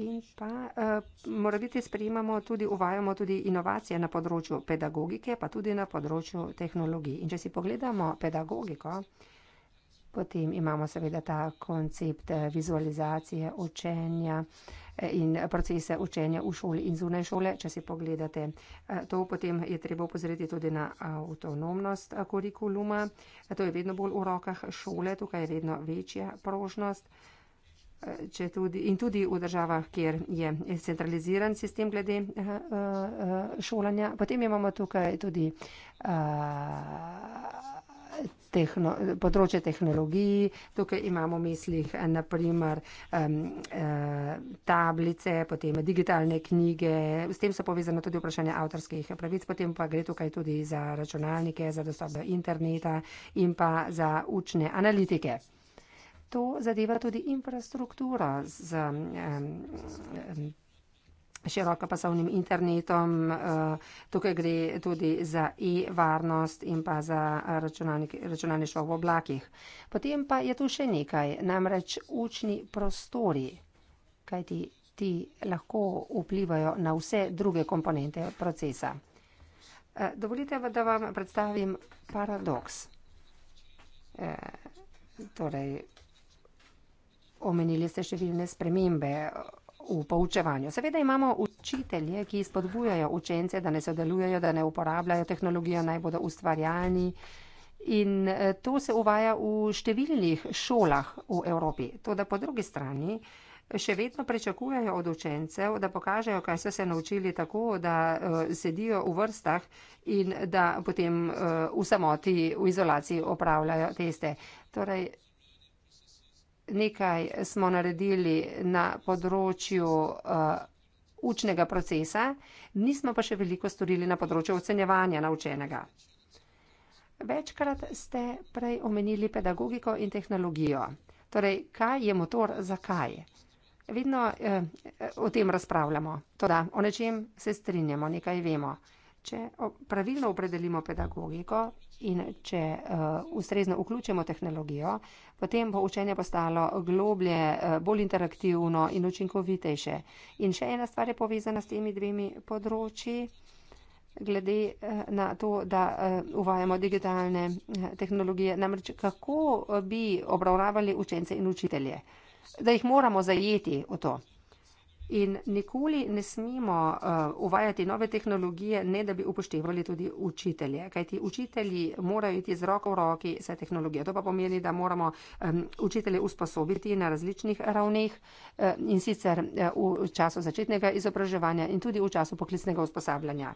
In pa uh, eh, mora biti sprejemamo tudi, uvajamo tudi inovacije na področju pedagogike, pa tudi na področju tehnologij. In če si pogledamo pedagogiko, uh, Potem imamo seveda ta koncept eh, vizualizacije učenja eh, in procese učenja v šoli in zunaj šole, če si pogledate. Eh, to potem je treba upozoriti tudi na avtonomnost kurikuluma. To je vedno bolj v rokah šole, tukaj je vedno večja prožnost. Tudi, in tudi v državah, kjer je centraliziran sistem glede šolanja. Potem imamo tukaj tudi. A, tehno, področje tehnologiji. Tukaj imamo v mislih eh, naprimer um, uh, eh, tablice, potem digitalne knjige, s tem so povezane tudi vprašanje avtorskih pravic, potem pa gre tukaj tudi za računalnike, za dostop do interneta in pa za učne analitike. To zadeva tudi infrastrukturo z um, um, široko pasovnim internetom. Eh, tukaj gre tudi za e-varnost in pa za računalništvo v oblakih. Potem pa je tu še nekaj, namreč učni prostori, kajti ti lahko vplivajo na vse druge komponente procesa. Eh, dovolite, da vam predstavim paradoks. Eh, torej, omenili ste številne spremembe v poučevanju. Seveda imamo učitelje, ki spodbujajo učence, da ne sodelujejo, da ne uporabljajo tehnologijo, naj bodo ustvarjalni. In eh, to se uvaja v številnih šolah v Evropi. To, da po drugi strani še vedno pričakujejo od učencev, da pokažejo, kaj so se naučili tako, da uh, sedijo v vrstah in da potem uh, v samoti, v izolaciji opravljajo teste. Torej, nekaj smo naredili na področju uh, učnega procesa, nismo pa še veliko storili na področju ocenjevanja naučenega. Večkrat ste prej omenili pedagogiko in tehnologijo. Torej, kaj je motor, zakaj? Vedno eh, o tem razpravljamo. Toda, o nečem se strinjamo, nekaj vemo. Če pravilno opredelimo pedagogiko, in če uh, ustrezno vključimo tehnologijo, potem bo učenje postalo globlje, uh, bolj interaktivno in učinkovitejše. In še ena stvar je povezana s temi dvemi področji, glede uh, na to, da uh, uvajamo digitalne uh, tehnologije, namreč kako bi obravnavali učence in učitelje, da jih moramo zajeti v to in nikoli ne smemo uh, uvajati nove tehnologije, ne da bi upoštevali tudi učitelje. Kaj ti učitelji morajo iti z roko v roki vse tehnologije. To pa pomeni, da moramo um, učitelje usposobiti na različnih ravneh uh, in sicer uh, v času začetnega izobraževanja in tudi v času poklicnega usposabljanja.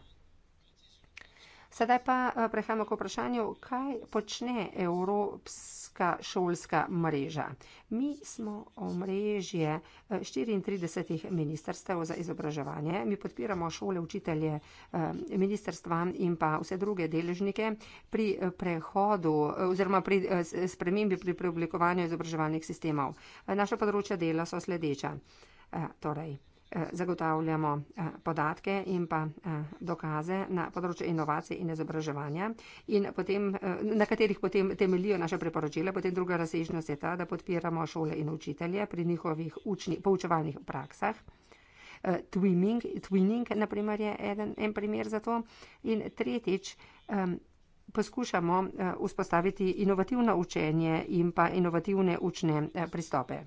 Sedaj pa uh, prehajamo k vprašanju, kaj počne Evropska. Slovenska šolska mreža. Mi smo omrežje 34 eh, ministrstev za izobraževanje. Mi podpiramo šole, učitelje, eh, ministrstva in pa vse druge deležnike pri eh, prehodu oziroma pri spremembi pri preoblikovanju izobraževalnih sistemov. Naša področja dela so sledeča. Torej, Eh, zagotavljamo eh, podatke in pa eh, dokaze na področju inovacij in izobraževanja, in potem, na katerih potem temelijo naše priporočila. Potem druga razsežnost je ta, da podpiramo šole in učitelje pri njihovih učni, poučevalnih praksah. Twinning, twinning naprimer, je eden, en primer za to. In tretjič, poskušamo vzpostaviti inovativno učenje in pa inovativne učne pristope.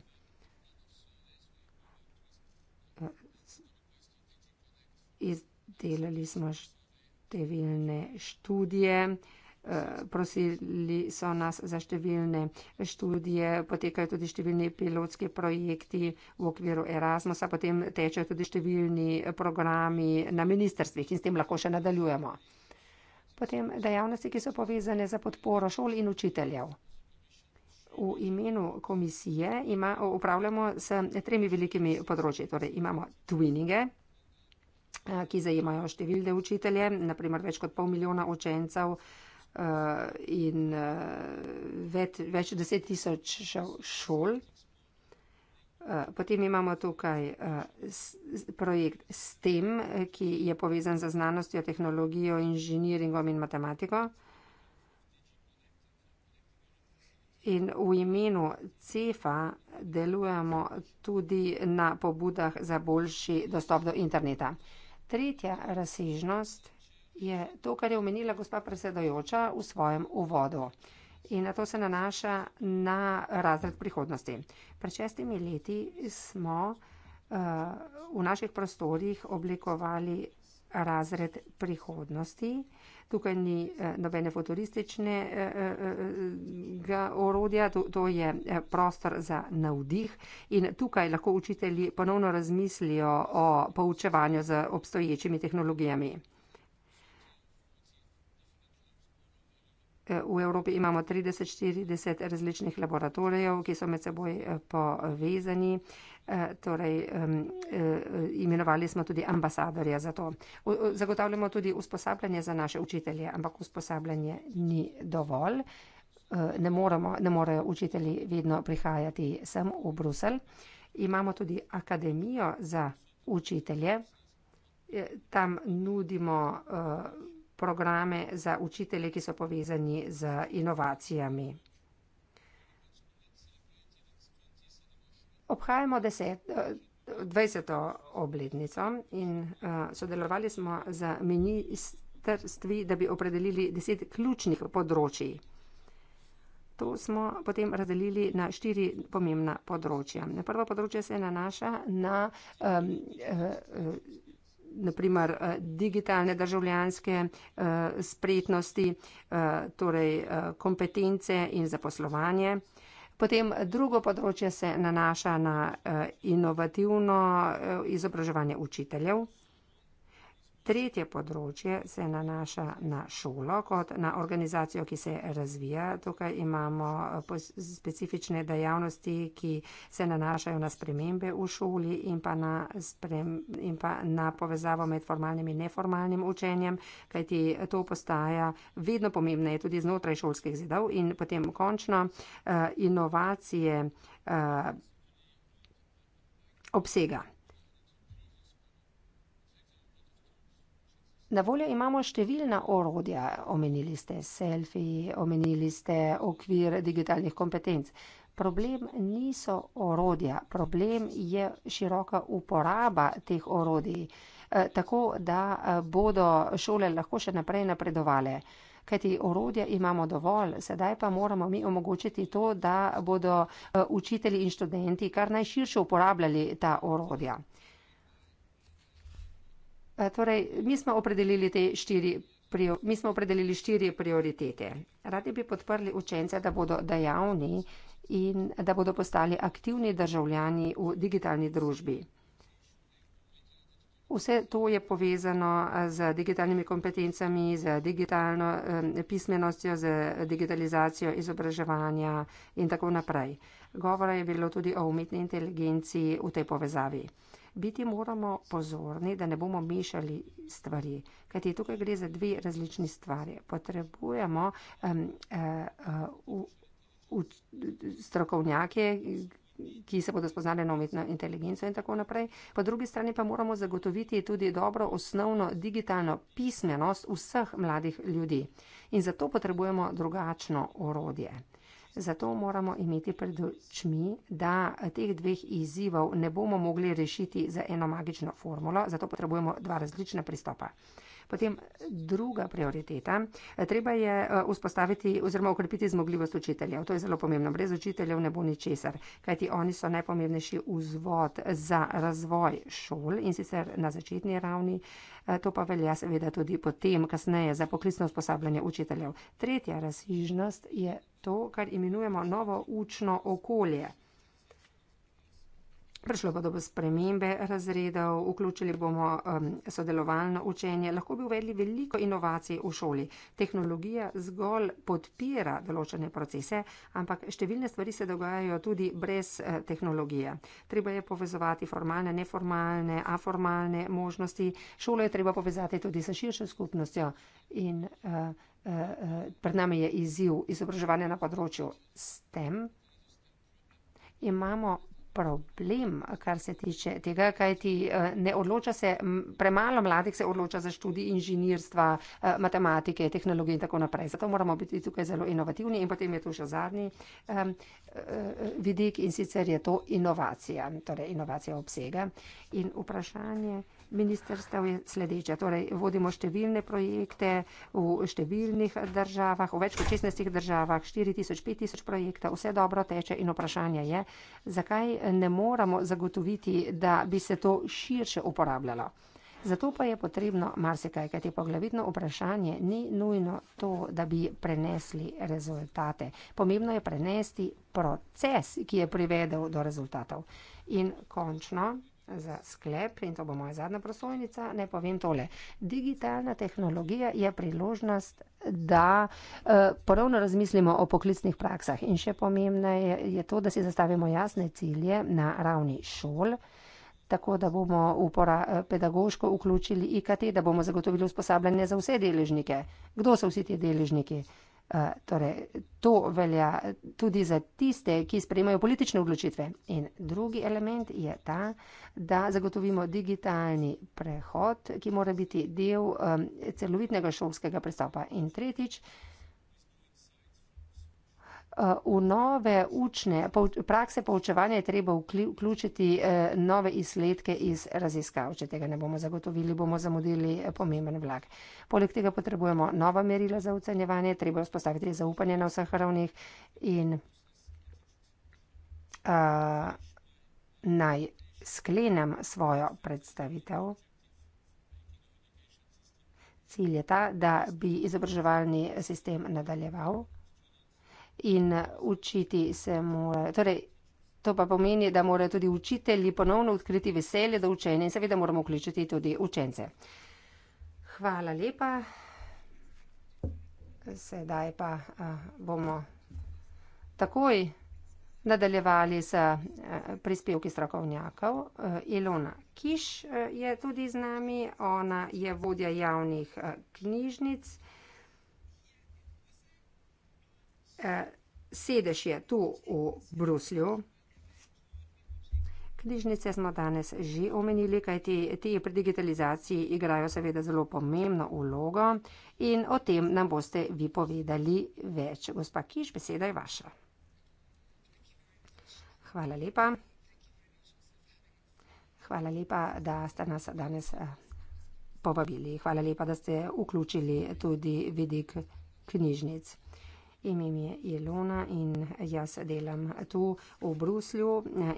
delali smo številne študije, eh, prosili so nas za številne študije, potekajo tudi številni pilotski projekti v okviru Erasmusa, potem tečejo tudi številni programi na ministerstvih in s tem lahko še nadaljujemo. Potem dejavnosti, ki so povezane za podporo šol in učiteljev. V imenu komisije ima, upravljamo s tremi velikimi področji. Torej imamo twininge, Eh, ki zajemajo številne učitelje, naprimer več kot pol milijona učencev eh, in eh, več, več deset tisoč šol. Potem imamo tukaj projekt STEM, ki je povezan z znanostjo, tehnologijo, inženiringom in matematiko. in v imenu CEFA delujemo tudi na pobudah za boljši dostop do interneta. Tretja razsežnost je to, kar je omenila gospa predsedojoča v svojem uvodu. In na to se nanaša na razred prihodnosti. Pred šestimi leti smo uh, v naših prostorih oblikovali razred prihodnosti. Tukaj ni eh, nobene futuristične eh, eh, orodja, to, to je prostor za navdih in tukaj lahko učitelji ponovno razmislijo o poučevanju z obstoječimi tehnologijami. V Evropi imamo 30-40 različnih laboratorijev, ki so med seboj povezani. Eh, torej, um, imenovali smo tudi ambasadorja za to. Zagotavljamo tudi usposabljanje za naše učitelje, ampak usposabljanje ni dovolj. Eh, ne, moramo, ne morejo učitelji vedno prihajati sem v Brusel. Imamo tudi akademijo za učitelje. Tam nudimo programe za učitelje, ki so povezani z inovacijami. obhajamo deset, eh, dvajseto obletnico in eh, sodelovali smo z ministrstvi, da bi opredelili deset ključnih področji. To smo potem razdelili na štiri pomembna področja. Prvo področje se nanaša na um, eh, naprimer digitalne državljanske spretnosti, torej kompetence in zaposlovanje. Potem drugo področje se nanaša na eh, inovativno eh, izobraževanje učiteljev. Tretje področje se nanaša na šolo kot na organizacijo, ki se razvija. Tukaj imamo eh, specifične dejavnosti, ki se nanašajo na spremembe v šoli in pa na, sprem, in pa na povezavo med formalnim in neformalnim učenjem, kajti to postaja vedno pomembneje tudi znotraj šolskih zidov in potem končno eh, inovacije eh, obsega. Na voljo imamo številna orodja, omenili ste selfiji, omenili ste okvir digitalnih kompetenc. Problem niso orodja, problem je široka uporaba teh orodij, eh, tako da eh, bodo šole lahko še naprej napredovale. Kajti orodja imamo dovolj, sedaj pa moramo mi omogočiti to, da bodo eh, učitelji in študenti kar najširše uporabljali ta orodja. Eh, torej, mi smo opredelili te štiri. Mi smo opredelili štiri prioritete. Radi bi podprli učence, da bodo dejavni in da bodo postali aktivni državljani v digitalni družbi. Vse to je povezano eh, z digitalnimi kompetencami, z digitalno eh, pismenostjo, z digitalizacijo izobraževanja in tako naprej. Govora je bilo tudi o umetni inteligenci v tej povezavi biti moramo pozorni, da ne bomo mešali stvari, kajti tukaj gre za dve različni stvari. Potrebujemo um, uh, uh, strokovnjake, ki se bodo spoznali na umetno inteligenco in tako naprej. Po drugi strani pa moramo zagotoviti tudi dobro osnovno digitalno pismenost vseh mladih ljudi. In zato potrebujemo drugačno orodje. Zato moramo imeti pred očmi, da teh dveh izzivov ne bomo mogli rešiti z eno magično formulo, zato potrebujemo dva različna pristopa. Potem druga prioriteta. Treba je eh, vzpostaviti oziroma ukrepiti zmogljivost učiteljev. To je zelo pomembno. Brez učiteljev ne bo ničesar, kajti oni so najpomembnejši vzvod za razvoj šol in sicer na začetni ravni. Eh, to pa velja seveda tudi potem, kasneje, za poklicno usposabljanje učiteljev. Tretja razsižnost je to, kar imenujemo novo učno okolje. Prišlo bo do spremembe razredov, vključili bomo um, sodelovalno učenje, lahko bi uvedli veliko inovacij v šoli. Tehnologija zgolj podpira določene procese, ampak številne stvari se dogajajo tudi brez uh, tehnologije. Treba je povezovati formalne, neformalne, aformalne možnosti. Šolo je treba povezati tudi sa širšo skupnostjo in uh, uh, uh, pred nami je izziv izobraževanja na področju STEM. Imamo problem, kar se tiče tega, kaj ti eh, ne odloča se, premalo mladih se odloča za študij inženirstva, eh, matematike, tehnologije in tako naprej. Zato moramo biti tukaj zelo inovativni in potem je tu še zadnji um, vidik in sicer je to inovacija, torej inovacija obsega in vprašanje ministrstev je sledeče. Torej, vodimo številne projekte v številnih državah, v več kot 16 državah, 4000-5000 projekta, vse dobro teče in vprašanje je, zakaj ne moramo zagotoviti, da bi se to širše uporabljalo. Zato pa je potrebno marsikaj, kaj ti poglavitno vprašanje ni nujno to, da bi prenesli rezultate. Pomembno je prenesti proces, ki je privedel do rezultatov. In končno za sklep in to bo moja zadnja prosojnica, ne povem tole. Digitalna tehnologija je priložnost, da eh, ponovno razmislimo o poklicnih praksah in še pomembneje je to, da si zastavimo jasne cilje na ravni šol tako da bomo upora eh, pedagoško vključili IKT, da bomo zagotovili usposabljanje za vse deležnike. Kdo so vsi ti deležniki? Eh, torej, to velja tudi za tiste, ki sprejemajo politične odločitve. In drugi element je ta, da zagotovimo digitalni prehod, ki mora biti del um, celovitnega šolskega prestopa. In tretjič, v nove učne prakse poučevanja je treba vključiti eh, nove izsledke iz raziskav. Če tega ne bomo zagotovili, bomo zamudili eh, pomemben vlak. Poleg tega potrebujemo nova merila za ocenjevanje, treba vzpostaviti zaupanje na vseh ravnih in uh, naj sklenem svojo predstavitev. Cilj je ta, da bi izobraževalni sistem nadaljeval in eh, učiti se morajo. Torej, to pa pomeni, da morajo tudi učitelji ponovno odkriti veselje do učenja in seveda moramo vključiti tudi učence. Hvala lepa. Sedaj pa uh, bomo takoj nadaljevali s uh, prispevki strokovnjakov. Uh, Ilona Kiš uh, je tudi z nami, ona je vodja javnih uh, knjižnic. Eh, sedež je tu v Bruslju. Knjižnice smo danes že omenili, kaj ti, ti pri digitalizaciji igrajo seveda zelo pomembno vlogo in o tem nam boste vi povedali več. Gospa Kiš, beseda je vaša. Hvala lepa. Hvala lepa, da ste nas danes eh, povabili. Hvala lepa, da ste vključili tudi vidik knjižnic. Ime mi je Ilona in jaz delam tu v Bruslju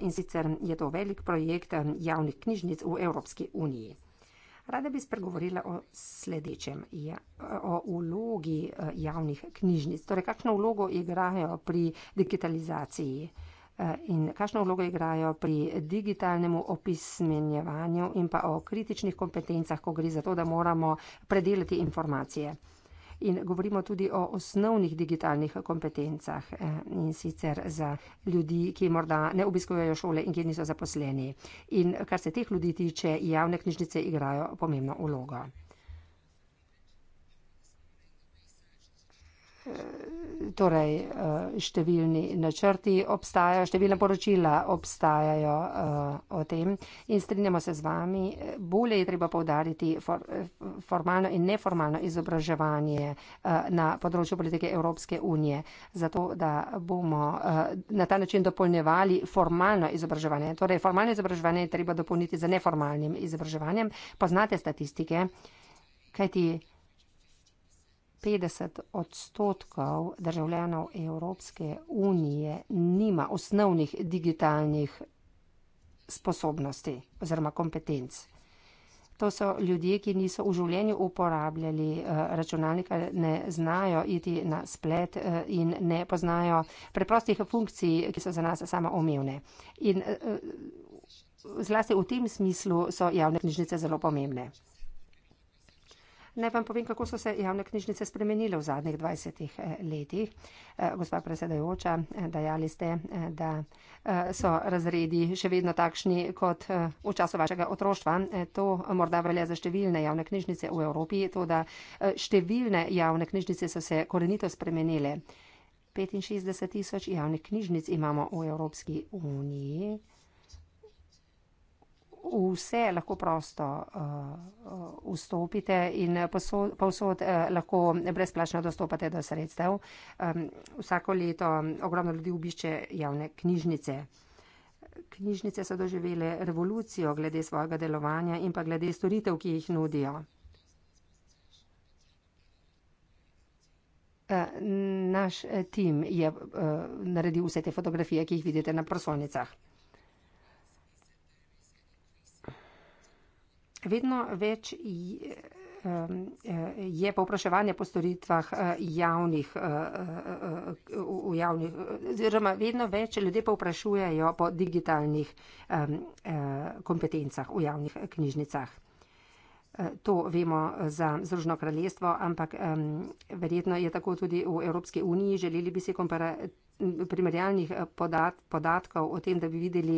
in sicer je to velik projekt eh, javnih knjižnic v Evropski uniji. Rada bi spregovorila o sledečem, ja, o ulogi eh, javnih knjižnic. Torej, kakšno vlogo igrajo pri digitalizaciji eh, in kakšno vlogo igrajo pri digitalnemu opismenjevanju in pa o kritičnih kompetencah, ko gre za to, da moramo predelati informacije in govorimo tudi o osnovnih digitalnih kompetencah eh, in sicer za ljudi, ki morda ne obiskujejo šole in ki niso zaposleni. In kar se teh ljudi tiče, javne knjižnice igrajo pomembno vlogo. torej eh, številni načrti obstajajo, številna poročila obstajajo eh, o tem in strinjamo se z vami, bolje je treba povdariti formalno in neformalno izobraževanje eh, na področju politike Evropske unije, zato da bomo na ta način dopolnjevali formalno izobraževanje. Torej, formalno izobraževanje je treba dopolniti z neformalnim izobraževanjem. Poznate statistike, kaj ti je? 50 odstotkov državljanov Evropske unije nima osnovnih digitalnih sposobnosti oziroma kompetenc. To so ljudje, ki niso v življenju uporabljali eh, računalnika, ne znajo iti na splet eh, in ne poznajo preprostih funkcij, ki so za nas samo omevne. In eh, zlasti v tem smislu so javne knjižnice zelo pomembne. Naj vam povem, kako so se javne knjižnice spremenile v zadnjih 20 eh, letih. Eh, gospa predsedajoča, eh, dajali ste, da so razredi še vedno takšni kot v času vašega otroštva. To morda velja za številne javne knjižnice v Evropi, to da številne javne knjižnice so se korenito spremenile. 65 tisoč javnih knjižnic imamo v Evropski uniji vse lahko prosto uh, vstopite in posod, povsod uh, lahko brezplačno dostopate do sredstev. Um, vsako leto ogromno ljudi obišče javne knjižnice. Knjižnice so doživele revolucijo glede svojega delovanja in pa glede storitev, ki jih nudijo. Eh, naš tim je naredil vse te fotografije, ki jih vidite na prosolnicah. vedno več je povpraševanje po storitvah eh, javnih, eh, eh, v javnih, oziroma vedno več ljudi povprašujejo po digitalnih kompetencah v javnih knjižnicah. To vemo za Združeno kraljestvo, ampak verjetno je tako tudi v Evropski uniji. Želeli bi si komparati primerjalnih eh, podat, podatkov o tem, da bi videli,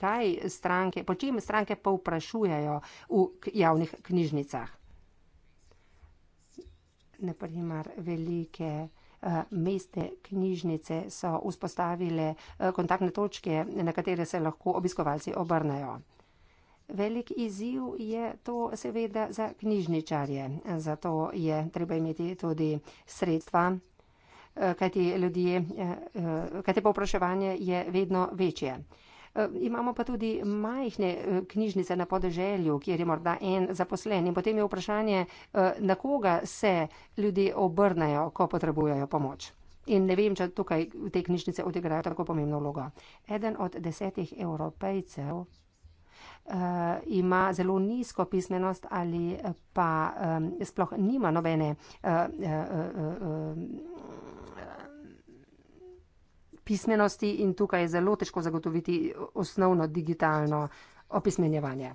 kaj stranke, po čem stranke pa vprašujejo v javnih knjižnicah. Naprimer, velike eh, mestne knjižnice so vzpostavile eh, kontaktne točke, na katere se lahko obiskovalci obrnajo. Velik izziv je to seveda za knjižničarje, zato je treba imeti tudi sredstva kajti ljudje, eh, eh, kajte povpraševanje je vedno večje. Eh, imamo pa tudi majhne knjižnice na podeželju, kjer je morda en zaposlen in potem je vprašanje, na koga se ljudje obrnejo, ko potrebujejo pomoč. In ne vem, če tukaj v te knjižnice odigrajo tako pomembno vlogo. Eden od desetih evropejcev uh, ima zelo nizko pismenost ali pa um, sploh nima nobene. Uh, uh, uh, uh, pismenosti in tukaj je zelo težko zagotoviti osnovno digitalno opismenjevanje.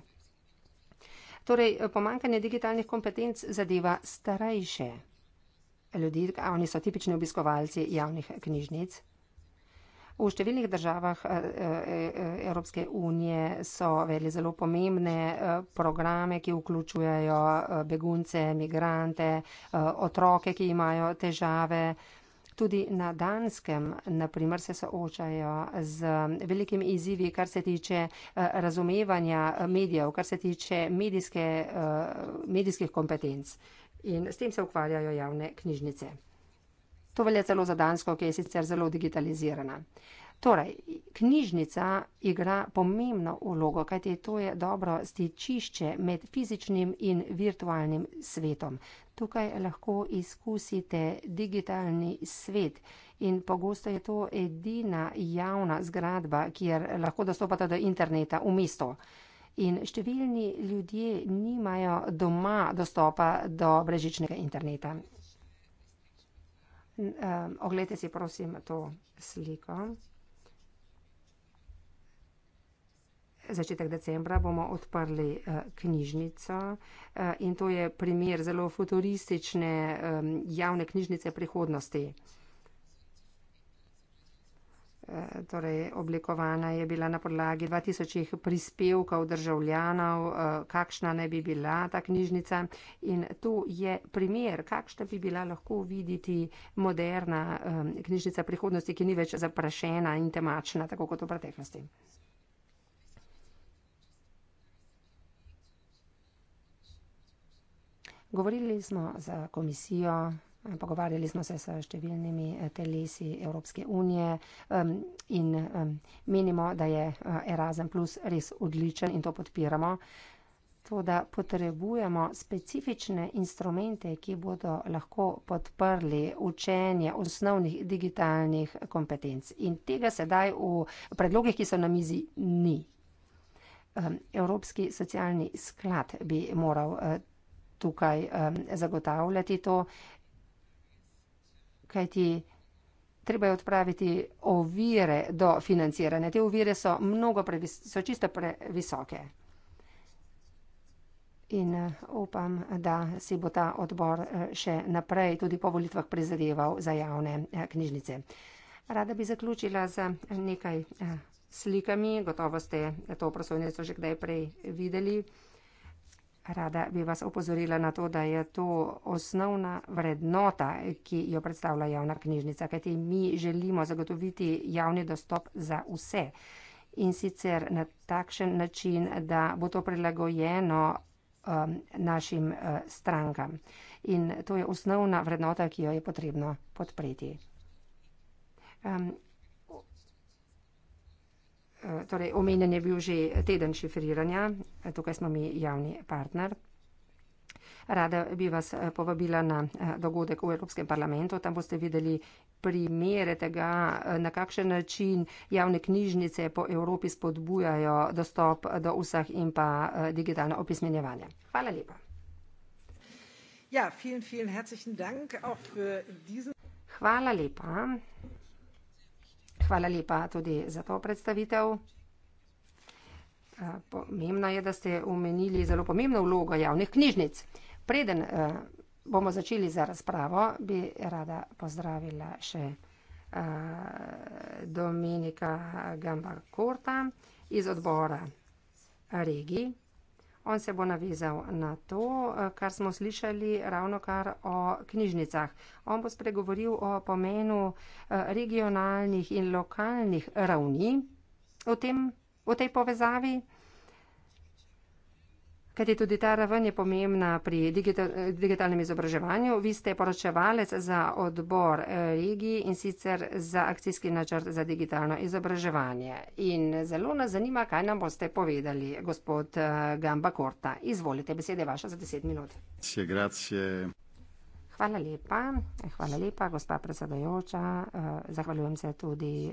Torej, pomankanje digitalnih kompetenc zadeva starejše ljudi, a oni so tipični obiskovalci javnih knjižnic. V številnih državah eh, eh, Evropske unije so veli zelo pomembne eh, programe, ki vključujejo begunce, migrante, otroke, ki imajo težave. Tudi na Danskem, naprimer, se soočajo z velikimi izzivi, kar se tiče eh, razumevanja eh, medijev, kar se tiče eh, medijske, medijskih kompetenc. In s tem se ukvarjajo javne knjižnice. To velja celo za Dansko, ki je sicer zelo digitalizirana. Torej, knjižnica igra pomembno vlogo, kajti to je dobro stičišče med fizičnim in virtualnim svetom. Tukaj lahko izkusite digitalni svet in pogosto je to edina javna zgradba, kjer lahko dostopate do interneta v mesto. In številni ljudje nimajo doma dostopa do brežičnega interneta. Oglejte si prosim to sliko. začetek decembra bomo odprli eh, knjižnico eh, in to je primer zelo futuristične eh, javne knjižnice prihodnosti. Torej, oblikovana je bila na podlagi 2000 prispevkov državljanov, kakšna ne bi bila ta knjižnica. In to je primer, kakšna bi bila lahko videti moderna knjižnica prihodnosti, ki ni več zaprašena in temačna, tako kot v preteklosti. Govorili smo z komisijo, pogovarjali smo se s številnimi telesi Evropske unije in menimo, da je eh, Erasmus Plus res odličen in to podpiramo. To, da potrebujemo specifične instrumente, ki bodo lahko podprli učenje osnovnih digitalnih kompetenc. In tega sedaj v predlogih, ki so na mizi, ni. Evropski socialni sklad bi moral eh, tukaj zagotavljati to, kajti treba je odpraviti ovire do financiranja. Te ovire so, mnogo previs, so čisto previsoke. In eh, upam, da si bo ta odbor eh, še naprej tudi po volitvah prizadeval za javne eh, knjižnice. Rada bi zaključila z nekaj slikami. Gotovo ste to prosovnico že kdaj prej videli. Rada bi vas opozorila na to, da je to osnovna vrednota, ki jo predstavlja javna knjižnica, kajti mi želimo zagotoviti javni dostop za vse in sicer na takšen način, da bo to prilagojeno um, našim uh, strankam. In to je osnovna vrednota, ki jo je potrebno podpreti. Um, Eh, torej omenjen je bil že teden šifriranja, eh, tukaj smo mi javni partner. Rada bi vas eh, povabila na dogodek v Evropskem parlamentu, tam boste videli primere tega, na kakšen način javne knjižnice po Evropi spodbujajo dostop do vseh in pa digitalno opismenjevanje. Hvala lepa. Ja, vielen, vielen herzlichen Dank auch für diesen. Hvala lepa. Hvala lepa tudi za to predstavitev. Eh, pomembno je, da ste omenili zelo pomembno vlogo javnih knjižnic. Preden eh, bomo začeli za razpravo, bi rada pozdravila še eh, Dominika Gambakorta iz odbora regij. On se bo navezal na to, eh, kar smo slišali ravno kar o knjižnicah. On bo spregovoril o pomenu eh, regionalnih in lokalnih ravni, o, tem, o tej povezavi kajti tudi ta raven je pomembna pri digitalnem izobraževanju. Vi ste poročevalec za odbor eh, regiji in sicer za akcijski načrt za digitalno izobraževanje. In zelo nas zanima, kaj nam boste povedali, gospod eh, Gamba Korta. Izvolite, besede vaša za deset minut. Grazie, grazie. Hvala lepa, hvala lepa, gospa predsedajoča. Eh, zahvaljujem se tudi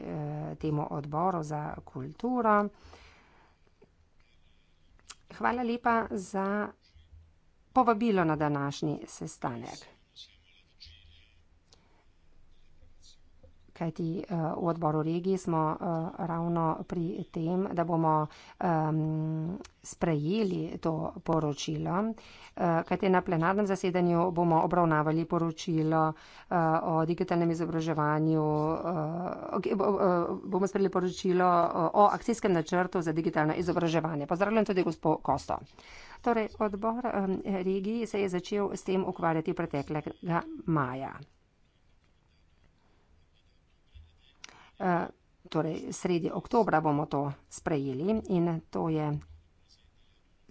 temu odboru za kulturo. Hvala lepa za povabilo na današnji sestanek. kajti eh, v odboru regiji smo eh, ravno pri tem, da bomo ehm, sprejeli to poročilo, eh, kajti na plenarnem zasedanju bomo obravnavali poročilo o digitalnem izobraževanju, bomo sprejeli poročilo o akcijskem načrtu za digitalno izobraževanje. Pozdravljam tudi gospod Kosto. Torej, odbor ehm, regiji se je začel s tem ukvarjati preteklega maja. Eh, torej sredi oktobra bomo to sprejeli in to je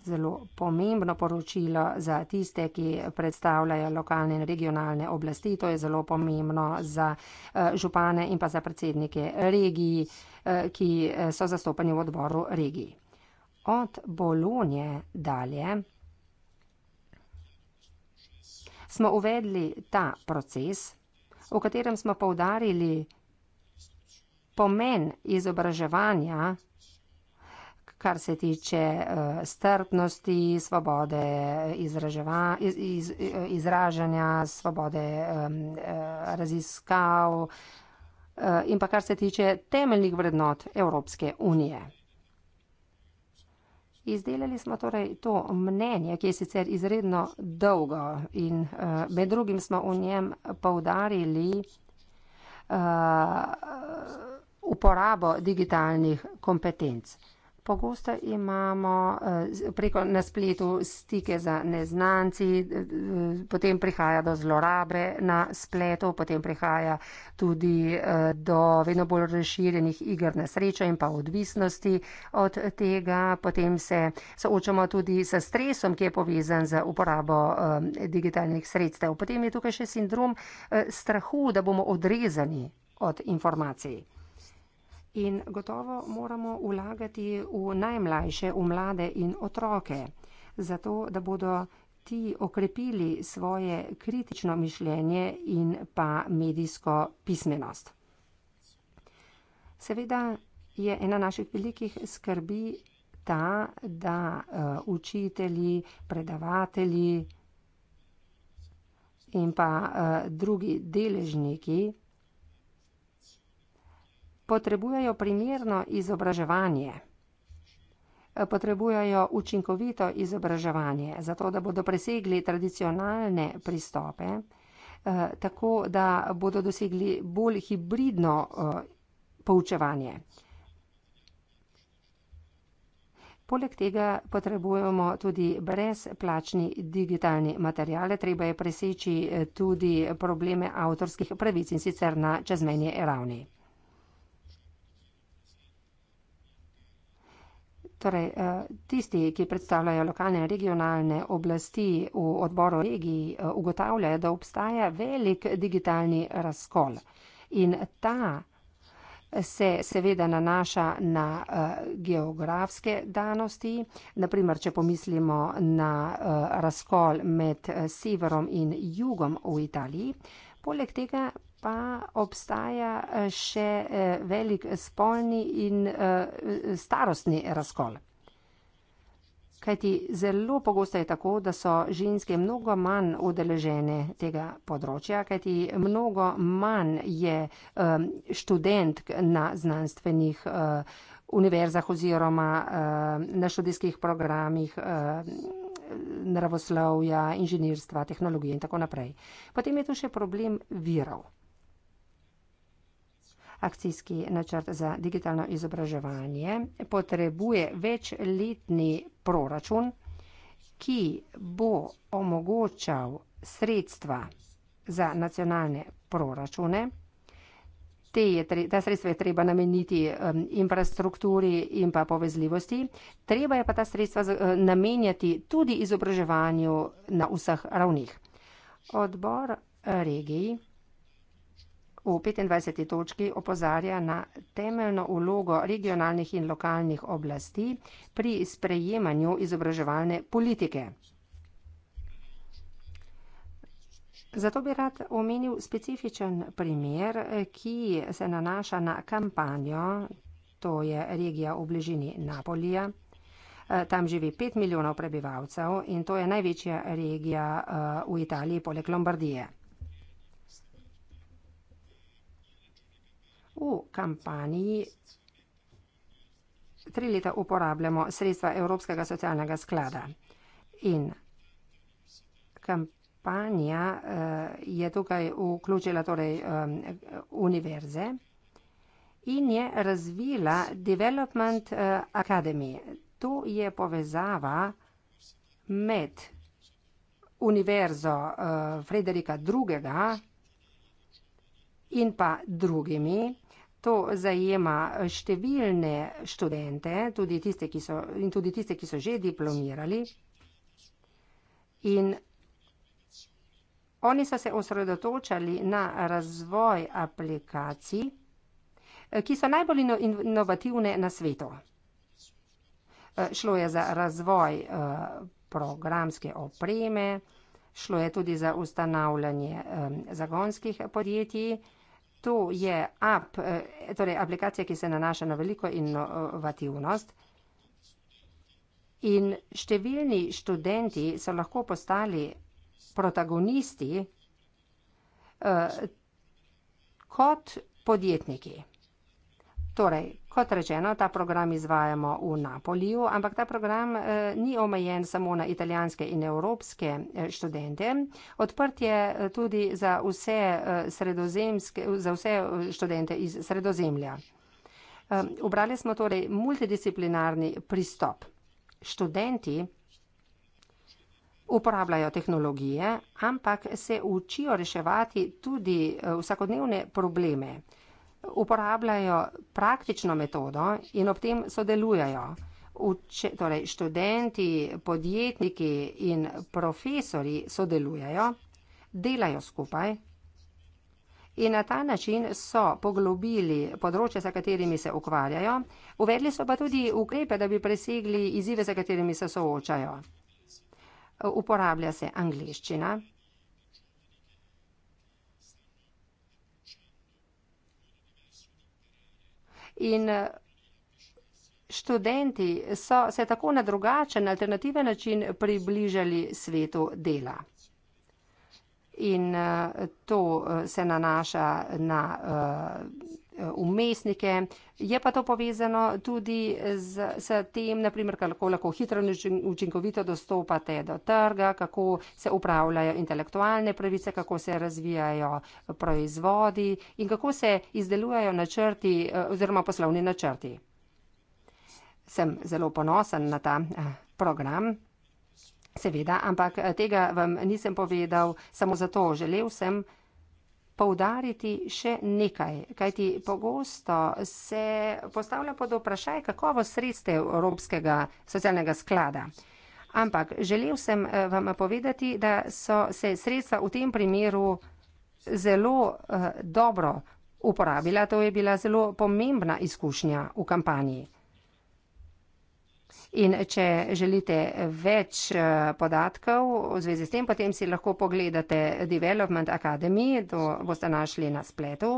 zelo pomembno poročilo za tiste, ki predstavljajo lokalne in regionalne oblasti. To je zelo pomembno za eh, župane in pa za predsednike regiji, eh, ki so zastopani v odboru regiji. Od Bolonje dalje smo uvedli ta proces, v katerem smo povdarili, pomen izobraževanja, kar se tiče uh, strpnosti, svobode izražava, iz, iz, eh, izražanja, svobode um, raziskav uh, in pa kar se tiče temeljnih vrednot Evropske unije. Izdelali smo torej to mnenje, ki je sicer izredno dolgo in uh, med drugim smo v njem povdarili uh, uporabo digitalnih kompetenc. Pogosto imamo eh, preko na spletu stike za neznanci, eh, eh, potem prihaja do zlorabe na spletu, potem prihaja tudi do vedno bolj razširjenih igr na srečo in pa odvisnosti od tega. Potem se soočamo tudi s stresom, ki je povezan z uporabo digitalnih sredstev. Potem je tukaj še sindrom strahu, da bomo odrezani od informacij in gotovo moramo vlagati v najmlajše, v mlade in otroke, zato da bodo ti okrepili svoje kritično mišljenje in pa medijsko pismenost. Seveda je ena naših velikih skrbi ta, da uh, učitelji, predavatelji in pa uh, drugi deležniki potrebujejo primerno izobraževanje. Potrebujajo učinkovito izobraževanje, zato da bodo presegli tradicionalne pristope, eh, tako da bodo dosegli bolj hibridno eh, poučevanje. Poleg tega potrebujemo tudi brezplačni digitalni material, treba je preseči eh, tudi probleme avtorskih pravic in sicer na čezmenje ravni. Torej, eh, tisti, ki predstavljajo lokalne in regionalne oblasti v odboru regiji, eh, ugotavljajo, da obstaja velik digitalni razkol. In ta se seveda nanaša na eh, geografske danosti, naprimer, če pomislimo na razkol med severom in jugom v Italiji. Poleg tega pa obstaja eh, še eh, velik spolni in eh, starostni razkol. Kajti zelo pogosto je tako, da so ženske mnogo manj udeležene tega področja, kajti mnogo manj je študent na znanstvenih univerzah oziroma na študijskih programih naravoslovja, inženirstva, tehnologije in tako naprej. Potem je tu še problem virov akcijski načrt za digitalno izobraževanje potrebuje večletni proračun, ki bo omogočal sredstva za nacionalne proračune. Te je, ta sredstva je treba nameniti um, infrastrukturi in pa povezljivosti. Treba je pa ta sredstva z, uh, namenjati tudi izobraževanju na vseh ravnih. Odbor regij v 25. točki opozarja na temeljno ulogo regionalnih in lokalnih oblasti pri sprejemanju izobraževalne politike. Zato bi rad omenil specifičen primer, ki se nanaša na kampanjo, to je regija v bližini Napolija. Tam živi 5 milijonov prebivalcev in to je največja regija eh, v Italiji poleg Lombardije. v kampanji tri leta uporabljamo sredstva Evropskega socialnega sklada. In kampanja eh, je tukaj vključila torej, eh, univerze in je razvila Development eh, Academy. To je povezava med univerzo Frederika II. in pa drugimi to zajema številne študente, tudi tiste, ki so, in tudi tiste, ki so že diplomirali. In oni so se osredotočali na razvoj aplikacij, ki so najbolj inovativne na svetu. Šlo je za razvoj eh, programske opreme, šlo je tudi za ustanavljanje eh, zagonskih podjetij to je app, eh, torej aplikacija, ki se nanaša na veliko inovativnost. In številni študenti so lahko postali protagonisti uh, kot podjetniki. Torej, kot rečeno, ta program izvajamo v Napoliju, ampak ta program eh, ni omejen samo na italijanske in evropske eh, študente. Odprt je eh, tudi za vse, eh, za vse eh, študente iz sredozemlja. Eh, ubrali smo torej multidisciplinarni pristop. Študenti uporabljajo tehnologije, ampak se učijo reševati tudi eh, vsakodnevne probleme uporabljajo praktično metodo in ob tem sodelujajo. Uče, torej študenti, podjetniki in profesori sodelujajo, delajo skupaj in na ta način so poglobili področje, za katerimi se ukvarjajo, uvedli so pa tudi ukrepe, da bi presegli izzive, za katerimi se soočajo. Uporablja se angliščina. In eh, študenti so se tako na drugačen, alternativen način približali svetu dela. In eh, to eh, se nanaša na Eh, umestnike. Je pa to povezano tudi z, s tem, naprimer, kako lahko hitro in učinkovito dostopate do trga, kako se upravljajo intelektualne pravice, kako se razvijajo proizvodi in kako se izdelujejo načrti eh, oziroma poslovni načrti. Sem zelo ponosen na ta eh, program. Seveda, ampak tega vam nisem povedal samo zato. Želel sem, poudariti še nekaj, kajti pogosto se postavlja pod vprašaj, kakovo sredstev Evropskega socialnega sklada. Ampak želel sem eh, vam povedati, da so se sredstva v tem primeru zelo eh, dobro uporabila, to je bila zelo pomembna izkušnja v kampanji. In če želite več eh, podatkov v zvezi s tem, potem si lahko pogledate Development Academy, to boste našli na spletu.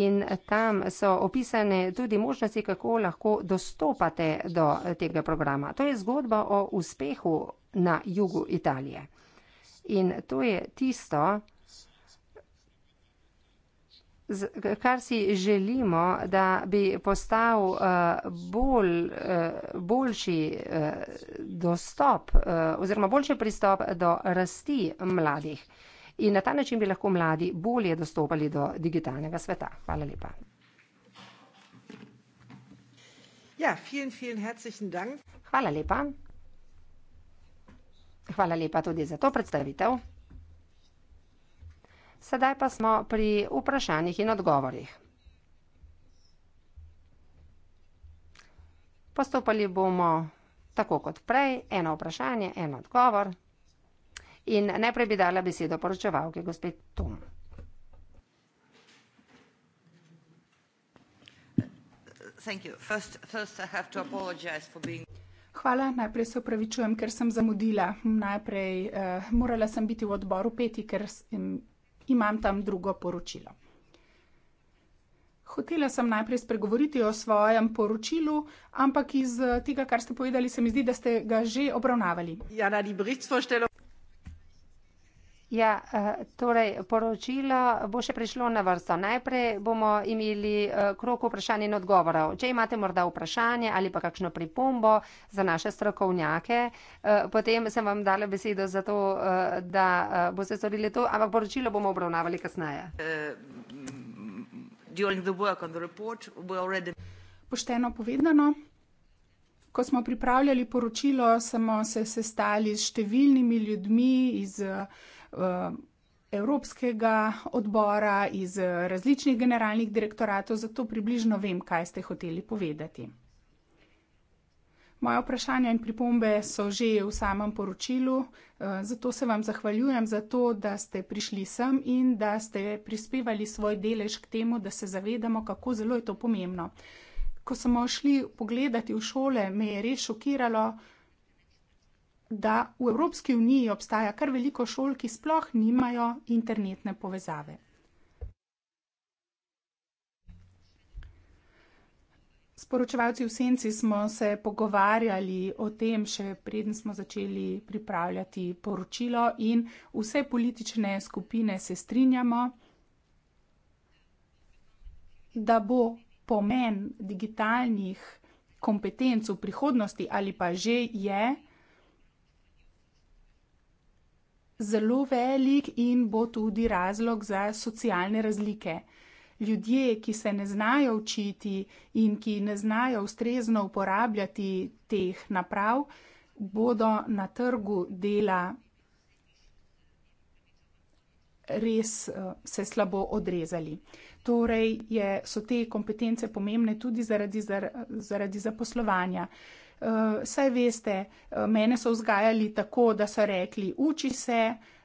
In tam so opisane tudi možnosti, kako lahko dostopate do tega programa. To je zgodba o uspehu na jugu Italije. In to je tisto, kar si želimo, da bi postal eh, bolj, eh, boljši eh, dostop oziroma boljši pristop do rasti mladih. In na ta način bi lahko mladi bolje dostopali do digitalnega sveta. Hvala lepa. Ja, vielen, vielen herzlichen Dank. Hvala lepa. Hvala lepa tudi za to predstavitev. Sedaj pa smo pri vprašanjih in odgovorih. Postopali bomo tako kot prej, eno vprašanje, en odgovor. In najprej bi dala besedo poročevalki, gospod Tum. Hvala, najprej se opravičujem, ker sem zamudila. Najprej, eh, morala sem biti v odboru peti, ker imam tam drugo poročilo. Hotela sem najprej spregovoriti o svojem poročilu, ampak iz tega, kar ste povedali, se mi zdi, da ste ga že obravnavali. Jana, ni brit, svoj štelo. Ja, eh, torej poročilo bo še prišlo na vrsto. Najprej bomo imeli eh, krok vprašanj in odgovorov. Če imate morda vprašanje ali pa kakšno pripombo za naše strokovnjake, eh, potem sem vam dala besedo za to, da boste storili to, ampak poročilo bomo obravnavali kasneje. Pošteno povedano. Ko smo pripravljali poročilo, smo se sestali s številnimi ljudmi iz Eh, Evropskega odbora, iz eh, različnih generalnih direktoratov, zato približno vem, kaj ste hoteli povedati. Moje vprašanja in pripombe so že v samem poročilu, eh, zato se vam zahvaljujem za to, da ste prišli sem in da ste prispevali svoj delež k temu, da se zavedamo, kako zelo je to pomembno. Ko smo šli pogledati v šole, me je res šokiralo, da v Evropski uniji obstaja kar veliko šol, ki sploh nimajo internetne povezave. Sporočevalci v senci smo se pogovarjali o tem, še preden smo začeli pripravljati poročilo, in vse politične skupine se strinjamo, da bo pomen digitalnih kompetenc v prihodnosti ali pa že je zelo velik in bo tudi razlog za socialne razlike. Ljudje, ki se ne znajo učiti in ki ne znajo ustrezno uporabljati teh naprav, bodo na trgu dela res eh, se slabo odrezali. Torej je, so te kompetence pomembne tudi zaradi, zaradi zaposlovanja uh, saj veste, uh, mene so vzgajali tako, da so rekli, uči se,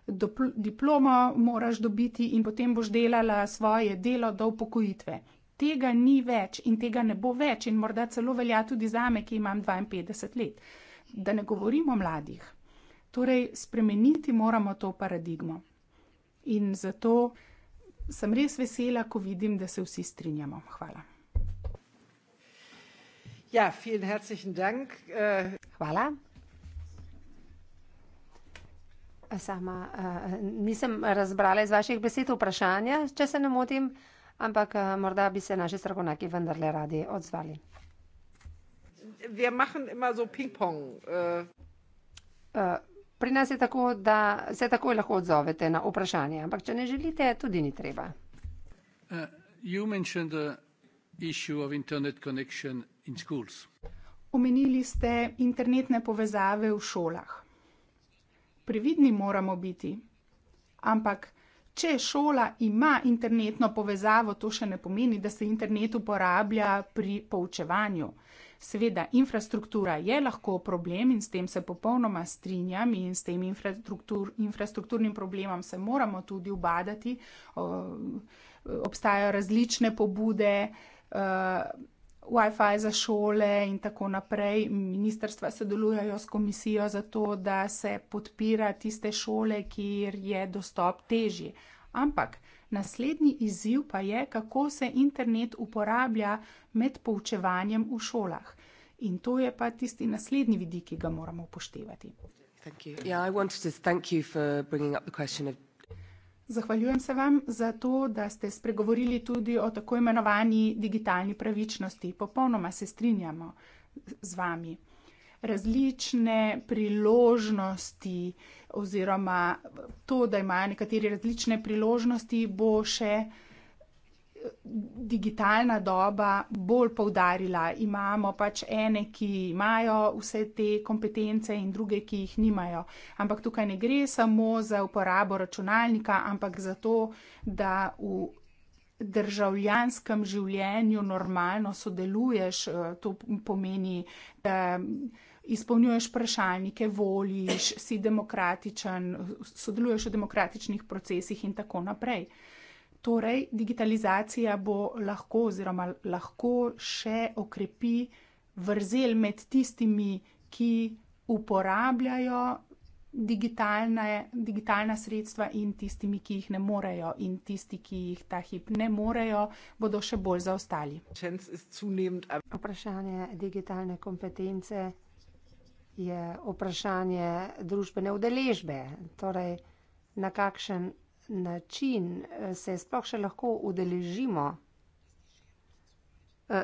dopl- diplomo moraš dobiti in potem boš delala svoje delo do upokojitve. Tega ni več in tega ne bo več in morda celo velja tudi za me, ki imam 52 let. Da ne govorim o mladih. Torej, spremeniti moramo to paradigmo. In zato sem res vesela, ko vidim, da se vsi strinjamo. Hvala. Ja, vielen herzlichen Dank. Äh, Hvala. Sama äh, nisem razbrala iz vaših besed vprašanja, če se ne motim, ampak äh, morda bi se naši strokovnjaki vendarle radi odzvali. Pri nas je tako, da se takoj lahko odzovete na vprašanje, ampak če ne želite, tudi ni treba. Uh, you mentioned the issue of internet connection Omenili ste internetne povezave v šolah. Previdni moramo biti. Ampak, če šola ima internetno povezavo, to še ne pomeni, da se internet uporablja pri poučevanju. Seveda, infrastruktura je lahko problem in s tem se popolnoma strinjam in s tem infrastruktur, infrastrukturnim problemom se moramo tudi ubadati. Obstajajo različne pobude. Eh, WiFi za šole in tako naprej. Ministrstva sodelujejo s komisijo za to, da se podpira tiste šole, kjer je dostop težji. Ampak naslednji izziv pa je, kako se internet uporablja med poučevanjem v šolah. In to je pa tisti naslednji vidik, ki ga moramo upoštevati. Hvala. Ja, želim se zahvaliti za vprašanje. Zahvaljujem se vam za to, da ste spregovorili tudi o tako imenovani digitalni pravičnosti. Popolnoma se strinjamo z vami. Različne priložnosti oziroma to, da imajo nekateri različne priložnosti, bo še digitalna doba bolj poudarila. Imamo pač ene, ki imajo vse te kompetence in druge, ki jih nimajo. Ampak tukaj ne gre samo za uporabo računalnika, ampak za to, da v državljanskem življenju normalno sodeluješ. Eh, to pomeni, da izpolnjuješ vprašalnike, voliš, si demokratičen, sodeluješ v demokratičnih procesih in tako naprej. Torej, digitalizacija bo lahko oziroma lahko še okrepi vrzel med tistimi, ki uporabljajo digitalne, digitalna sredstva in tistimi, ki jih ne morejo. In tisti, ki jih ta hip ne morejo, bodo še bolj zaostali. Vprašanje digitalne kompetence je vprašanje družbene udeležbe. Torej, na kakšen način eh, se sploh še lahko udeležimo eh,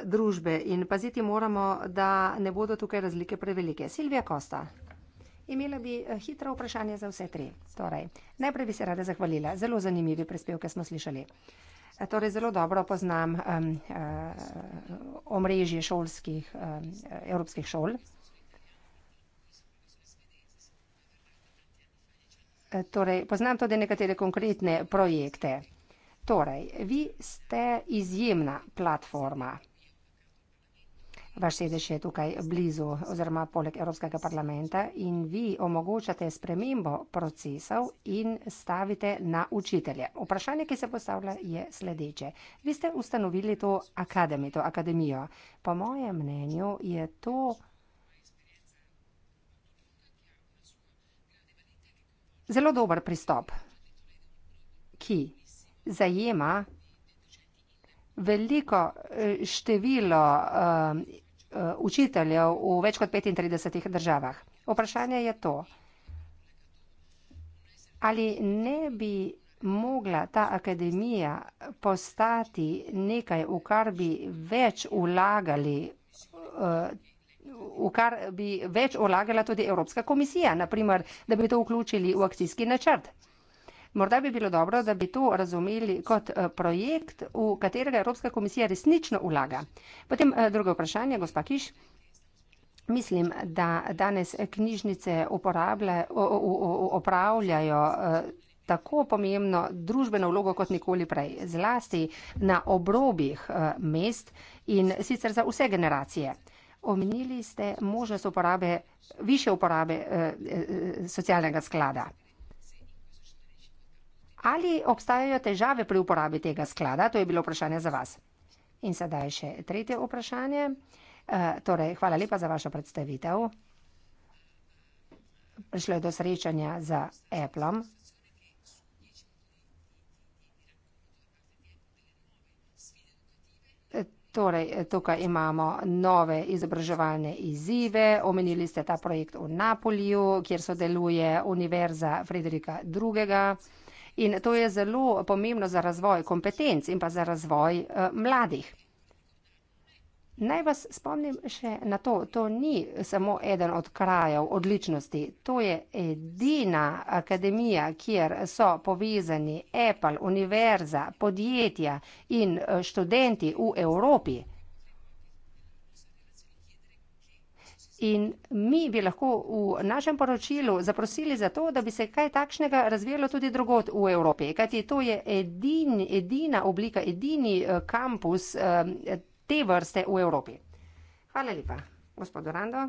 družbe in paziti moramo, da ne bodo tukaj razlike prevelike. Silvija Kosta. Imela bi eh, hitro vprašanje za vse tri. Torej, najprej bi se rada zahvalila. Zelo zanimivi prispevke smo slišali. Torej, zelo dobro poznam um, um, omrežje šolskih, um, evropskih šol, Eh, torej, poznam tudi nekatere konkretne projekte. Torej, vi ste izjemna platforma. Vaš sedež je tukaj blizu oziroma poleg Evropskega parlamenta in vi omogočate spremembo procesov in stavite na učitelje. Vprašanje, ki se postavlja, je sledeče. Vi ste ustanovili to akademijo. Po mojem mnenju je to. zelo dober pristop, ki zajema veliko eh, število eh, eh, učiteljev v več kot 35 državah. Vprašanje je to, ali ne bi mogla ta akademija postati nekaj, v kar bi več vlagali tudi, v kar bi več vlagala tudi Evropska komisija, naprimer, da bi to vključili v akcijski načrt. Morda bi bilo dobro, da bi to razumeli kot eh, projekt, v katerega Evropska komisija resnično vlaga. Potem eh, drugo vprašanje, gospa Kiš. Mislim, da danes knjižnice opravljajo eh, tako pomembno družbeno vlogo kot nikoli prej, zlasti na obrobih mest in sicer za vse generacije omenili ste možnost uporabe, više uporabe eh, eh, socialnega sklada. Ali obstajajo težave pri uporabi tega sklada? To je bilo vprašanje za vas. In sedaj še tretje vprašanje. Eh, torej, hvala lepa za vašo predstavitev. Prišlo je do srečanja za Apple-om. Torej, eh, tukaj imamo nove izobraževalne izzive. Omenili ste ta projekt v Napolju, kjer sodeluje Univerza Frederika II. In to je zelo pomembno za razvoj kompetenc in pa za razvoj uh, mladih. Naj vas spomnim še na to, to ni samo eden od krajev odličnosti, to je edina akademija, kjer so povezani Apple, univerza, podjetja in eh, študenti v Evropi. In mi bi lahko v našem poročilu zaprosili za to, da bi se kaj takšnega razvijalo tudi drugot v Evropi, kajti to je edin, edina oblika, edini eh, kampus. Eh, te vrste v Evropi. Hvala lepa. Gospod Orando.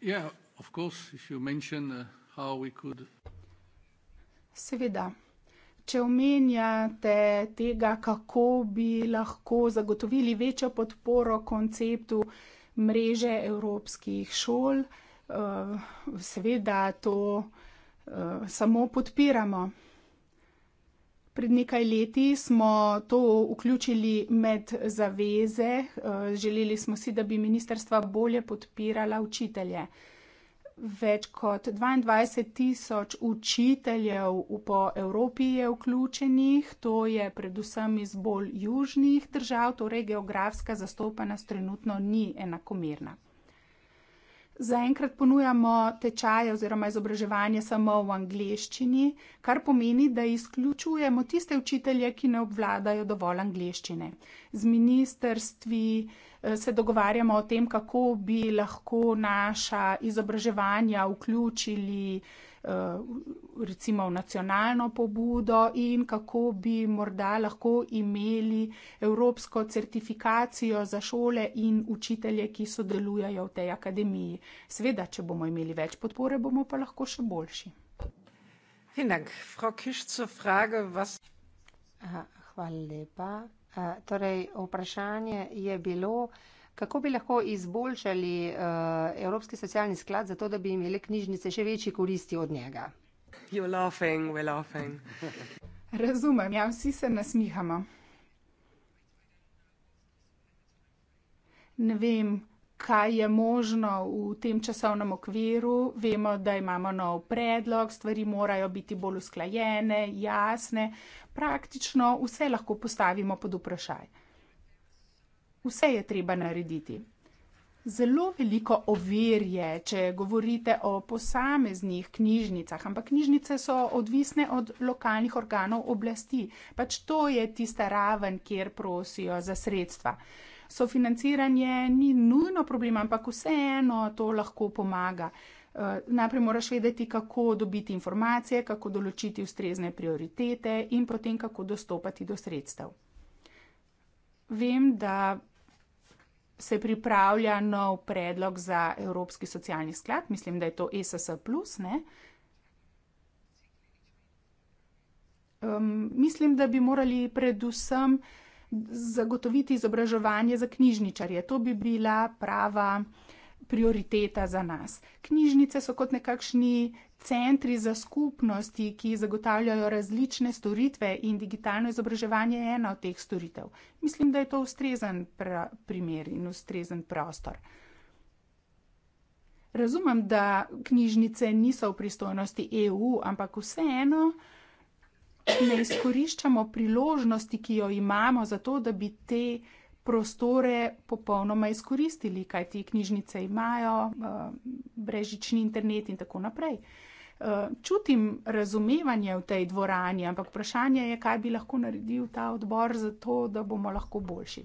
Ja, seveda. Če omenjate tega, kako bi lahko zagotovili večjo podporo konceptu mreže evropskih šol, uh, seveda to uh, samo podpiramo. Pred nekaj leti smo to vključili med zaveze. Eh, želeli smo si, da bi ministerstva bolje podpirala učitelje. Več kot 22 tisoč učiteljev po Evropi je vključenih, to je predvsem iz bolj južnih držav, torej geografska zastopanost trenutno ni enakomerna. Zaenkrat ponujamo tečaje oziroma izobraževanje samo v angleščini, kar pomeni, da izključujemo tiste učitelje, ki ne obvladajo dovolj angleščine. Z ministrstvi se dogovarjamo o tem, kako bi lahko naša izobraževanja vključili eh, recimo v nacionalno pobudo in kako bi morda lahko imeli evropsko certifikacijo za šole in učitelje, ki sodelujajo v tej akademiji. Seveda, če bomo imeli več podpore, bomo pa lahko še boljši. Hvala lepa. Eh, torej, vprašanje je bilo, kako bi lahko izboljšali eh, Evropski socialni sklad, zato da bi imeli knjižnice še večji koristi od njega. Laughing, laughing. Razumem, ja, vsi se nasmihamo. Ne vem kaj je možno v tem časovnem okviru. Vemo, da imamo nov predlog, stvari morajo biti bolj usklajene, jasne. Praktično vse lahko postavimo pod vprašaj. Vse je treba narediti. Zelo veliko ovir je, če govorite o posameznih knjižnicah, ampak knjižnice so odvisne od lokalnih organov oblasti. Pač to je tista raven, kjer prosijo za sredstva sofinanciranje ni nujno problem, ampak vseeno to lahko pomaga. Eh, najprej moraš vedeti, kako dobiti informacije, kako določiti ustrezne prioritete in potem kako dostopati do sredstev. Vem, da se pripravlja nov predlog za Evropski socialni sklad, mislim, da je to SSS. E um, mislim, da bi morali predvsem zagotoviti izobraževanje za knjižničarje. To bi bila prava prioriteta za nas. Knjižnice so kot nekakšni centri za skupnosti, ki zagotavljajo različne storitve in digitalno izobraževanje je ena od teh storitev. Mislim, da je to ustrezen pr primer in ustrezen prostor. Razumem, da knjižnice niso v pristojnosti EU, ampak vseeno ne izkoriščamo priložnosti, ki jo imamo, zato da bi te prostore popolnoma izkoristili, kaj ti knjižnice imajo, eh, brežični internet in tako naprej. Eh, čutim razumevanje v tej dvorani, ampak vprašanje je, kaj bi lahko naredil ta odbor za to, da bomo lahko boljši.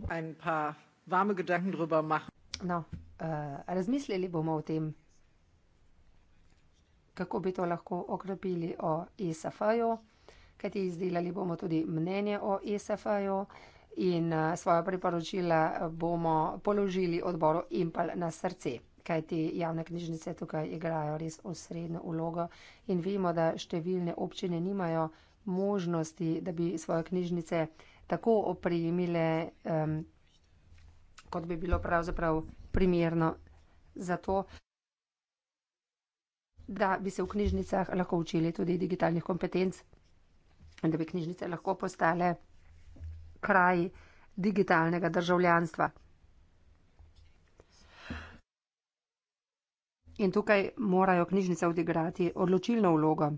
No, uh, razmislili bomo o tem, kako bi to lahko okrepili o ISF-ju. E kajti izdelali bomo tudi mnenje o e SFJ-u in eh, svoje priporočila eh, bomo položili odboru Impal na srce, kajti javne knjižnice tukaj igrajo res osrednjo ulogo in vemo, da številne občine nimajo možnosti, da bi svoje knjižnice tako opremile, um, kot bi bilo pravzaprav primerno za to da bi se v knjižnicah lahko učili tudi digitalnih kompetenc da bi knjižnice lahko postale kraj digitalnega državljanstva. In tukaj morajo knjižnice odigrati odločilno vlogo.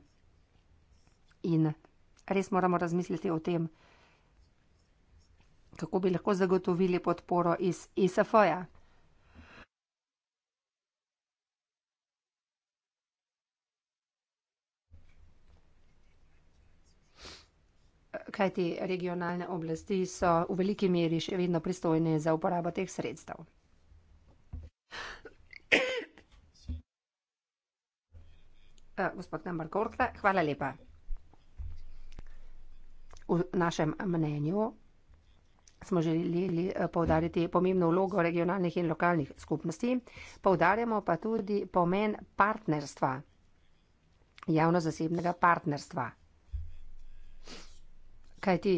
In res moramo razmisliti o tem, kako bi lahko zagotovili podporo iz ISF-ja. kajti regionalne oblasti so v veliki meri še vedno pristojne za uporabo teh sredstev. Eh, gospod Nambar Kortla, hvala lepa. V našem mnenju smo želeli eh, povdariti pomembno vlogo regionalnih in lokalnih skupnosti, povdarjamo pa tudi pomen partnerstva, javno-zasebnega partnerstva kajti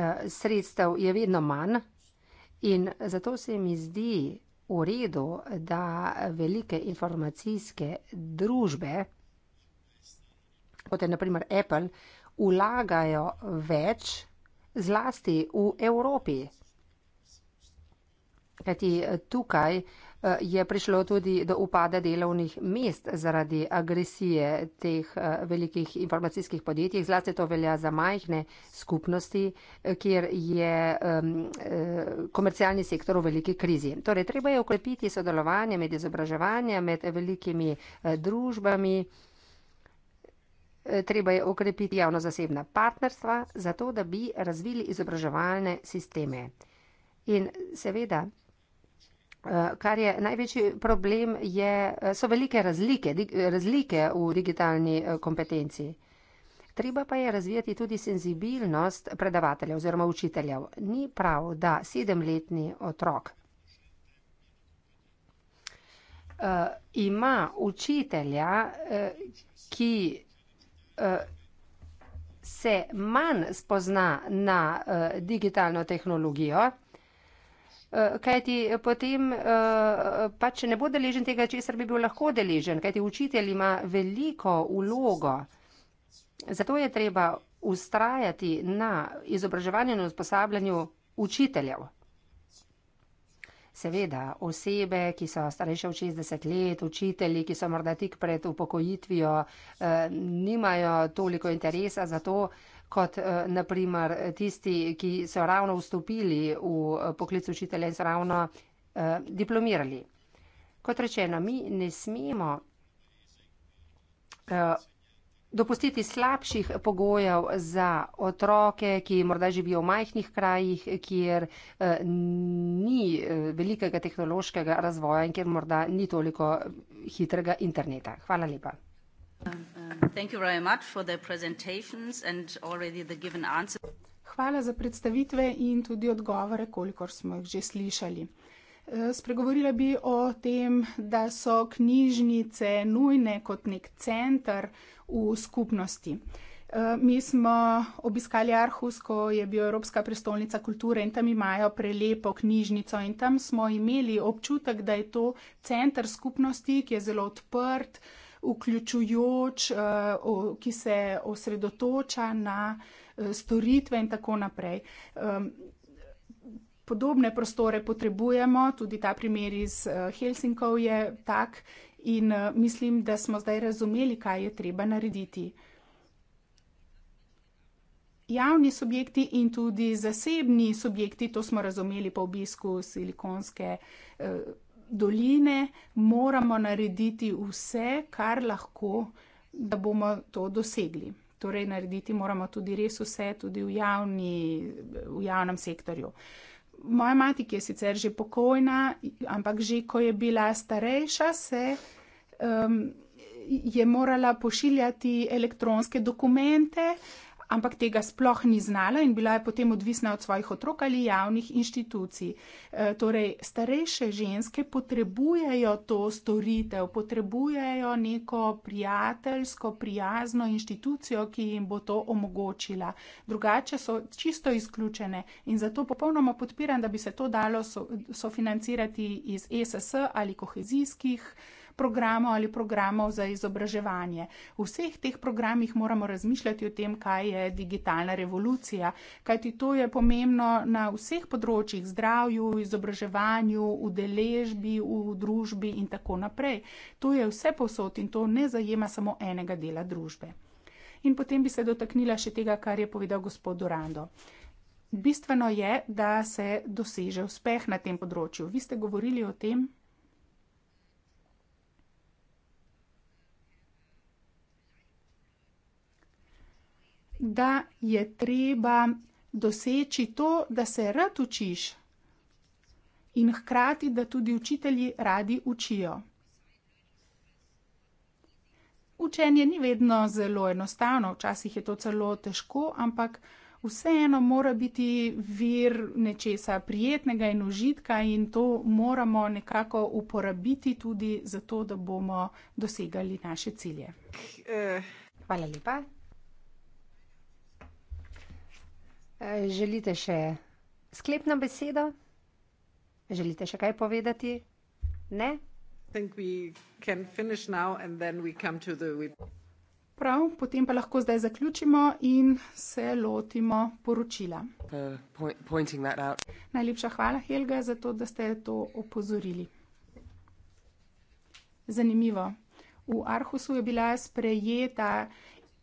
eh, sredstev je vedno manj in zato se mi zdi v redu, da velike informacijske družbe, kot je na primer Apple, vlagajo več zlasti v Evropi. Kajti tukaj Eh, je prišlo tudi do upada delovnih mest zaradi agresije teh eh, velikih informacijskih podjetij. Zlasti to velja za majhne skupnosti, eh, kjer je komercialni sektor v veliki krizi. Torej, treba je ukrepiti sodelovanje med izobraževanjem, med velikimi družbami. Treba je ukrepiti javno-zasebna partnerstva, zato da bi razvili izobraževalne sisteme. In seveda, Eh, kar je največji problem, je, eh, so velike razlike, razlike v digitalni eh, kompetenci. Treba pa je razvijati tudi senzibilnost predavateljev oziroma učiteljev. Ni prav, da sedemletni otrok uh, ima učitelja, uh, ki uh, se manj spozna na uh, digitalno tehnologijo. Eh, kajti eh, potem eh, pač ne bo deležen tega, česar bi bil lahko deležen, kajti učitelj ima veliko ulogo. Zato je treba ustrajati na izobraževanju in usposabljanju učiteljev. Seveda, osebe, ki so starejše od 60 let, učitelji, ki so morda tik pred upokojitvijo, nimajo toliko interesa za to, kot eh, naprimer tisti, ki so ravno vstopili v eh, poklic učitelja in so ravno eh, diplomirali. Kot rečeno, mi ne smemo dopustiti slabših pogojev za otroke, ki morda živijo v majhnih krajih, kjer ni velikega tehnološkega razvoja in kjer morda ni toliko hitrega interneta. Hvala lepa. Hvala za predstavitve in tudi odgovore, kolikor smo jih že slišali. E, spregovorila bi o tem, da so knjižnice nujne kot nek center v skupnosti. E, mi smo obiskali Arhus, ko je bil Evropska prestolnica kulture in tam imajo prelepo knjižnico in tam smo imeli občutek, da je to center skupnosti, ki je zelo odprt, vključujoč, eh, ki se osredotoča na eh, storitve in tako naprej. Ehm, podobne prostore potrebujemo, tudi ta primer iz eh, Helsinkov je tak in mislim, da smo zdaj razumeli, kaj je treba narediti. Javni subjekti in tudi zasebni subjekti, to smo razumeli po obisku silikonske, doline moramo narediti vse, kar lahko, da bomo to dosegli. Torej, narediti moramo tudi res vse, tudi v, javni, v javnem sektorju. Moja mati, ki je sicer že pokojna, ampak že ko je bila starejša, se, um, je morala pošiljati elektronske dokumente, ampak tega sploh ni znala in bila je potem odvisna od svojih otrok ali javnih inštitucij. E, torej, starejše ženske potrebujejo to storitev, potrebujejo neko prijateljsko, prijazno inštitucijo, ki jim bo to omogočila. Drugače so čisto izključene in zato popolnoma podpiram, da bi se to dalo sofinancirati iz SS e ali kohezijskih programov ali programov za izobraževanje. V vseh teh programih moramo razmišljati o tem, kaj je digitalna revolucija, kajti to je pomembno na vseh področjih zdravju, izobraževanju, udeležbi v družbi in tako naprej. To je vse posod in to ne zajema samo enega dela družbe. In potem bi se dotaknila še tega, kar je povedal gospod Durando. Bistveno je, da se doseže uspeh na tem področju. Vi ste govorili o tem, da je treba doseči to, da se rad učiš in hkrati, da tudi učitelji radi učijo. Učenje ni vedno zelo enostavno, včasih je to celo težko, ampak vseeno mora biti vir nečesa prijetnega in užitka in to moramo nekako uporabiti tudi za to, da bomo dosegali naše cilje. Eh. Hvala lepa, Eh, želite še sklepno besedo? Želite še kaj povedati? Ne? Prav, potem pa lahko zdaj zaključimo in se lotimo poročila. Najlepša hvala, Helga, za to, da ste to opozorili. Zanimivo. V Aarhusu je bila sprejeta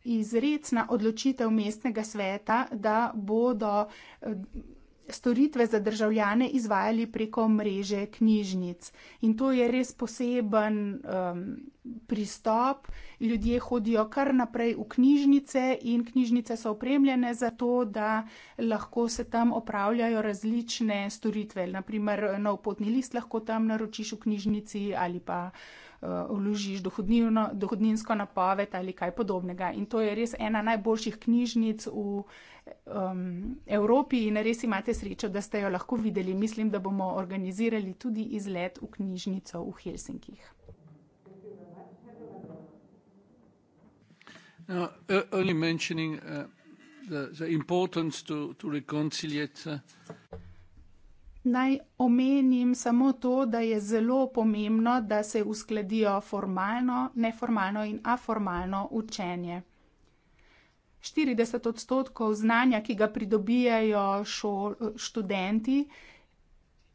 izredna odločitev mestnega sveta, da bodo eh, storitve za državljane izvajali preko mreže knjižnic. In to je res poseben um, pristop. Ljudje hodijo kar naprej v knjižnice in knjižnice so opremljene za to, da lahko se tam opravljajo različne storitve. Naprimer, nov potni list lahko tam naročiš v knjižnici ali pa uh, Eh, vložiš dohodnino, dohodninsko napoved ali kaj podobnega. In to je res ena najboljših knjižnic v um, Evropi in res imate srečo, da ste jo lahko videli. Mislim, da bomo organizirali tudi izlet v knjižnico v Helsinkih. Now, uh, e-, only mentioning uh, the, the importance to, to reconcile. Uh, eh, Naj omenim samo to, da je zelo pomembno, da se uskladijo formalno, neformalno in aformalno učenje. 40 odstotkov znanja, ki ga pridobijajo šol, študenti,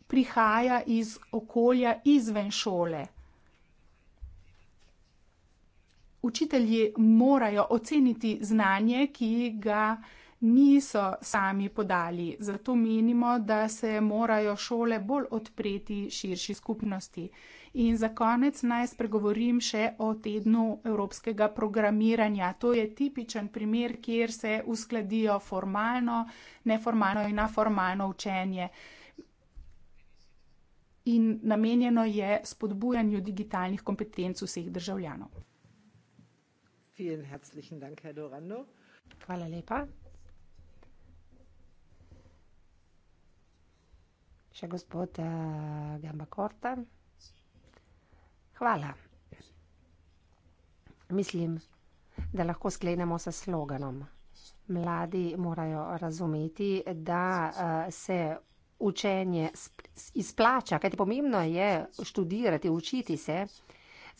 prihaja iz okolja izven šole. Učitelji morajo oceniti znanje, ki ga niso sami podali. Zato menimo, da se morajo šole bolj odpreti širši skupnosti. In za konec naj spregovorim še o tednu evropskega programiranja. To je tipičen primer, kjer se uskladijo formalno, neformalno in naformalno učenje. In namenjeno je spodbujanju digitalnih kompetenc vseh državljanov. Hvala lepa, še gospod uh, Gamba Korta. Hvala. Mislim, da lahko sklenemo sa sloganom. Mladi morajo razumeti, da uh, se učenje izplača, kajti pomembno je študirati, učiti se,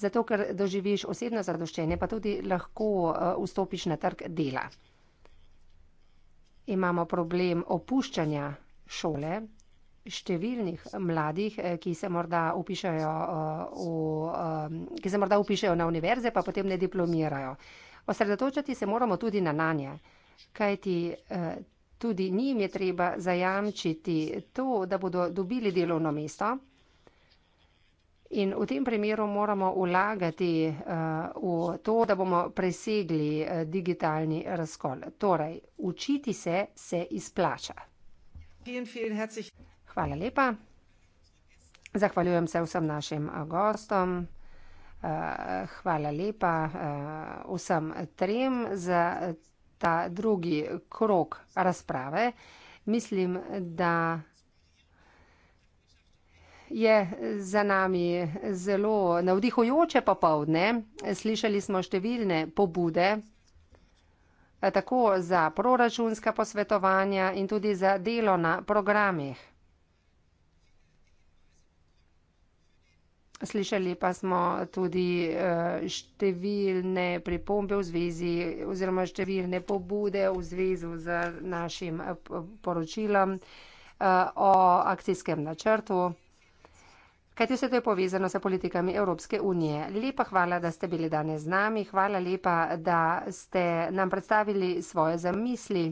zato ker doživiš osebno zadoščenje, pa tudi lahko uh, vstopiš na trg dela. Imamo problem opuščanja šole številnih mladih, eh, ki se morda upišajo eh, v, eh, ki se morda upišajo na univerze, pa potem ne diplomirajo. Osredotočati se moramo tudi na nanje, kajti tudi njim je treba zajamčiti to, da bodo dobili delovno mesto. In v tem primeru moramo vlagati v to, da bomo presegli digitalni razkol. Torej, učiti se se izplača. Hvala lepa. Zahvaljujem se vsem našim eh, gostom. Eh, hvala lepa eh, vsem trem za ta drugi krok razprave. Mislim, da je za nami zelo navdihujoče popovdne. Slišali smo številne pobude, tako za proračunska posvetovanja in tudi za delo na programih. Slišali pa smo tudi eh, številne pripombe v zvezi oziroma številne pobude v zvezi z našim eh, poročilom eh, o akcijskem načrtu. Kajti vse to je povezano s politikami Evropske unije. Lepa hvala, da ste bili danes z nami. Hvala lepa, da ste nam predstavili svoje zamisli.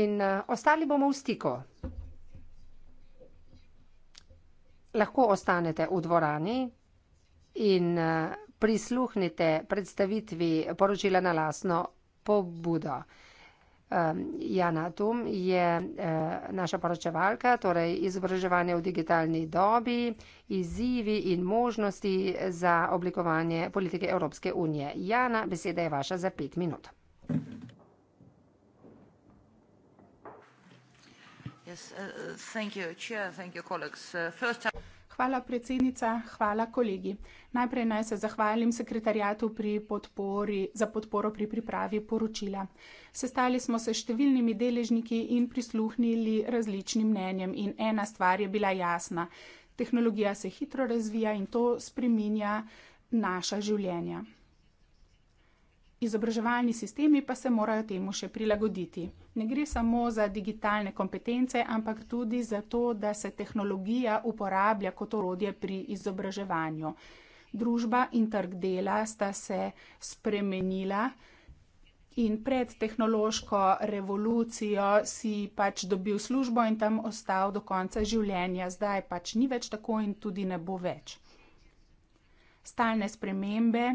In ostali bomo v stiku lahko ostanete v dvorani in eh, prisluhnite predstavitvi poročila na lasno pobudo. Jana Tum je eh, naša poročevalka, torej izobraževanje v digitalni dobi, izzivi in možnosti za oblikovanje politike Evropske unije. Jana, beseda je vaša za pet minut. Uh, uh, uh, hvala, predsednica, hvala, kolegi. Najprej naj se zahvalim sekretarjatu pri podpori, za podporo pri pripravi poročila. Sestali smo se številnimi deležniki in prisluhnili različnim mnenjem in ena stvar je bila jasna. Tehnologija se hitro razvija in to spreminja naša življenja. Izobraževalni sistemi pa se morajo temu še prilagoditi. Ne gre samo za digitalne kompetence, ampak tudi za to, da se tehnologija uporablja kot orodje pri izobraževanju. Družba in trg dela sta se spremenila in pred tehnološko revolucijo si pač dobil službo in tam ostal do konca življenja. Zdaj pač ni več tako in tudi ne bo več. Stalne spremembe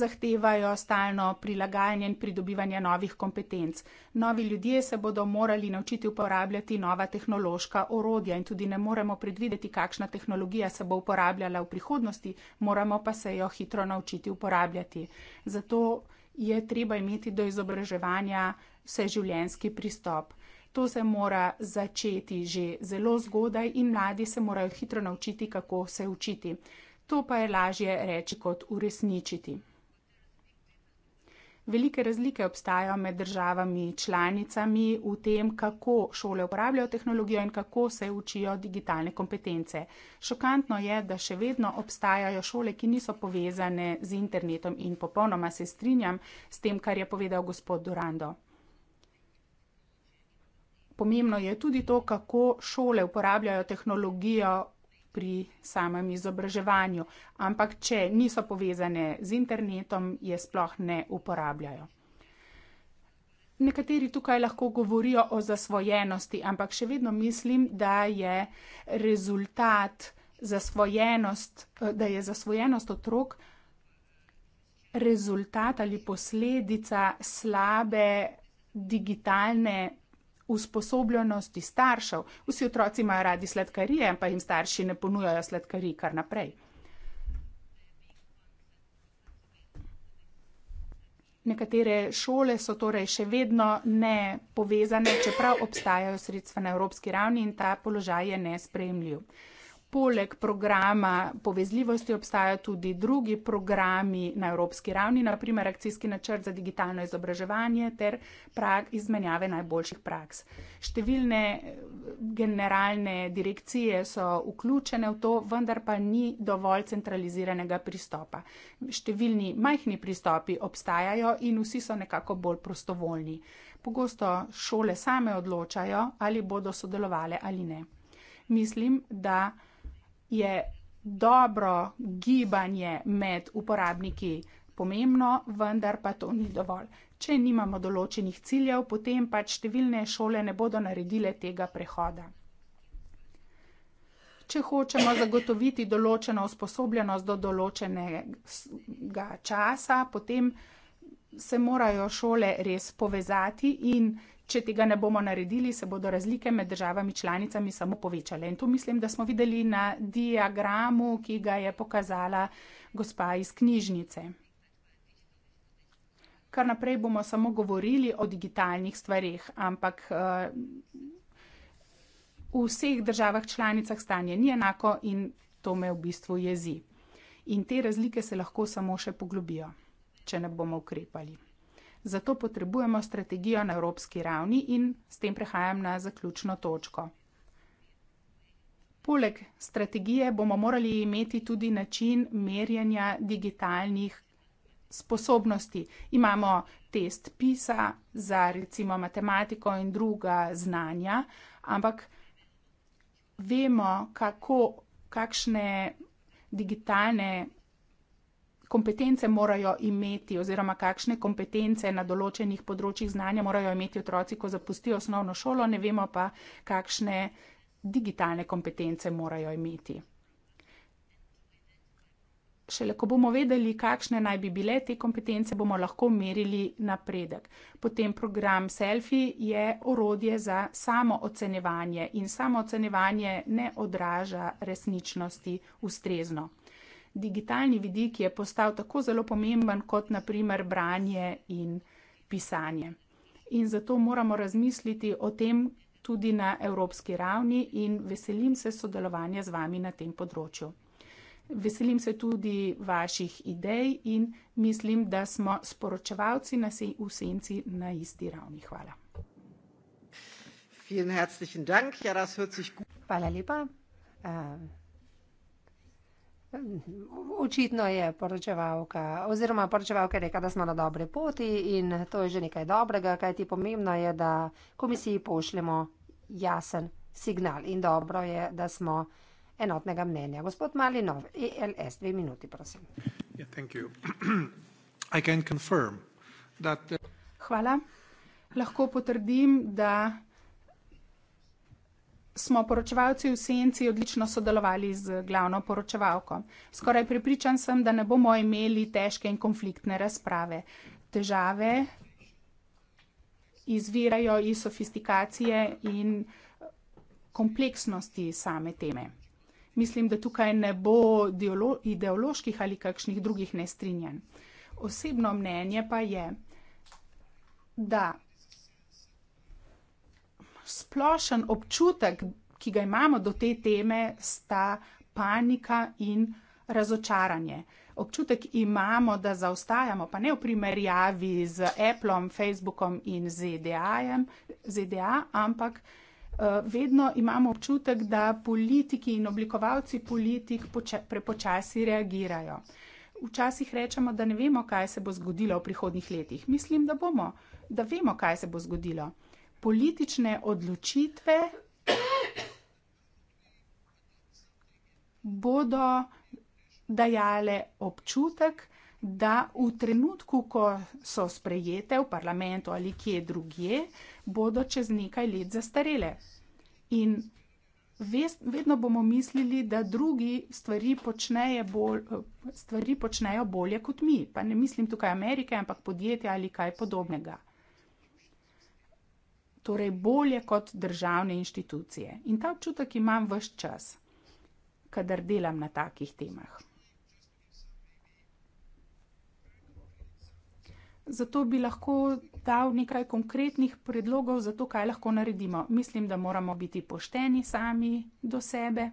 zahtevajo stalno prilagajanje in pridobivanje novih kompetenc. Novi ljudje se bodo morali naučiti uporabljati nova tehnološka orodja in tudi ne moremo predvideti, kakšna tehnologija se bo uporabljala v prihodnosti, moramo pa se jo hitro naučiti uporabljati. Zato je treba imeti do izobraževanja vseživljenski pristop. To se mora začeti že zelo zgodaj in mladi se morajo hitro naučiti, kako se učiti. To pa je lažje reči kot uresničiti. Velike razlike obstajajo med državami članicami v tem, kako šole uporabljajo tehnologijo in kako se učijo digitalne kompetence. Šokantno je, da še vedno obstajajo šole, ki niso povezane z internetom in popolnoma se strinjam s tem, kar je povedal gospod Durando. Pomembno je tudi to, kako šole uporabljajo tehnologijo pri samem izobraževanju, ampak če niso povezane z internetom, je sploh ne uporabljajo. Nekateri tukaj lahko govorijo o zasvojenosti, ampak še vedno mislim, da je rezultat zasvojenost, da je zasvojenost otrok rezultat ali posledica slabe digitalne usposobljenosti staršev. Vsi otroci imajo radi sladkarije, pa jim starši ne ponujajo sladkarij kar naprej. Nekatere šole so torej še vedno ne povezane, čeprav obstajajo sredstva na evropski ravni in ta položaj je nesprejemljiv poleg programa povezljivosti obstajajo tudi drugi programi na evropski ravni, na primer akcijski načrt za digitalno izobraževanje ter prag izmenjave najboljših praks. Številne eh, generalne direkcije so vključene v to, vendar pa ni dovolj centraliziranega pristopa. Številni majhni pristopi obstajajo in vsi so nekako bolj prostovoljni. Pogosto šole same odločajo, ali bodo sodelovali ali ne. Mislim, da je dobro gibanje med uporabniki pomembno, vendar pa to ni dovolj. Če nimamo določenih ciljev, potem pač številne šole ne bodo naredile tega prehoda. Če hočemo zagotoviti določeno usposobljenost do določenega časa, potem se morajo šole res povezati in če tega ne bomo naredili, se bodo razlike med državami članicami samo povečale. In to mislim, da smo videli na diagramu, ki ga je pokazala gospa iz knjižnice. Kar naprej bomo samo govorili o digitalnih stvarih, ampak. V vseh državah članicah stanje ni enako in to me v bistvu jezi. In te razlike se lahko samo še poglobijo, če ne bomo ukrepali. Zato potrebujemo strategijo na evropski ravni in s tem prehajam na zaključno točko. Poleg strategije bomo morali imeti tudi način merjenja digitalnih sposobnosti. Imamo test PISA za recimo matematiko in druga znanja, ampak vemo, kako, kakšne digitalne kompetence morajo imeti oziroma kakšne kompetence na določenih področjih znanja morajo imeti otroci, ko zapustijo osnovno šolo, ne vemo pa, kakšne digitalne kompetence morajo imeti. Šele ko bomo vedeli, kakšne naj bi bile te kompetence, bomo lahko merili napredek. Potem program Selfie je orodje za samoocenevanje in samoocenevanje ne odraža resničnosti ustrezno digitalni vidik je postal tako zelo pomemben kot na primer branje in pisanje. In zato moramo razmisliti o tem tudi na evropski ravni in veselim se sodelovanja z vami na tem področju. Veselim se tudi vaših idej in mislim, da smo sporočevalci na sej usenci na isti ravni. Hvala. Vielen herzlichen Dank. Ja, das hört sich gut. Hvala lepa. Uh... Očitno je poročevalka, oziroma poročevalka je rekla, da smo na dobre poti in to je že nekaj dobrega, kaj ti pomembno je, da komisiji pošljemo jasen signal in dobro je, da smo enotnega mnenja. Gospod Malinov, ELS, dve minuti, prosim. Uh Hvala. Lahko potrdim, da smo poročevalci v senci odlično sodelovali z glavno poročevalko. Skoraj prepričan sem, da ne bomo imeli težke in konfliktne razprave. Težave izvirajo iz sofistikacije in kompleksnosti same teme. Mislim, da tukaj ne bo ideoloških ali kakšnih drugih nestrinjanj. Osebno mnenje pa je, da splošen občutek, ki ga imamo do te teme, sta panika in razočaranje. Občutek imamo, da zaostajamo, pa ne v primerjavi z Appleom, Facebookom in ZDA, ampak eh, vedno imamo občutek, da politiki in oblikovalci politik prepočasi reagirajo. Včasih rečemo, da ne vemo, kaj se bo zgodilo v prihodnih letih. Mislim, da bomo, da vemo, kaj se bo zgodilo politične odločitve bodo dajale občutek, da v trenutku, ko so sprejete v parlamentu ali kje drugje, bodo čez nekaj let zastarele. In vedno bomo mislili, da drugi stvari, počneje bolj, stvari počnejo bolje kot mi. Pa ne mislim tukaj Amerike, ampak podjetja ali kaj podobnega torej bolje kot državne inštitucije. In ta občutek imam vse čas, kadar delam na takih temah. Zato bi lahko dal nekaj konkretnih predlogov za to, kaj lahko naredimo. Mislim, da moramo biti pošteni sami do sebe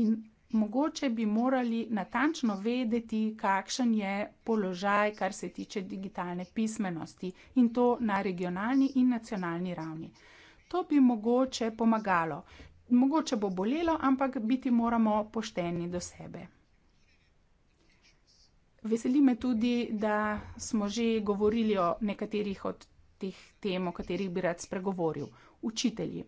in mogoče bi morali natančno vedeti, kakšen je položaj, kar se tiče digitalne pismenosti in to na regionalni in nacionalni ravni. To bi mogoče pomagalo. Mogoče bo bolelo, ampak biti moramo pošteni do sebe. Veseli me tudi, da smo že govorili o nekaterih od teh tem, o katerih bi rad spregovoril. Učitelji.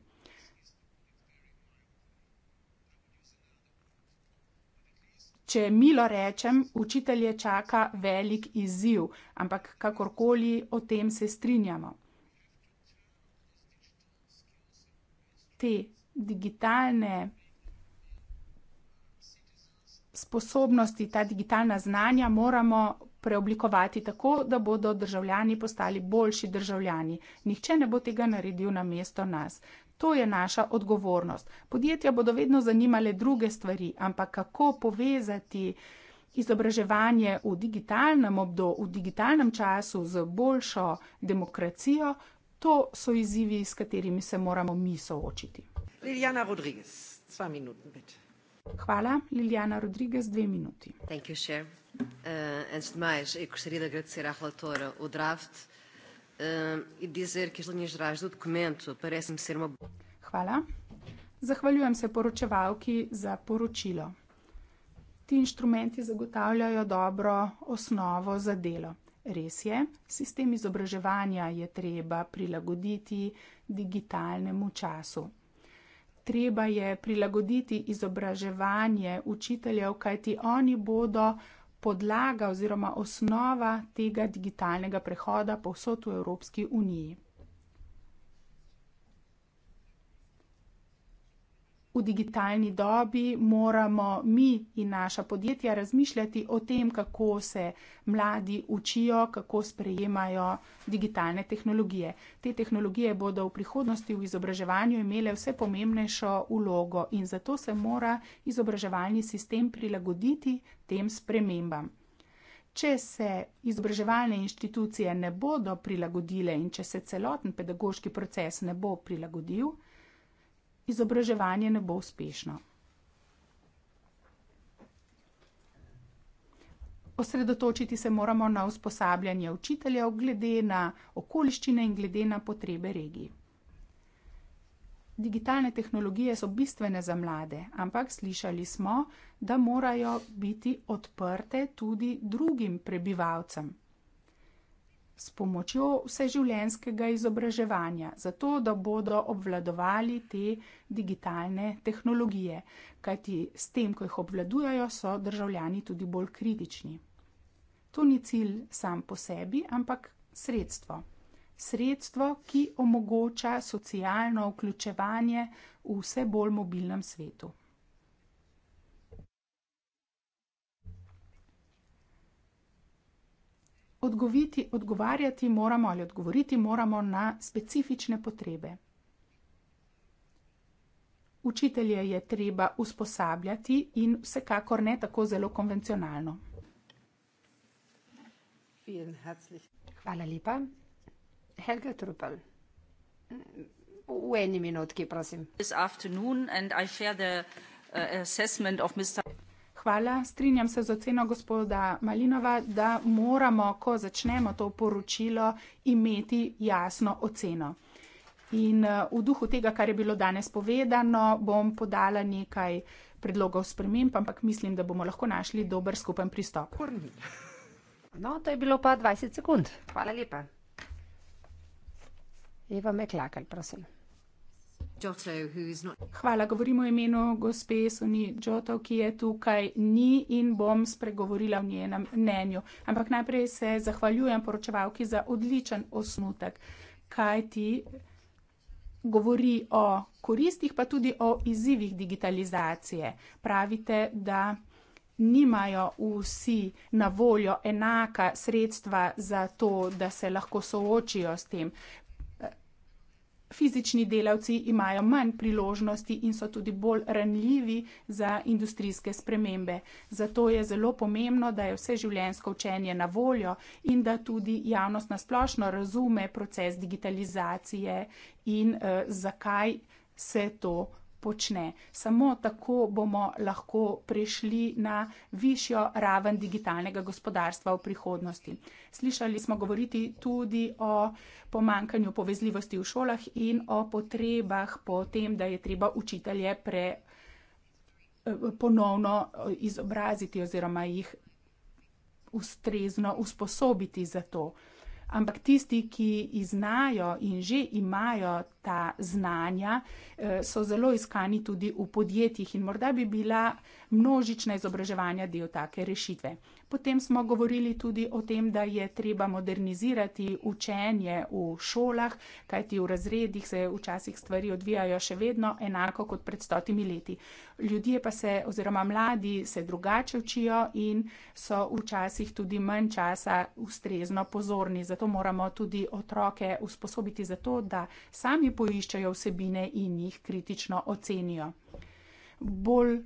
Če milo rečem, učitelje čaka velik izziv, ampak kakorkoli o tem se strinjamo. Te digitalne sposobnosti, ta digitalna znanja moramo preoblikovati tako, da bodo državljani postali boljši državljani. Nihče ne bo tega naredil namesto nas. To je naša odgovornost. Podjetja bodo vedno zanimale druge stvari, ampak kako povezati izobraževanje v digitalnem obdobju, v digitalnem času z boljšo demokracijo, to so izzivi, s katerimi se moramo mi soočiti. Liljana Rodriguez, dva minuta. Hvala, Liljana Rodriguez, dve minuti. Hvala, Cher. Uh, antes de mais, eu gostaria de agradecer à relatora o draft uh, dizer, ki so njih zražili v dokumentu, pa res jim sirmo. Hvala. Zahvaljujem se poročevalki za poročilo. Ti inštrumenti zagotavljajo dobro osnovo za delo. Res je, sistem izobraževanja je treba prilagoditi digitalnemu času. Treba je prilagoditi izobraževanje učiteljev, kajti oni bodo podlaga oziroma osnova tega digitalnega prehoda povsod v Evropski uniji. v digitalni dobi moramo mi in naša podjetja razmišljati o tem, kako se mladi učijo, kako sprejemajo digitalne tehnologije. Te tehnologije bodo v prihodnosti v izobraževanju imele vse pomembnejšo ulogo in zato se mora izobraževalni sistem prilagoditi tem spremembam. Če se izobraževalne inštitucije ne bodo prilagodile in če se celoten pedagoški proces ne bo prilagodil, izobraževanje ne bo uspešno. Osredotočiti se moramo na usposabljanje učiteljev glede na okoliščine in glede na potrebe regij. Digitalne tehnologije so bistvene za mlade, ampak slišali smo, da morajo biti odprte tudi drugim prebivalcem, s pomočjo vseživljenjskega izobraževanja, zato da bodo obvladovali te digitalne tehnologije, kajti s tem, ko jih obvladujajo, so državljani tudi bolj kritični. To ni cilj sam po sebi, ampak sredstvo. Sredstvo, ki omogoča socialno vključevanje v vse bolj mobilnem svetu. odgoviti, odgovarjati moramo ali odgovoriti moramo na specifične potrebe. Učitelje je treba usposabljati in vsekakor ne tako zelo konvencionalno. Hvala lepa. Helga Trupel. V eni minutki, prosim. Hvala. Strinjam se z oceno gospoda Malinova, da moramo, ko začnemo to poročilo, imeti jasno oceno. In v duhu tega, kar je bilo danes povedano, bom podala nekaj predlogov sprememb, ampak mislim, da bomo lahko našli dober skupen pristop. No, to je bilo pa 20 sekund. Hvala lepa. Eva Meklakal, prosim. Hvala, govorim o imenu gospe Soni Džotov, ki je tukaj ni in bom spregovorila v njenem mnenju. Ampak najprej se zahvaljujem poročevalki za odličen osnutek, kaj ti govori o koristih, pa tudi o izzivih digitalizacije. Pravite, da nimajo vsi na voljo enaka sredstva za to, da se lahko soočijo s tem fizični delavci imajo manj priložnosti in so tudi bolj ranljivi za industrijske spremembe. Zato je zelo pomembno, da je vse življenjsko učenje na voljo in da tudi javnost nasplošno razume proces digitalizacije in eh, zakaj se to počne. Samo tako bomo lahko prešli na višjo raven digitalnega gospodarstva v prihodnosti. Slišali smo govoriti tudi o pomankanju povezljivosti v šolah in o potrebah po tem, da je treba učitelje pre, eh, ponovno eh, izobraziti oziroma jih ustrezno usposobiti za to. Ampak tisti, ki znajo in že imajo ta znanja eh, so zelo iskani tudi v podjetjih in morda bi bila množična izobraževanja del take rešitve. Potem smo govorili tudi o tem, da je treba modernizirati učenje v šolah, kajti v razredih se včasih stvari odvijajo še vedno enako kot pred stotimi leti. Ljudje pa se oziroma mladi se drugače učijo in so včasih tudi manj časa ustrezno pozorni. Zato moramo tudi otroke usposobiti za to, da sami poiščejo vsebine in jih kritično ocenijo. Bolj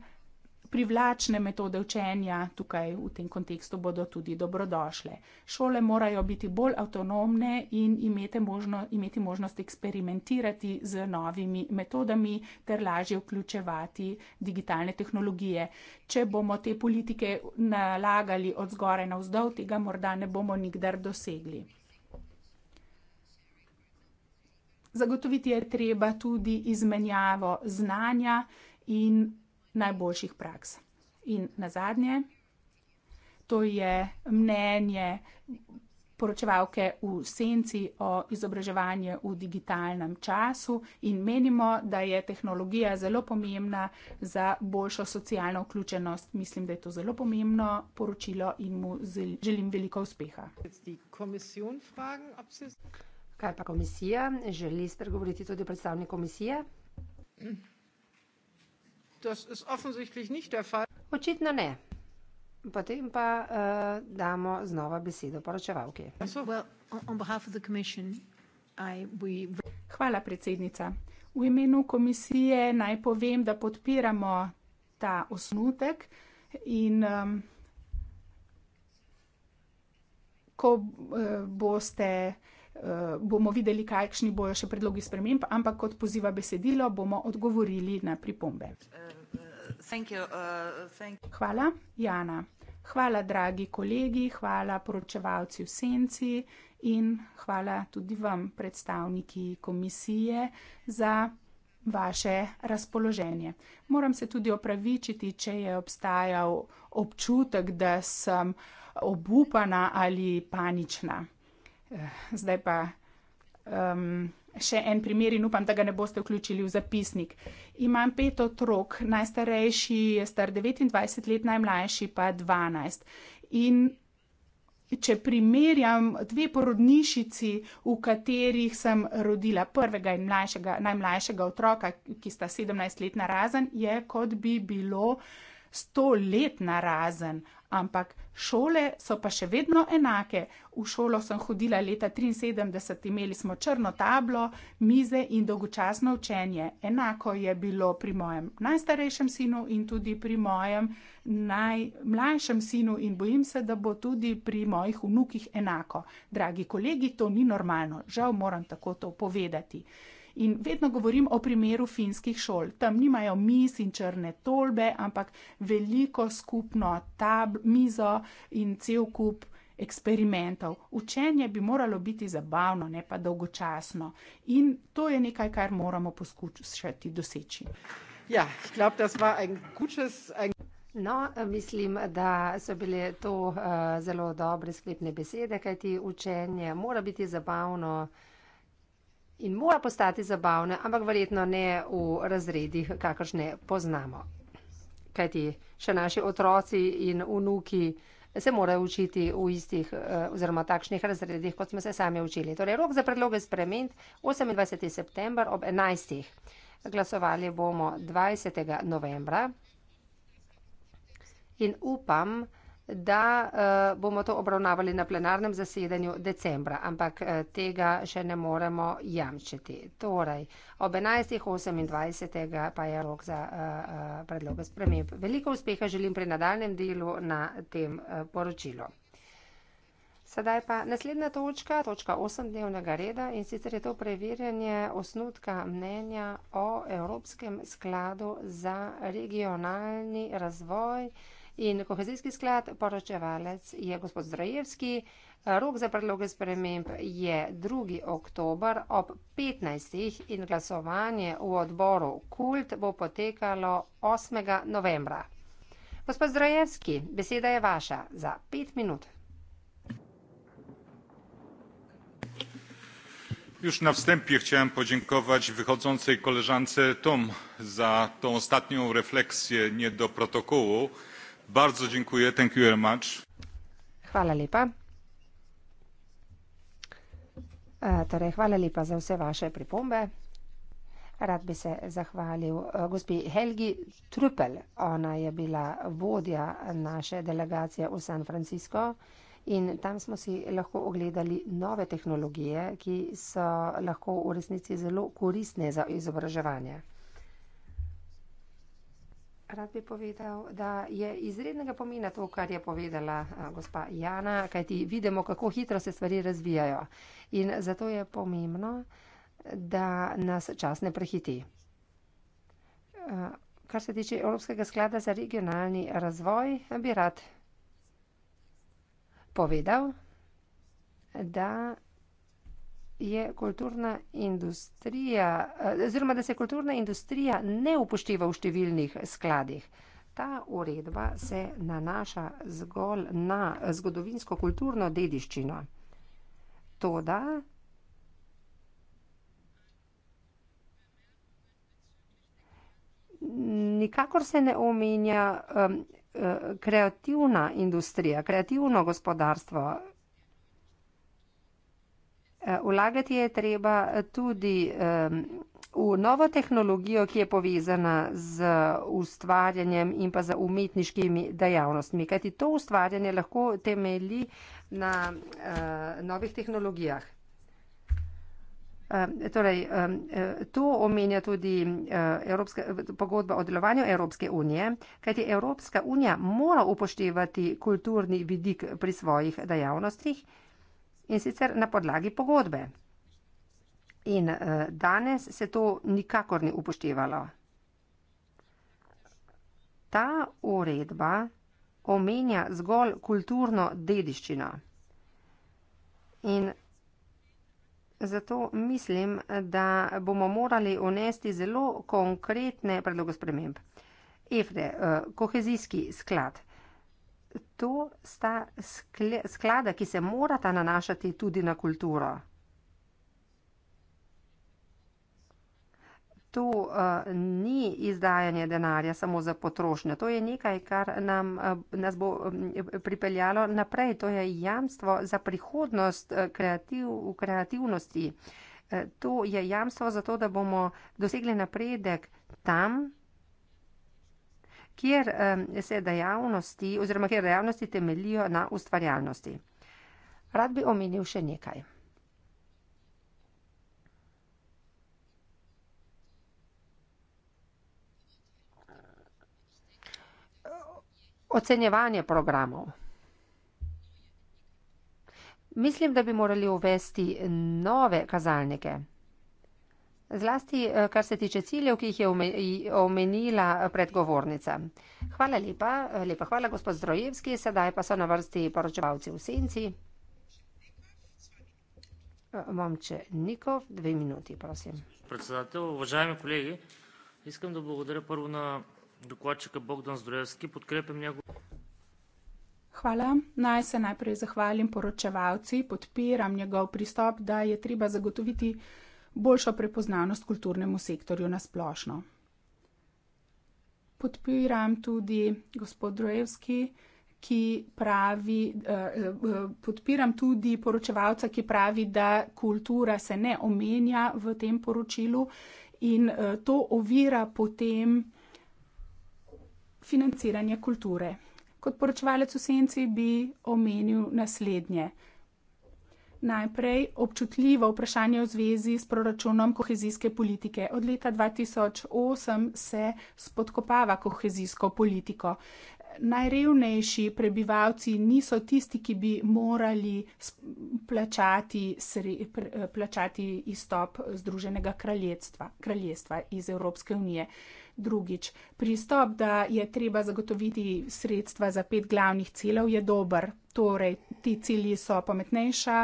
privlačne metode učenja tukaj v tem kontekstu bodo tudi dobrodošle. Šole morajo biti bolj avtonomne in imeti, možno, imeti možnost eksperimentirati z novimi metodami ter lažje vključevati digitalne tehnologije. Če bomo te politike nalagali od zgoraj navzdol, tega morda ne bomo nikdar dosegli. Zagotoviti je treba tudi izmenjavo znanja in najboljših praks. In nazadnje, to je mnenje poročevalke v senci o izobraževanju v digitalnem času in menimo, da je tehnologija zelo pomembna za boljšo socialno vključenost. Mislim, da je to zelo pomembno poročilo in mu želim veliko uspeha. Kaj pa komisija? Želi spregovoriti tudi predstavnik komisije? Očitno ne. Potem pa uh, damo znova besedo poročevalki. Hvala, predsednica. V imenu komisije naj povem, da podpiramo ta osnutek in um, ko uh, boste. Eh, bomo videli, kakšni bojo še predlogi sprememb, ampak kot poziva besedilo, bomo odgovorili na pripombe. Eh, eh, hvala, Jana. Hvala, dragi kolegi, hvala poročevalci v senci in hvala tudi vam, predstavniki komisije, za vaše razpoloženje. Moram se tudi opravičiti, če je obstajal občutek, da sem obupana ali panična. Eh, zdaj pa um, še en primer in upam, da ga ne boste vključili v zapisnik. Imam pet otrok, najstarejši je star 29 let, najmlajši pa 12. In če primerjam dve porodnišici, v katerih sem rodila prvega in mlajšega, najmlajšega otroka, ki sta 17 let narazen, je kot bi bilo 100 let narazen ampak šole so pa še vedno enake. V šolo sem hodila leta 1973, imeli smo črno tablo, mize in dolgočasno učenje. Enako je bilo pri mojem najstarejšem sinu in tudi pri mojem najmlajšem sinu in bojim se, da bo tudi pri mojih vnukih enako. Dragi kolegi, to ni normalno, žal moram tako to povedati. In vedno govorim o primeru finskih šol. Tam nimajo mis in črne tolbe, ampak veliko skupno tab, mizo in cel kup eksperimentov. Učenje bi moralo biti zabavno, ne pa dolgočasno. In to je nekaj, kar moramo poskušati doseči. Ja, mislim, da smo en kučes. En... No, mislim, da so bile to uh, zelo dobre sklepne besede, kajti učenje mora biti zabavno in mora postati zabavna, ampak verjetno ne v razredih, kakršne poznamo. Kajti še naši otroci in vnuki se morajo učiti v istih eh, oziroma takšnih razredih, kot smo se sami učili. Torej, rok za predloge sprememb 28. september ob 11. Glasovali bomo 20. novembra in upam, da da uh, bomo to obravnavali na plenarnem zasedanju decembra, ampak uh, tega še ne moremo jamčiti. Torej, ob 11.28. pa je rok za uh, uh, predloge sprememb. Veliko uspeha želim pri nadaljem delu na tem uh, poročilu. Sedaj pa naslednja točka, točka 8 dnevnega reda in sicer je to preverjanje osnutka mnenja o Evropskem skladu za regionalni razvoj in kohezijski sklad, poročevalec je gospod Zdrajevski. Rok za predloge sprememb je 2. oktober ob 15. in glasovanje v odboru Kult bo potekalo 8. novembra. Gospod Zdrajevski, beseda je vaša za pet minut. Już na wstępie chciałem podziękować wychodzącej koleżance Tom za tą ostatnią refleksję nie do protokołu. Bardzo dziękuję. Thank you very much. Hvala lepa. E, torej, hvala lepa za vse vaše pripombe. Rad bi se zahvalil e, gospi Helgi Trupel. Ona je bila vodja naše delegacije v San Francisco in tam smo si lahko ogledali nove tehnologije, ki so lahko v resnici zelo koristne za izobraževanje. Rad bi povedal, da je izrednega pomena to, kar je povedala gospa Jana, kajti vidimo, kako hitro se stvari razvijajo. In zato je pomembno, da nas čas ne prehiti. Kar se tiče Evropskega sklada za regionalni razvoj, bi rad povedal, da je kulturna industrija, eh, oziroma da se kulturna industrija ne upošteva v številnih skladih. Ta uredba se nanaša zgolj na zgodovinsko-kulturno dediščino. Toda nikakor se ne omenja um, kreativna industrija, kreativno gospodarstvo. Ulagati je treba tudi v novo tehnologijo, ki je povezana z ustvarjanjem in pa z umetniškimi dejavnostmi, kajti to ustvarjanje lahko temeli na eh, novih tehnologijah. Torej, to omenja tudi eh, Evropska, pogodba o delovanju Evropske unije, kajti Evropska unija mora upoštevati kulturni vidik pri svojih dejavnostih in sicer na podlagi pogodbe. In uh, danes se to nikakor ni upoštevalo. Ta uredba omenja zgolj kulturno dediščino. In zato mislim, da bomo morali unesti zelo konkretne predloge sprememb. EFRE, eh, kohezijski sklad to sta skle, sklada, ki se morata nanašati tudi na kulturo. To uh, ni izdajanje denarja samo za potrošnjo, to je nekaj, kar nam, uh, nas bo mm, pripeljalo naprej, to je jamstvo za prihodnost eh, kreativ, kreativnosti. Uh, to je jamstvo za to, da bomo dosegli napredek tam, kjer se dejavnosti oziroma kjer dejavnosti temelijo na ustvarjalnosti. Rad bi omenil še nekaj. Ocenjevanje programov. Mislim, da bi morali uvesti nove kazalnike. Zlasti, eh, kar se tiče ciljev, ki jih je omenila eh, predgovornica. Hvala lepa, eh, lepa hvala, gospod Zdrojevski. Sedaj pa so na vrsti poročevalci v senci. Momče Nikov, dve minuti, prosim. Predsedatelj, uvažajme kolegi, iskam da bogodre prvo na dokladčeka Bogdan Zdrojevski, podkrepim njegov. Hvala. Naj se najprej zahvalim poročevalci, podpiram njegov pristop, da je treba zagotoviti boljšo prepoznavnost kulturnemu sektorju na splošno. Podpiram tudi gospod Drojevski, ki pravi, eh, eh, podpiram tudi poročevalca, ki pravi, da kultura se ne omenja v tem poročilu in eh, to ovira potem financiranje kulture. Kot poročevalec v senci bi omenil naslednje najprej občutljivo vprašanje v zvezi s proračunom kohezijske politike. Od leta 2008 se spodkopava kohezijsko politiko. Najrevnejši prebivalci niso tisti, ki bi morali plačati, plačati izstop Združenega kraljestva, kraljestva iz Evropske unije. Drugič, pristop, da je treba zagotoviti sredstva za pet glavnih ciljev, je dober. Torej, ti cilji so pametnejša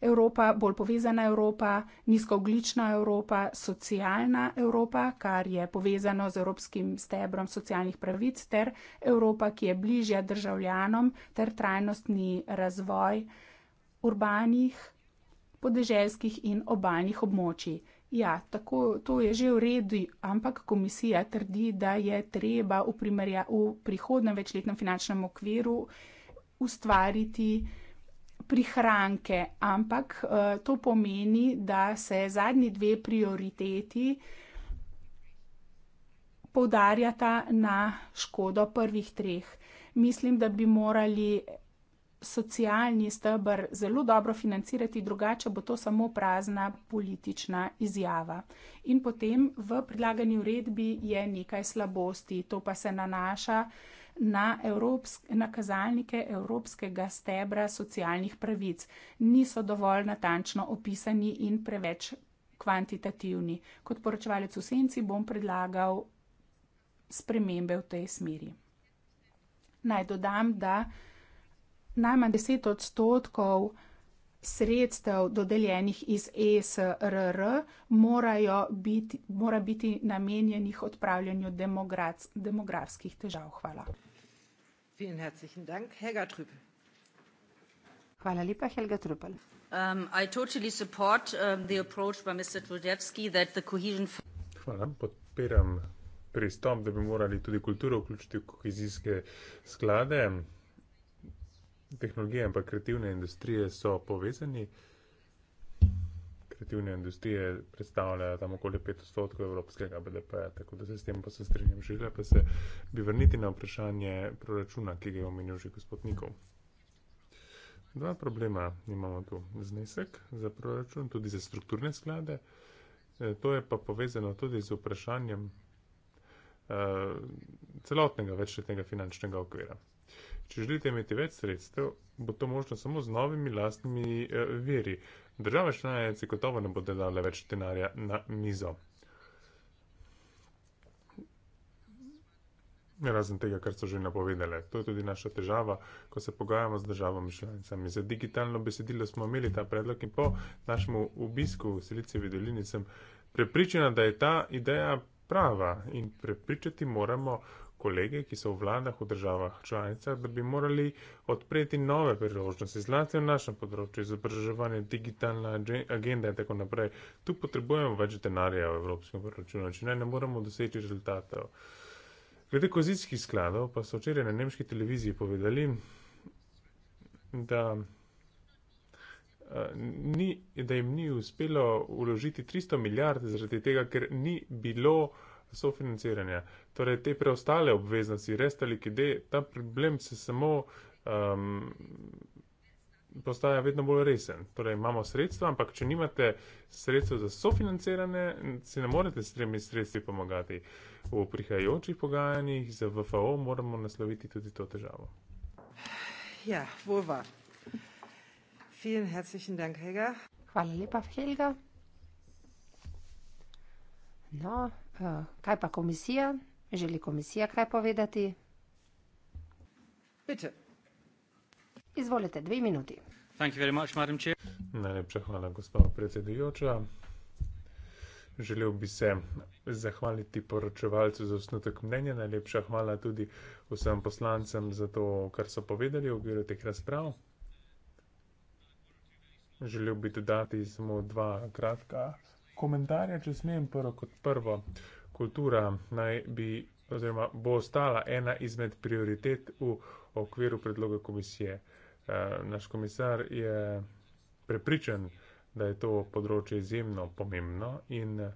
Evropa, bolj povezana Evropa, nizkooglična Evropa, socialna Evropa, kar je povezano z evropskim stebrom socialnih pravic, ter Evropa, ki je bližja državljanom, ter trajnostni razvoj urbanih, podeželskih in obaljnih območij. Ja, tako, to je že v redu, ampak komisija trdi, da je treba v, v prihodnem večletnem finančnem okviru ustvariti prihranke, ampak uh, to pomeni, da se zadnji dve prioriteti poudarjata na škodo prvih treh. Mislim, da bi morali socialni stebr zelo dobro financirati, drugače bo to samo prazna politična izjava. In potem v predlagani uredbi je nekaj slabosti, to pa se nanaša na nakazalnike evropskega stebra socialnih pravic. Niso dovolj natančno opisani in preveč kvantitativni. Kot poročevalec v senci bom predlagal spremembe v tej smeri. Naj dodam, da najmanj 10 odstotkov sredstev dodeljenih iz ESRR morajo biti, mora biti namenjenih odpravljanju demografskih težav. Hvala. Vielen herzlichen Dank, Helga Trüppel. Hvala lepa, Helga Trüppel. Um, I totally support um, the approach by Mr. Trudevski that the cohesion... Hvala, podpiram pristop, da bi morali tudi kulturo vključiti v kohezijske sklade tehnologije, ampak kreativne industrije so povezani. Kreativne industrije predstavljajo tam okoli 5 odstotkov evropskega BDP-ja, tako da se s tem pa se strinjam. Želela pa se bi vrniti na vprašanje proračuna, ki ga je omenil že gospod Nikov. Dva problema imamo tu. Znesek za proračun, tudi za strukturne sklade. E, to je pa povezano tudi z vprašanjem e, celotnega večletnega finančnega okvira. Če želite imeti več sredstev, bo to možno samo z novimi lastnimi eh, veri. Države članice gotovo ne bodo dale več denarja na mizo. Razen tega, kar so že napovedale. To je tudi naša težava, ko se pogajamo z državami članicami. Za digitalno besedilo smo imeli ta predlog in po našem obisku v Silicijevi dolini sem prepričana, da je ta ideja prava in prepričati moramo kolege, ki so v vladah v državah članicah, da bi morali odpreti nove priložnosti, zlasti v našem področju izobraževanja, digitalna agenda in tako naprej. Tu potrebujemo več denarja v evropskem proračunu, če ne, ne moremo doseči rezultatov. Glede kozitskih skladov pa so včeraj na nemški televiziji povedali, da, eh, ni, da jim ni uspelo uložiti 300 milijard zaradi tega, ker ni bilo sofinanciranja. Torej, te preostale obveznosti, res ta likide, ta problem se samo um, postaja vedno bolj resen. Torej, imamo sredstva, ampak če nimate sredstva za sofinanciranje, si ne morete s temi sredstvi pomagati. V prihajajočih pogajanjih za VFO moramo nasloviti tudi to težavo. Ja, vova. Hvala lepa, Helga. No, Eh, kaj pa komisija? Želi komisija kaj povedati? Bitte. Izvolite, dve minuti. Najlepša hvala, gospod predsedujoča. Želel bi se zahvaliti poročevalcu za osnutek mnenja. Najlepša hvala tudi vsem poslancem za to, kar so povedali v okviru teh razprav. Želel bi dodati samo dva kratka komentarja, če smem prvo kot prvo. Kultura naj bi oziroma bo ostala ena izmed prioritet v okviru predloga komisije. Eh, naš komisar je prepričan, da je to področje izjemno pomembno in eh,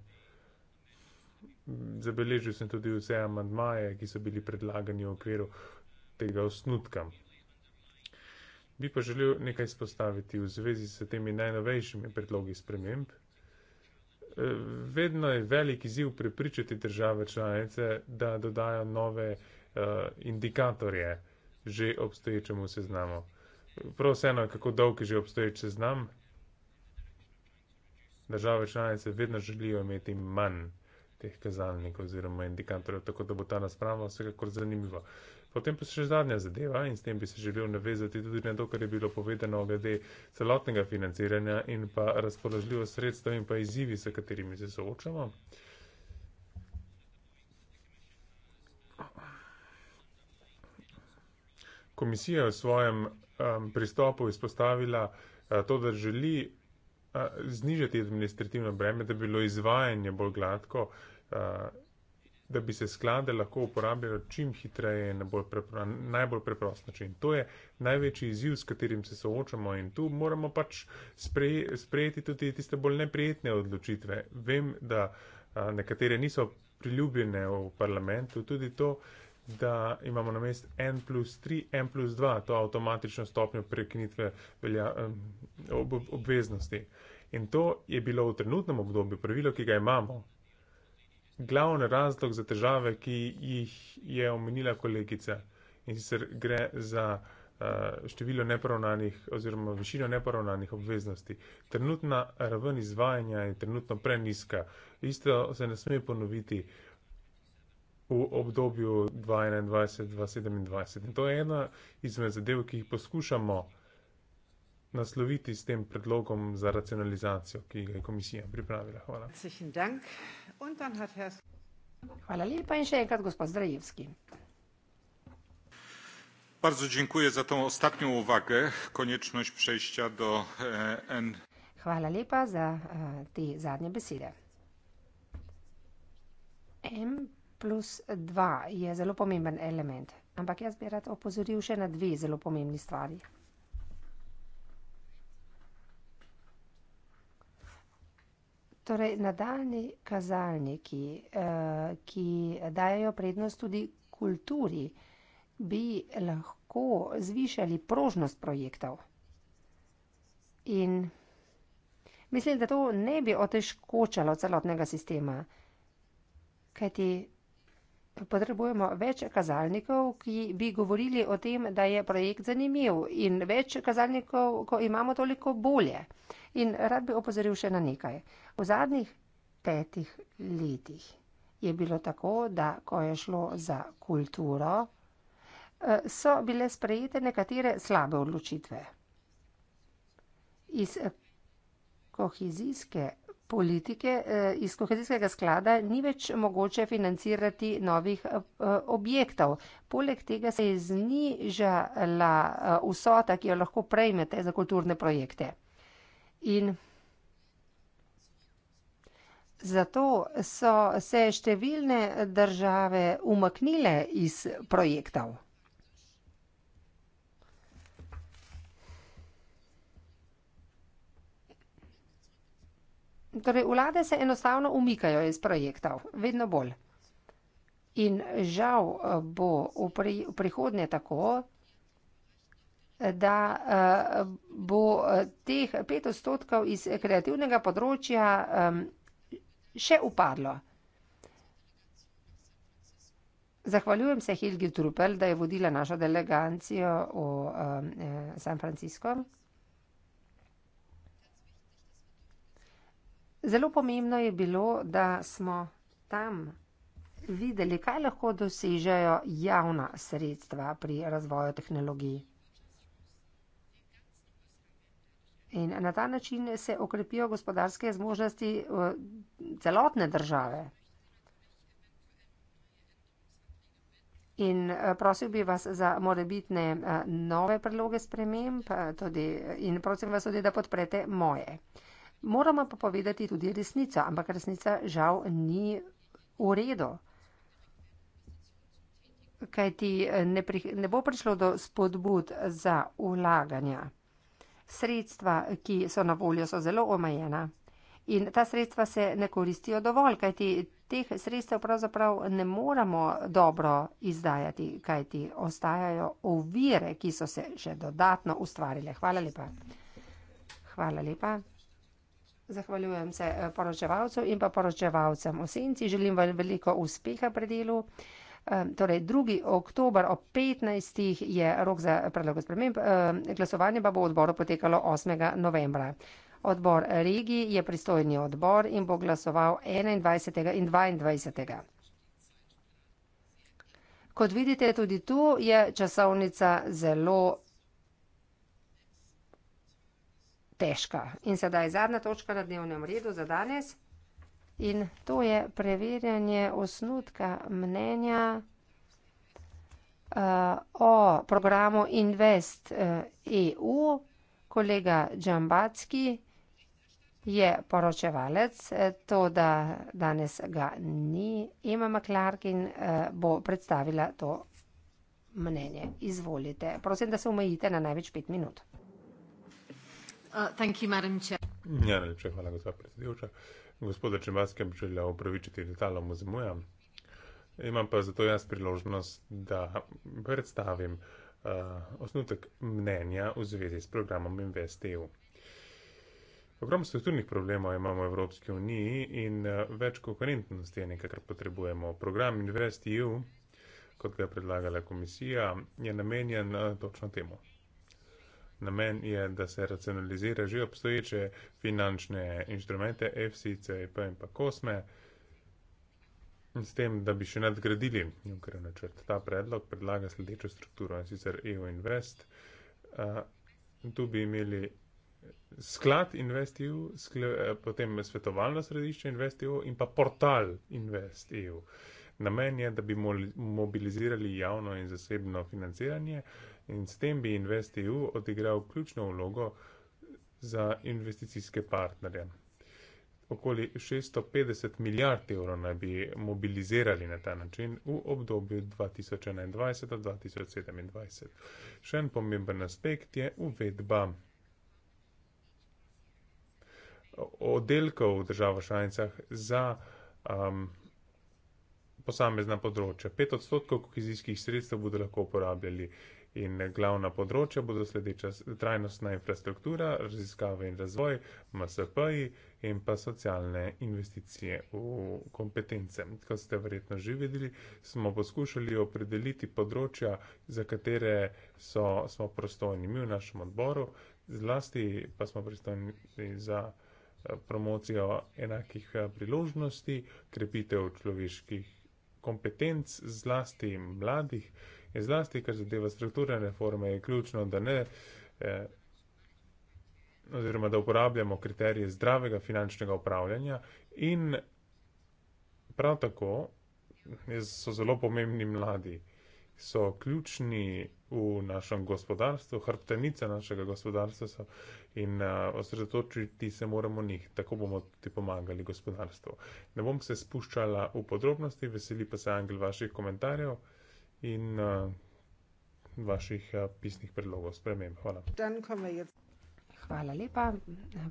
zabeležil sem tudi vse amandmaje, ki so bili predlagani v okviru tega osnutka. Bi pa želel nekaj izpostaviti v zvezi s temi najnovejšimi predlogi sprememb. Eh, vedno je velik izziv prepričati države članice, da dodajo nove uh, indikatorje že obstoječemu seznamu. Prav vseeno, kako dolg je že obstoječ seznam, države članice vedno želijo imeti manj teh kazalnikov oziroma indikatorjev, tako da bo ta razprava vsekakor zanimiva. Uh, Potem pa še zadnja zadeva in s tem bi se želel navezati tudi na to, kar je bilo povedano glede celotnega financiranja in pa razpoložljivo sredstvo in pa izzivi, s katerimi se soočamo. Komisija je v svojem um, pristopu izpostavila uh, to, da želi uh, znižati administrativno breme, da bi bilo izvajanje bolj gladko. Uh, da bi se sklade lahko uporabljale čim hitreje in na najbolj preprost način. To je največji izziv, s katerim se soočamo in tu moramo pač spreje, sprejeti tudi tiste bolj neprijetne odločitve. Vem, da a, nekatere niso priljubljene v parlamentu, tudi to, da imamo na mest N plus 3, N plus 2, to avtomatično stopnjo prekinitve velja, ob, ob, obveznosti. In to je bilo v trenutnem obdobju pravilo, ki ga imamo, glavni razlog za težave, ki jih je omenila kolegica in sicer gre za eh, število neporavnanih oziroma višino neporavnanih obveznosti. Trenutna raven izvajanja je trenutno preniska. Isto se ne sme ponoviti v obdobju 2021-2027. In to je ena izmed zadev, ki jih poskušamo nasloviti s tem predlogom za racionalizacijo, ki ga je komisija pripravila. Hvala. Hvala lepa in še enkrat gospod Zdrajevski. Bardzo dziękuję za tą ostatnią uwagę, konieczność przejścia do e, N. Hvala lepa za uh, te zadnje besede. M plus 2 je zelo pomemben element, ampak jaz bi rad opozoril še na dve zelo pomembni stvari. Torej, nadaljni kazalniki, eh, ki dajo prednost tudi kulturi, bi lahko zvišali prožnost projektov. In mislim, da to ne bi otežkočalo celotnega sistema, kajti potrebujemo več kazalnikov, ki bi govorili o tem, da je projekt zanimiv in več kazalnikov, ko imamo toliko bolje. In rad bi opozoril še na nekaj. V zadnjih petih letih je bilo tako, da ko je šlo za kulturo, eh, so bile sprejete nekatere slabe odločitve. Iz kohezijske politike eh, iz kohezijskega sklada ni več mogoče financirati novih eh, objektov. Poleg tega se je znižala eh, vsota, ki jo lahko prejmete za kulturne projekte. In zato so se številne države umaknile iz projektov. Torej, vlade se enostavno umikajo iz projektov, vedno bolj. In žal eh, bo v, pri, v prihodnje tako, da eh, bo eh, teh pet odstotkov iz kreativnega področja še upadlo. Zahvaljujem se Hilgi Trupel, da je vodila našo delegacijo v San Franciscu. Zelo pomembno je bilo, da smo tam videli, kaj lahko dosežejo javna sredstva pri razvoju tehnologij. In na ta način se okrepijo gospodarske zmožnosti eh, celotne države. In eh, prosil bi vas za morebitne eh, nove predloge sprememb tudi, in prosim vas tudi, da podprete moje. Moramo pa povedati tudi resnico, ampak resnica žal ni v redu. Kaj ti ne, pri, ne bo prišlo do spodbud za ulaganja. Sredstva, ki so na voljo, so zelo omejena in ta sredstva se ne koristijo dovolj, kaj ti teh sredstev pravzaprav ne moramo dobro izdajati, kaj ti ostajajo ovire, ki so se še dodatno ustvarile. Hvala lepa. Hvala lepa. Zahvaljujem se eh, poročevalcu in pa poročevalcem v senci. Želim vam veliko uspeha pri delu. Eh, torej, 2. oktober ob 15. je rok za predlog sprememb, eh, glasovanje pa bo v odboru potekalo 8. novembra. Odbor regij je pristojni odbor in bo glasoval 21. in 22. Kot vidite, tudi tu je časovnica zelo težka. In sedaj zadnja točka na dnevnem redu za danes. In to je preverjanje osnutka mnenja uh, o programu Invest EU. Eh, e Kolega Džambacki je poročevalec, eh, to, da danes ga ni, ima Maklarkin, uh, bo predstavila to mnenje. Izvolite. Prosim, da se omejite na največ pet minut. Uh, thank you, Madam Chair. Ja, najlepša hvala, gospod predsedujoča. Gospoda Čemaske bi želela upravičiti detalj o muzeju. Imam pa zato jaz priložnost, da predstavim uh, osnutek mnenja v zvezi s programom InvestEU. Ogromno strukturnih problemov imamo v Evropski uniji in uh, več konkurentnosti je nekaj, kar potrebujemo. Program InvestEU, kot ga je predlagala komisija, je namenjen uh, točno temu. Namen je, da se racionalizira že obstoječe finančne inštrumente FC, CEP in pa COSME. In s tem, da bi še nadgradili Junkerjev načrt, ta predlog predlaga sledečo strukturo in sicer EU Invest. Tu bi imeli sklad InvestEU, potem svetovalno središče InvestEU in pa portal InvestEU. Namen je, da bi mobilizirali javno in zasebno financiranje. Uh, in s tem bi InvestEU odigral ključno vlogo za investicijske partnerje. Okoli 650 milijard evrov naj bi mobilizirali na ta način v obdobju 2021-2027. Še en pomemben aspekt je uvedba oddelkov v državah članicah za um, posamezna področja. 5 odstotkov kohezijskih sredstev bodo lahko uporabljali uh, In glavna področja bodo sledeča trajnostna infrastruktura, raziskave in razvoj, MSP-ji in pa socialne investicije v kompetence. Kot ste verjetno že videli, smo poskušali opredeliti področja, za katere so, smo prostovni mi v našem odboru, zlasti pa smo pristojni za eh, promocijo enakih eh, priložnosti, krepitev človeških kompetenc, zlasti mladih. In zlasti, kar zadeva strukturne reforme, je ključno, da ne. Eh, oziroma da uporabljamo kriterije zdravega finančnega upravljanja in prav tako so zelo pomembni mladi, so ključni v našem gospodarstvu, hrbtenica našega gospodarstva so in uh, osredotočiti se moramo njih, tako bomo ti pomagali gospodarstvu. Ne bom se spuščala v podrobnosti, veseli pa se angel vaših komentarjev in uh, vaših uh, pisnih predlogov sprememb. Hvala. Hvala lepa,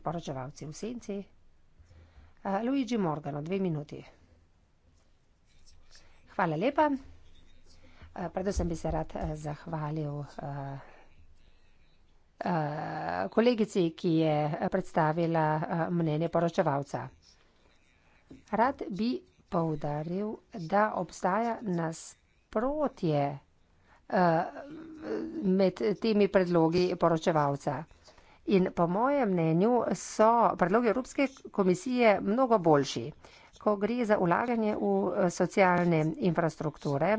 poročevalci v senci. Uh, Luigi Morgano, dve minuti. Hvala lepa. Uh, predvsem bi se rad uh, zahvalil. Uh, kolegici, ki je predstavila mnenje poročevalca. Rad bi povdaril, da obstaja nas nasprotje uh, med temi predlogi poročevalca. In po mojem mnenju so predlogi Evropske komisije mnogo boljši, ko gre za ulaganje v eh, socialne infrastrukture,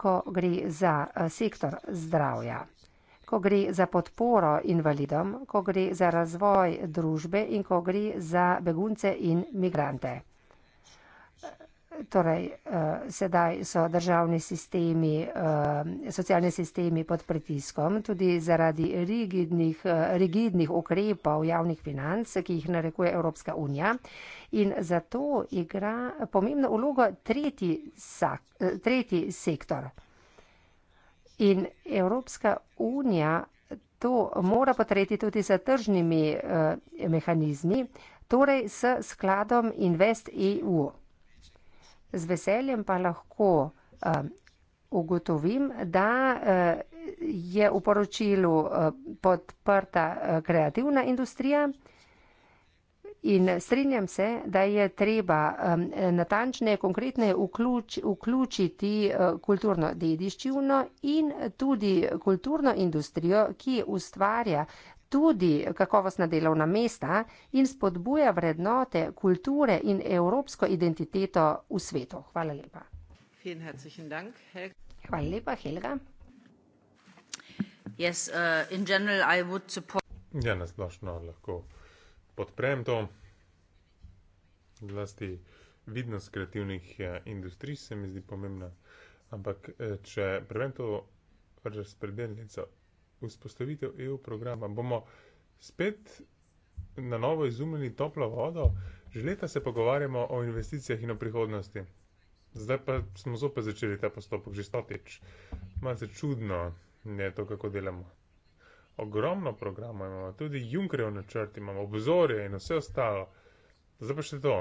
ko gre za eh, sektor zdravja, ko gre za podporo invalidom, ko gre za razvoj družbe in ko gre za begunce in migrante torej eh, sedaj so državni sistemi, eh, socialni sistemi pod pritiskom, tudi zaradi rigidnih, eh, rigidnih ukrepov javnih financ, ki jih narekuje Evropska unija. In zato igra pomembno ulogo tretji, sak, tretji sektor. In Evropska unija to mora potreti tudi za tržnimi mehanizmi, torej s skladom InvestEU z veseljem pa lahko eh, ugotovim, da eh, je v poročilu eh, podprta kreativna industrija in strinjam se, da je treba natančne, konkretne vključ, vključiti kulturno dediščino in tudi kulturno industrijo, ki ustvarja tudi kakovostna delovna mesta in spodbuja vrednote kulture in evropsko identiteto v svetu. Hvala lepa. Hvala lepa, Helga. Yes, uh, general, support... Ja, na splošno lahko podprem to. Vlasti vidnost kreativnih eh, industrij se mi zdi pomembna, ampak eh, če preventu vržeš predeljnico vzpostavitev EU programa. Bomo spet na novo izumili toplo vodo, že leta se pogovarjamo o investicijah in o prihodnosti. Zdaj pa smo zopet začeli ta postopek, že stotič. Malce čudno je to, kako delamo. Ogromno programa imamo, tudi Junkerjev načrt imamo, obzorje in vse ostalo. Zdaj pa še to.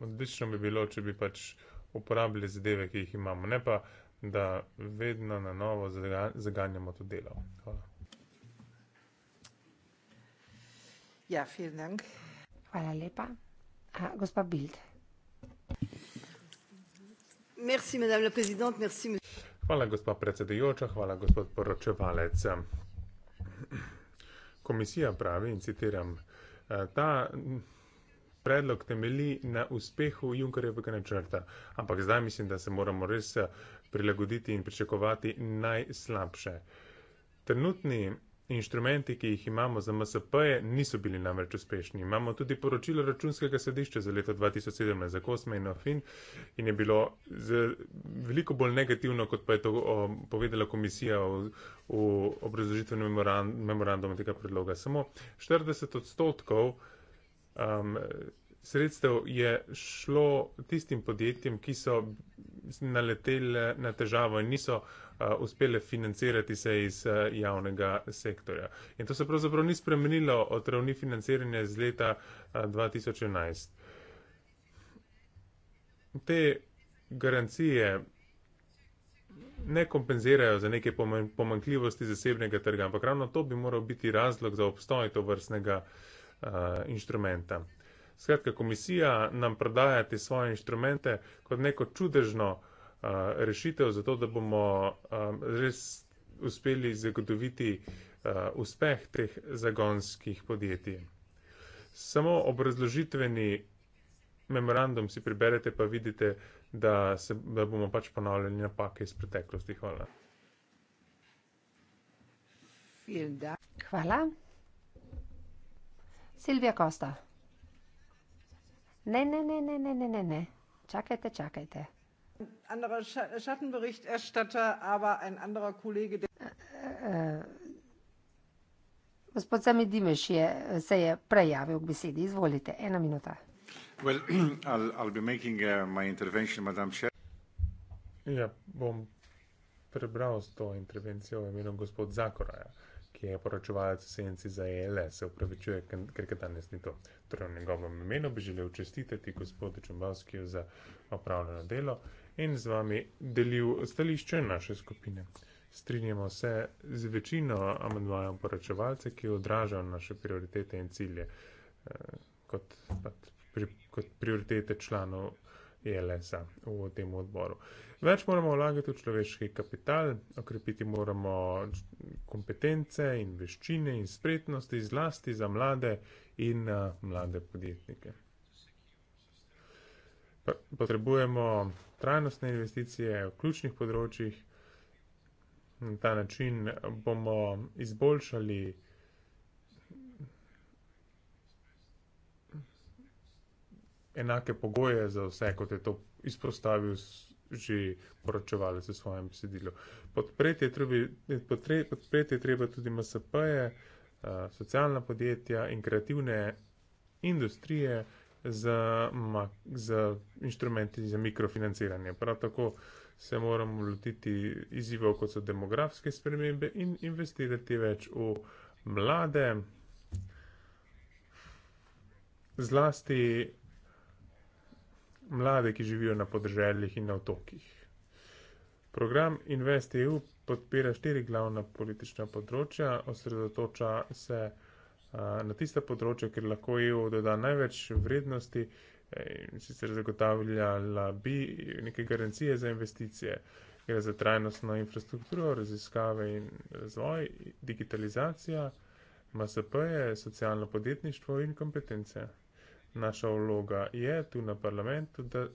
Odlično bi bilo, če bi pač uporabili zadeve, ki jih imamo, ne pa da vedno na novo zaganjamo to delo. Hvala. Ja, Hvala lepa. A, gospa Bild. Merci, Merci, hvala, gospod predsedujoča, hvala, gospod poročevalec. Komisija pravi in citiram, e, ta predlog temeli na uspehu Junkerjevega načrta, ampak zdaj mislim, da se moramo res uh, prilagoditi in pričakovati najslabše. Trenutni inštrumenti, ki jih imamo za MSP, niso bili namreč uspešni. Imamo tudi poročilo računskega sodišča za leto 2017 za Kosme in Ofin in je bilo veliko bolj negativno, kot pa je to povedala komisija v, v obrazložitvenem memorandumu tega predloga. Samo 40 odstotkov um, sredstev je šlo tistim podjetjem, ki so naletele na težavo in niso uh, uspele financirati se iz uh, javnega sektorja. In to se pravzaprav ni spremenilo od ravni financiranja iz leta 2011. Uh, Te garancije ne kompenzirajo za neke pomankljivosti zasebnega trga, ampak ravno to bi moral biti razlog za obstoj to vrstnega uh, inštrumenta. Skratka, komisija nam predaja te svoje inštrumente kot neko čudežno uh, rešitev, zato da bomo um, res uspeli zagotoviti uh, uspeh teh zagonskih podjetij. Samo obrazložitveni memorandum si preberete, pa vidite, da, se, da bomo pač ponavljali napake iz preteklosti. Hvala. Hvala. Silvija Kosta. Ne, ne, ne, ne, ne, ne, ne, ne. Čakajte, čakajte. Anderer Schattenberichterstatter, aber ein anderer Kollege. Der... Äh, äh, gospod Sami Dimeš je, se je prejavil k besedi. Izvolite, ena minuta. Well, I'll, I'll be making uh, my intervention, Madam Chair. Ja, bom prebral s to intervencijo v imenu gospod Zakoraja. Uh, ki je poročevalec senci za ELE, se upravičuje, ker ga danes ni to. Torej, v njegovem imenu bi želel čestitati gospodu Čombavskiju za opravljeno delo in z vami delil stališče naše skupine. Strinjamo se z večino amandmajev poročevalce, ki odražajo naše prioritete in cilje eh, kot, pač pri, kot prioritete članov je le sam v tem odboru. Več moramo vlagati v človeški kapital, okrepiti moramo kompetence in veščine in spretnosti zlasti za mlade in eh, mlade podjetnike. Potrebujemo trajnostne investicije v ključnih področjih. Na ta način bomo izboljšali enake pogoje za vse, kot je to izpostavil že poročevalec v svojem besedilu. Podpreti je treba tudi MSP-je, eh, socialna podjetja in kreativne industrije z, z inštrumenti za mikrofinanciranje. Prav tako se moramo lotiti izzivov, kot so demografske spremembe in investirati več v mlade. Zlasti mlade, ki živijo na podeželjih in na otokih. Program Invest EU podpira štiri glavna politična področja, osredotoča se na tista področja, kjer lahko EU doda največ vrednosti e, in sicer zagotavljala bi neke garancije za investicije. Gre za trajnostno infrastrukturo, raziskave in razvoj, digitalizacija, MSP-je, socialno podjetništvo in kompetence naša vloga je tu na parlamentu, da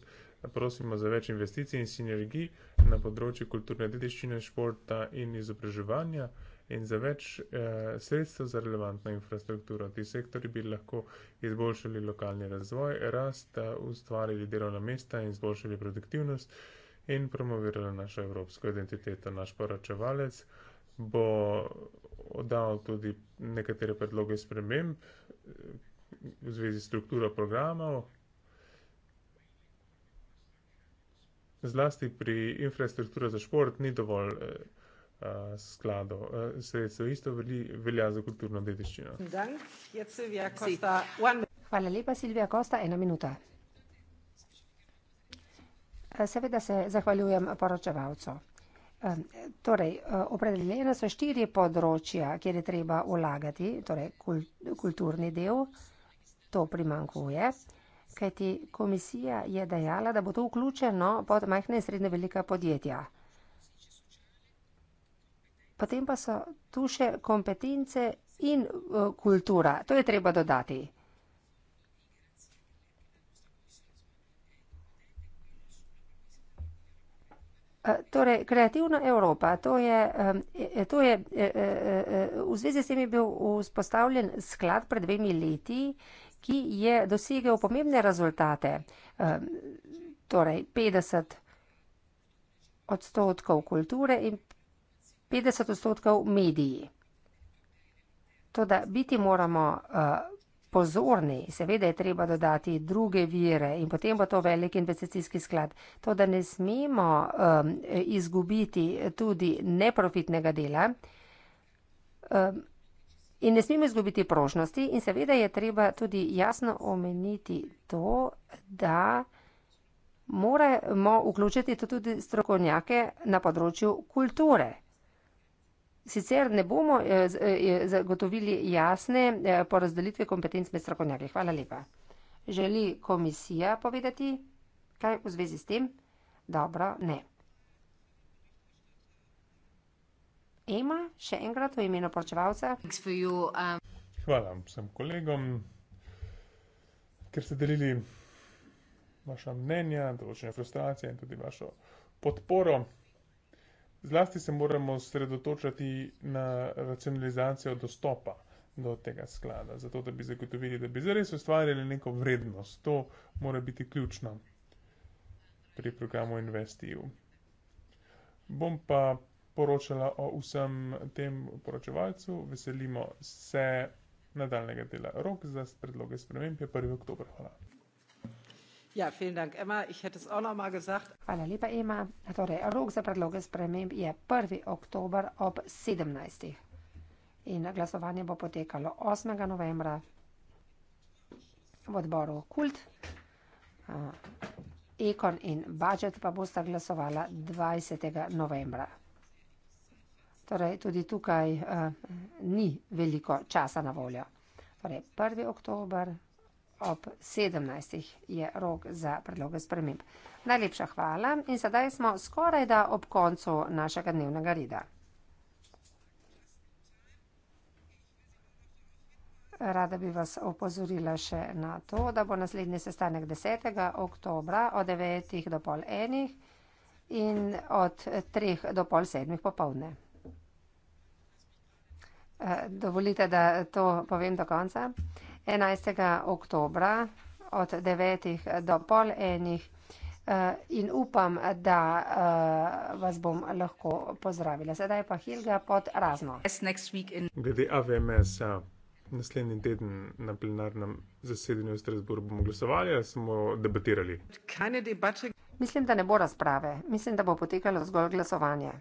prosimo za več investicij in sinergij na področju kulturne dediščine, športa in izobraževanja in za več eh, sredstev za relevantno infrastrukturo. Ti sektori bi lahko izboljšali lokalni razvoj, rast, eh, ustvarili delovna mesta in izboljšali produktivnost in promovirali našo evropsko identiteto. Naš poročevalec bo oddal tudi nekatere predloge sprememb, v zvezi s strukturo programov, zlasti pri infrastrukturi za šport, ni dovolj uh, skladov. Uh, eh, Sredstvo isto veli, velja za kulturno dediščino. Hvala lepa, Silvija Kosta, ena minuta. Seveda se zahvaljujem poročevalcu. Torej, opredeljena so štiri področja, kjer je treba ulagati, torej kulturni del, to primankuje. Kajti komisija je dejala, da bo to vključeno pod majhne in srednje velika podjetja. Potem pa so tu še kompetence in eh, kultura. To je treba dodati. Eh, torej, kreativna Evropa, to je, eh, to je, v zvezi s tem je bil vzpostavljen sklad pred dvemi leti ki je dosegel pomembne rezultate, torej 50 odstotkov kulture in 50 odstotkov mediji. Toda biti moramo e, pozorni, seveda je treba dodati druge vire in potem bo to velik investicijski sklad. Toda ne smemo izgubiti tudi neprofitnega dela. In ne smemo izgubiti prožnosti in seveda je treba tudi jasno omeniti to, da moramo vključiti tudi strokovnjake na področju kulture. Sicer ne bomo eh, eh, zagotovili jasne eh, porazdelitve kompetenc med strokovnjaki. Hvala lepa. Želi komisija povedati kaj v zvezi s tem? Dobro, ne. Ema, še enkrat v imenu poročevalca. Um. Hvala vsem kolegom, ker ste delili vaša mnenja, določene frustracije in tudi vašo podporo. Zlasti se moramo sredotočati na racionalizacijo dostopa do tega sklada, zato da bi zagotovili, da bi zares ustvarjali neko vrednost. To mora biti ključno pri programu InvestEU. Bom pa poročala o vsem tem poročevalcu. Veselimo se nadaljnega dela. Rok za predloge sprememb je 1. oktober. Hvala. Ja, dank, Hvala lepa, Ema. Torej, rok za predloge sprememb je 1. oktober ob 17. In glasovanje bo potekalo 8. novembra v odboru Kult. Ekon in budžet pa bosta glasovala 20. novembra. Torej, tudi tukaj uh, ni veliko časa na voljo. Torej, 1. oktober ob 17. je rok za predloge sprememb. Najlepša hvala in sedaj smo skoraj da ob koncu našega dnevnega rida. Rada bi vas opozorila še na to, da bo naslednji sestanek 10. oktobra od 9. do pol enih in od 3. do pol sedmih popovdne. Eh, dovolite, da to povem do konca. 11. oktober od 9. do pol enih eh, in upam, da eh, vas bom lahko pozdravila. Sedaj pa Hilga pod razno. Glede AVMS, ja. Naslednji teden na plenarnem zasedanju v Strasburu bomo glasovali ali smo debatirali? Mislim, da ne bo razprave. Mislim, da bo potekalo zgolj glasovanje.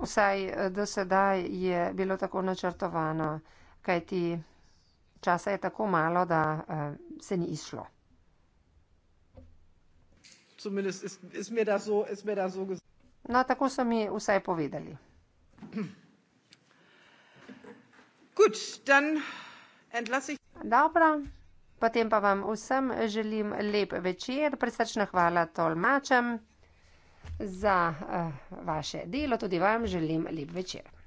Vsaj eh, do sedaj je bilo tako načrtovano, kajti časa je tako malo, da uh, se ni išlo. Zumindest ist mir das so, ist mir das so gesagt. No, tako so mi vsaj povedali. Gut, dann entlasse ich. Dobro. Potem pa vam vsem želim lep večer, presrečna hvala tolmačem za uh, vaše delo, tudi vam želim lep večer.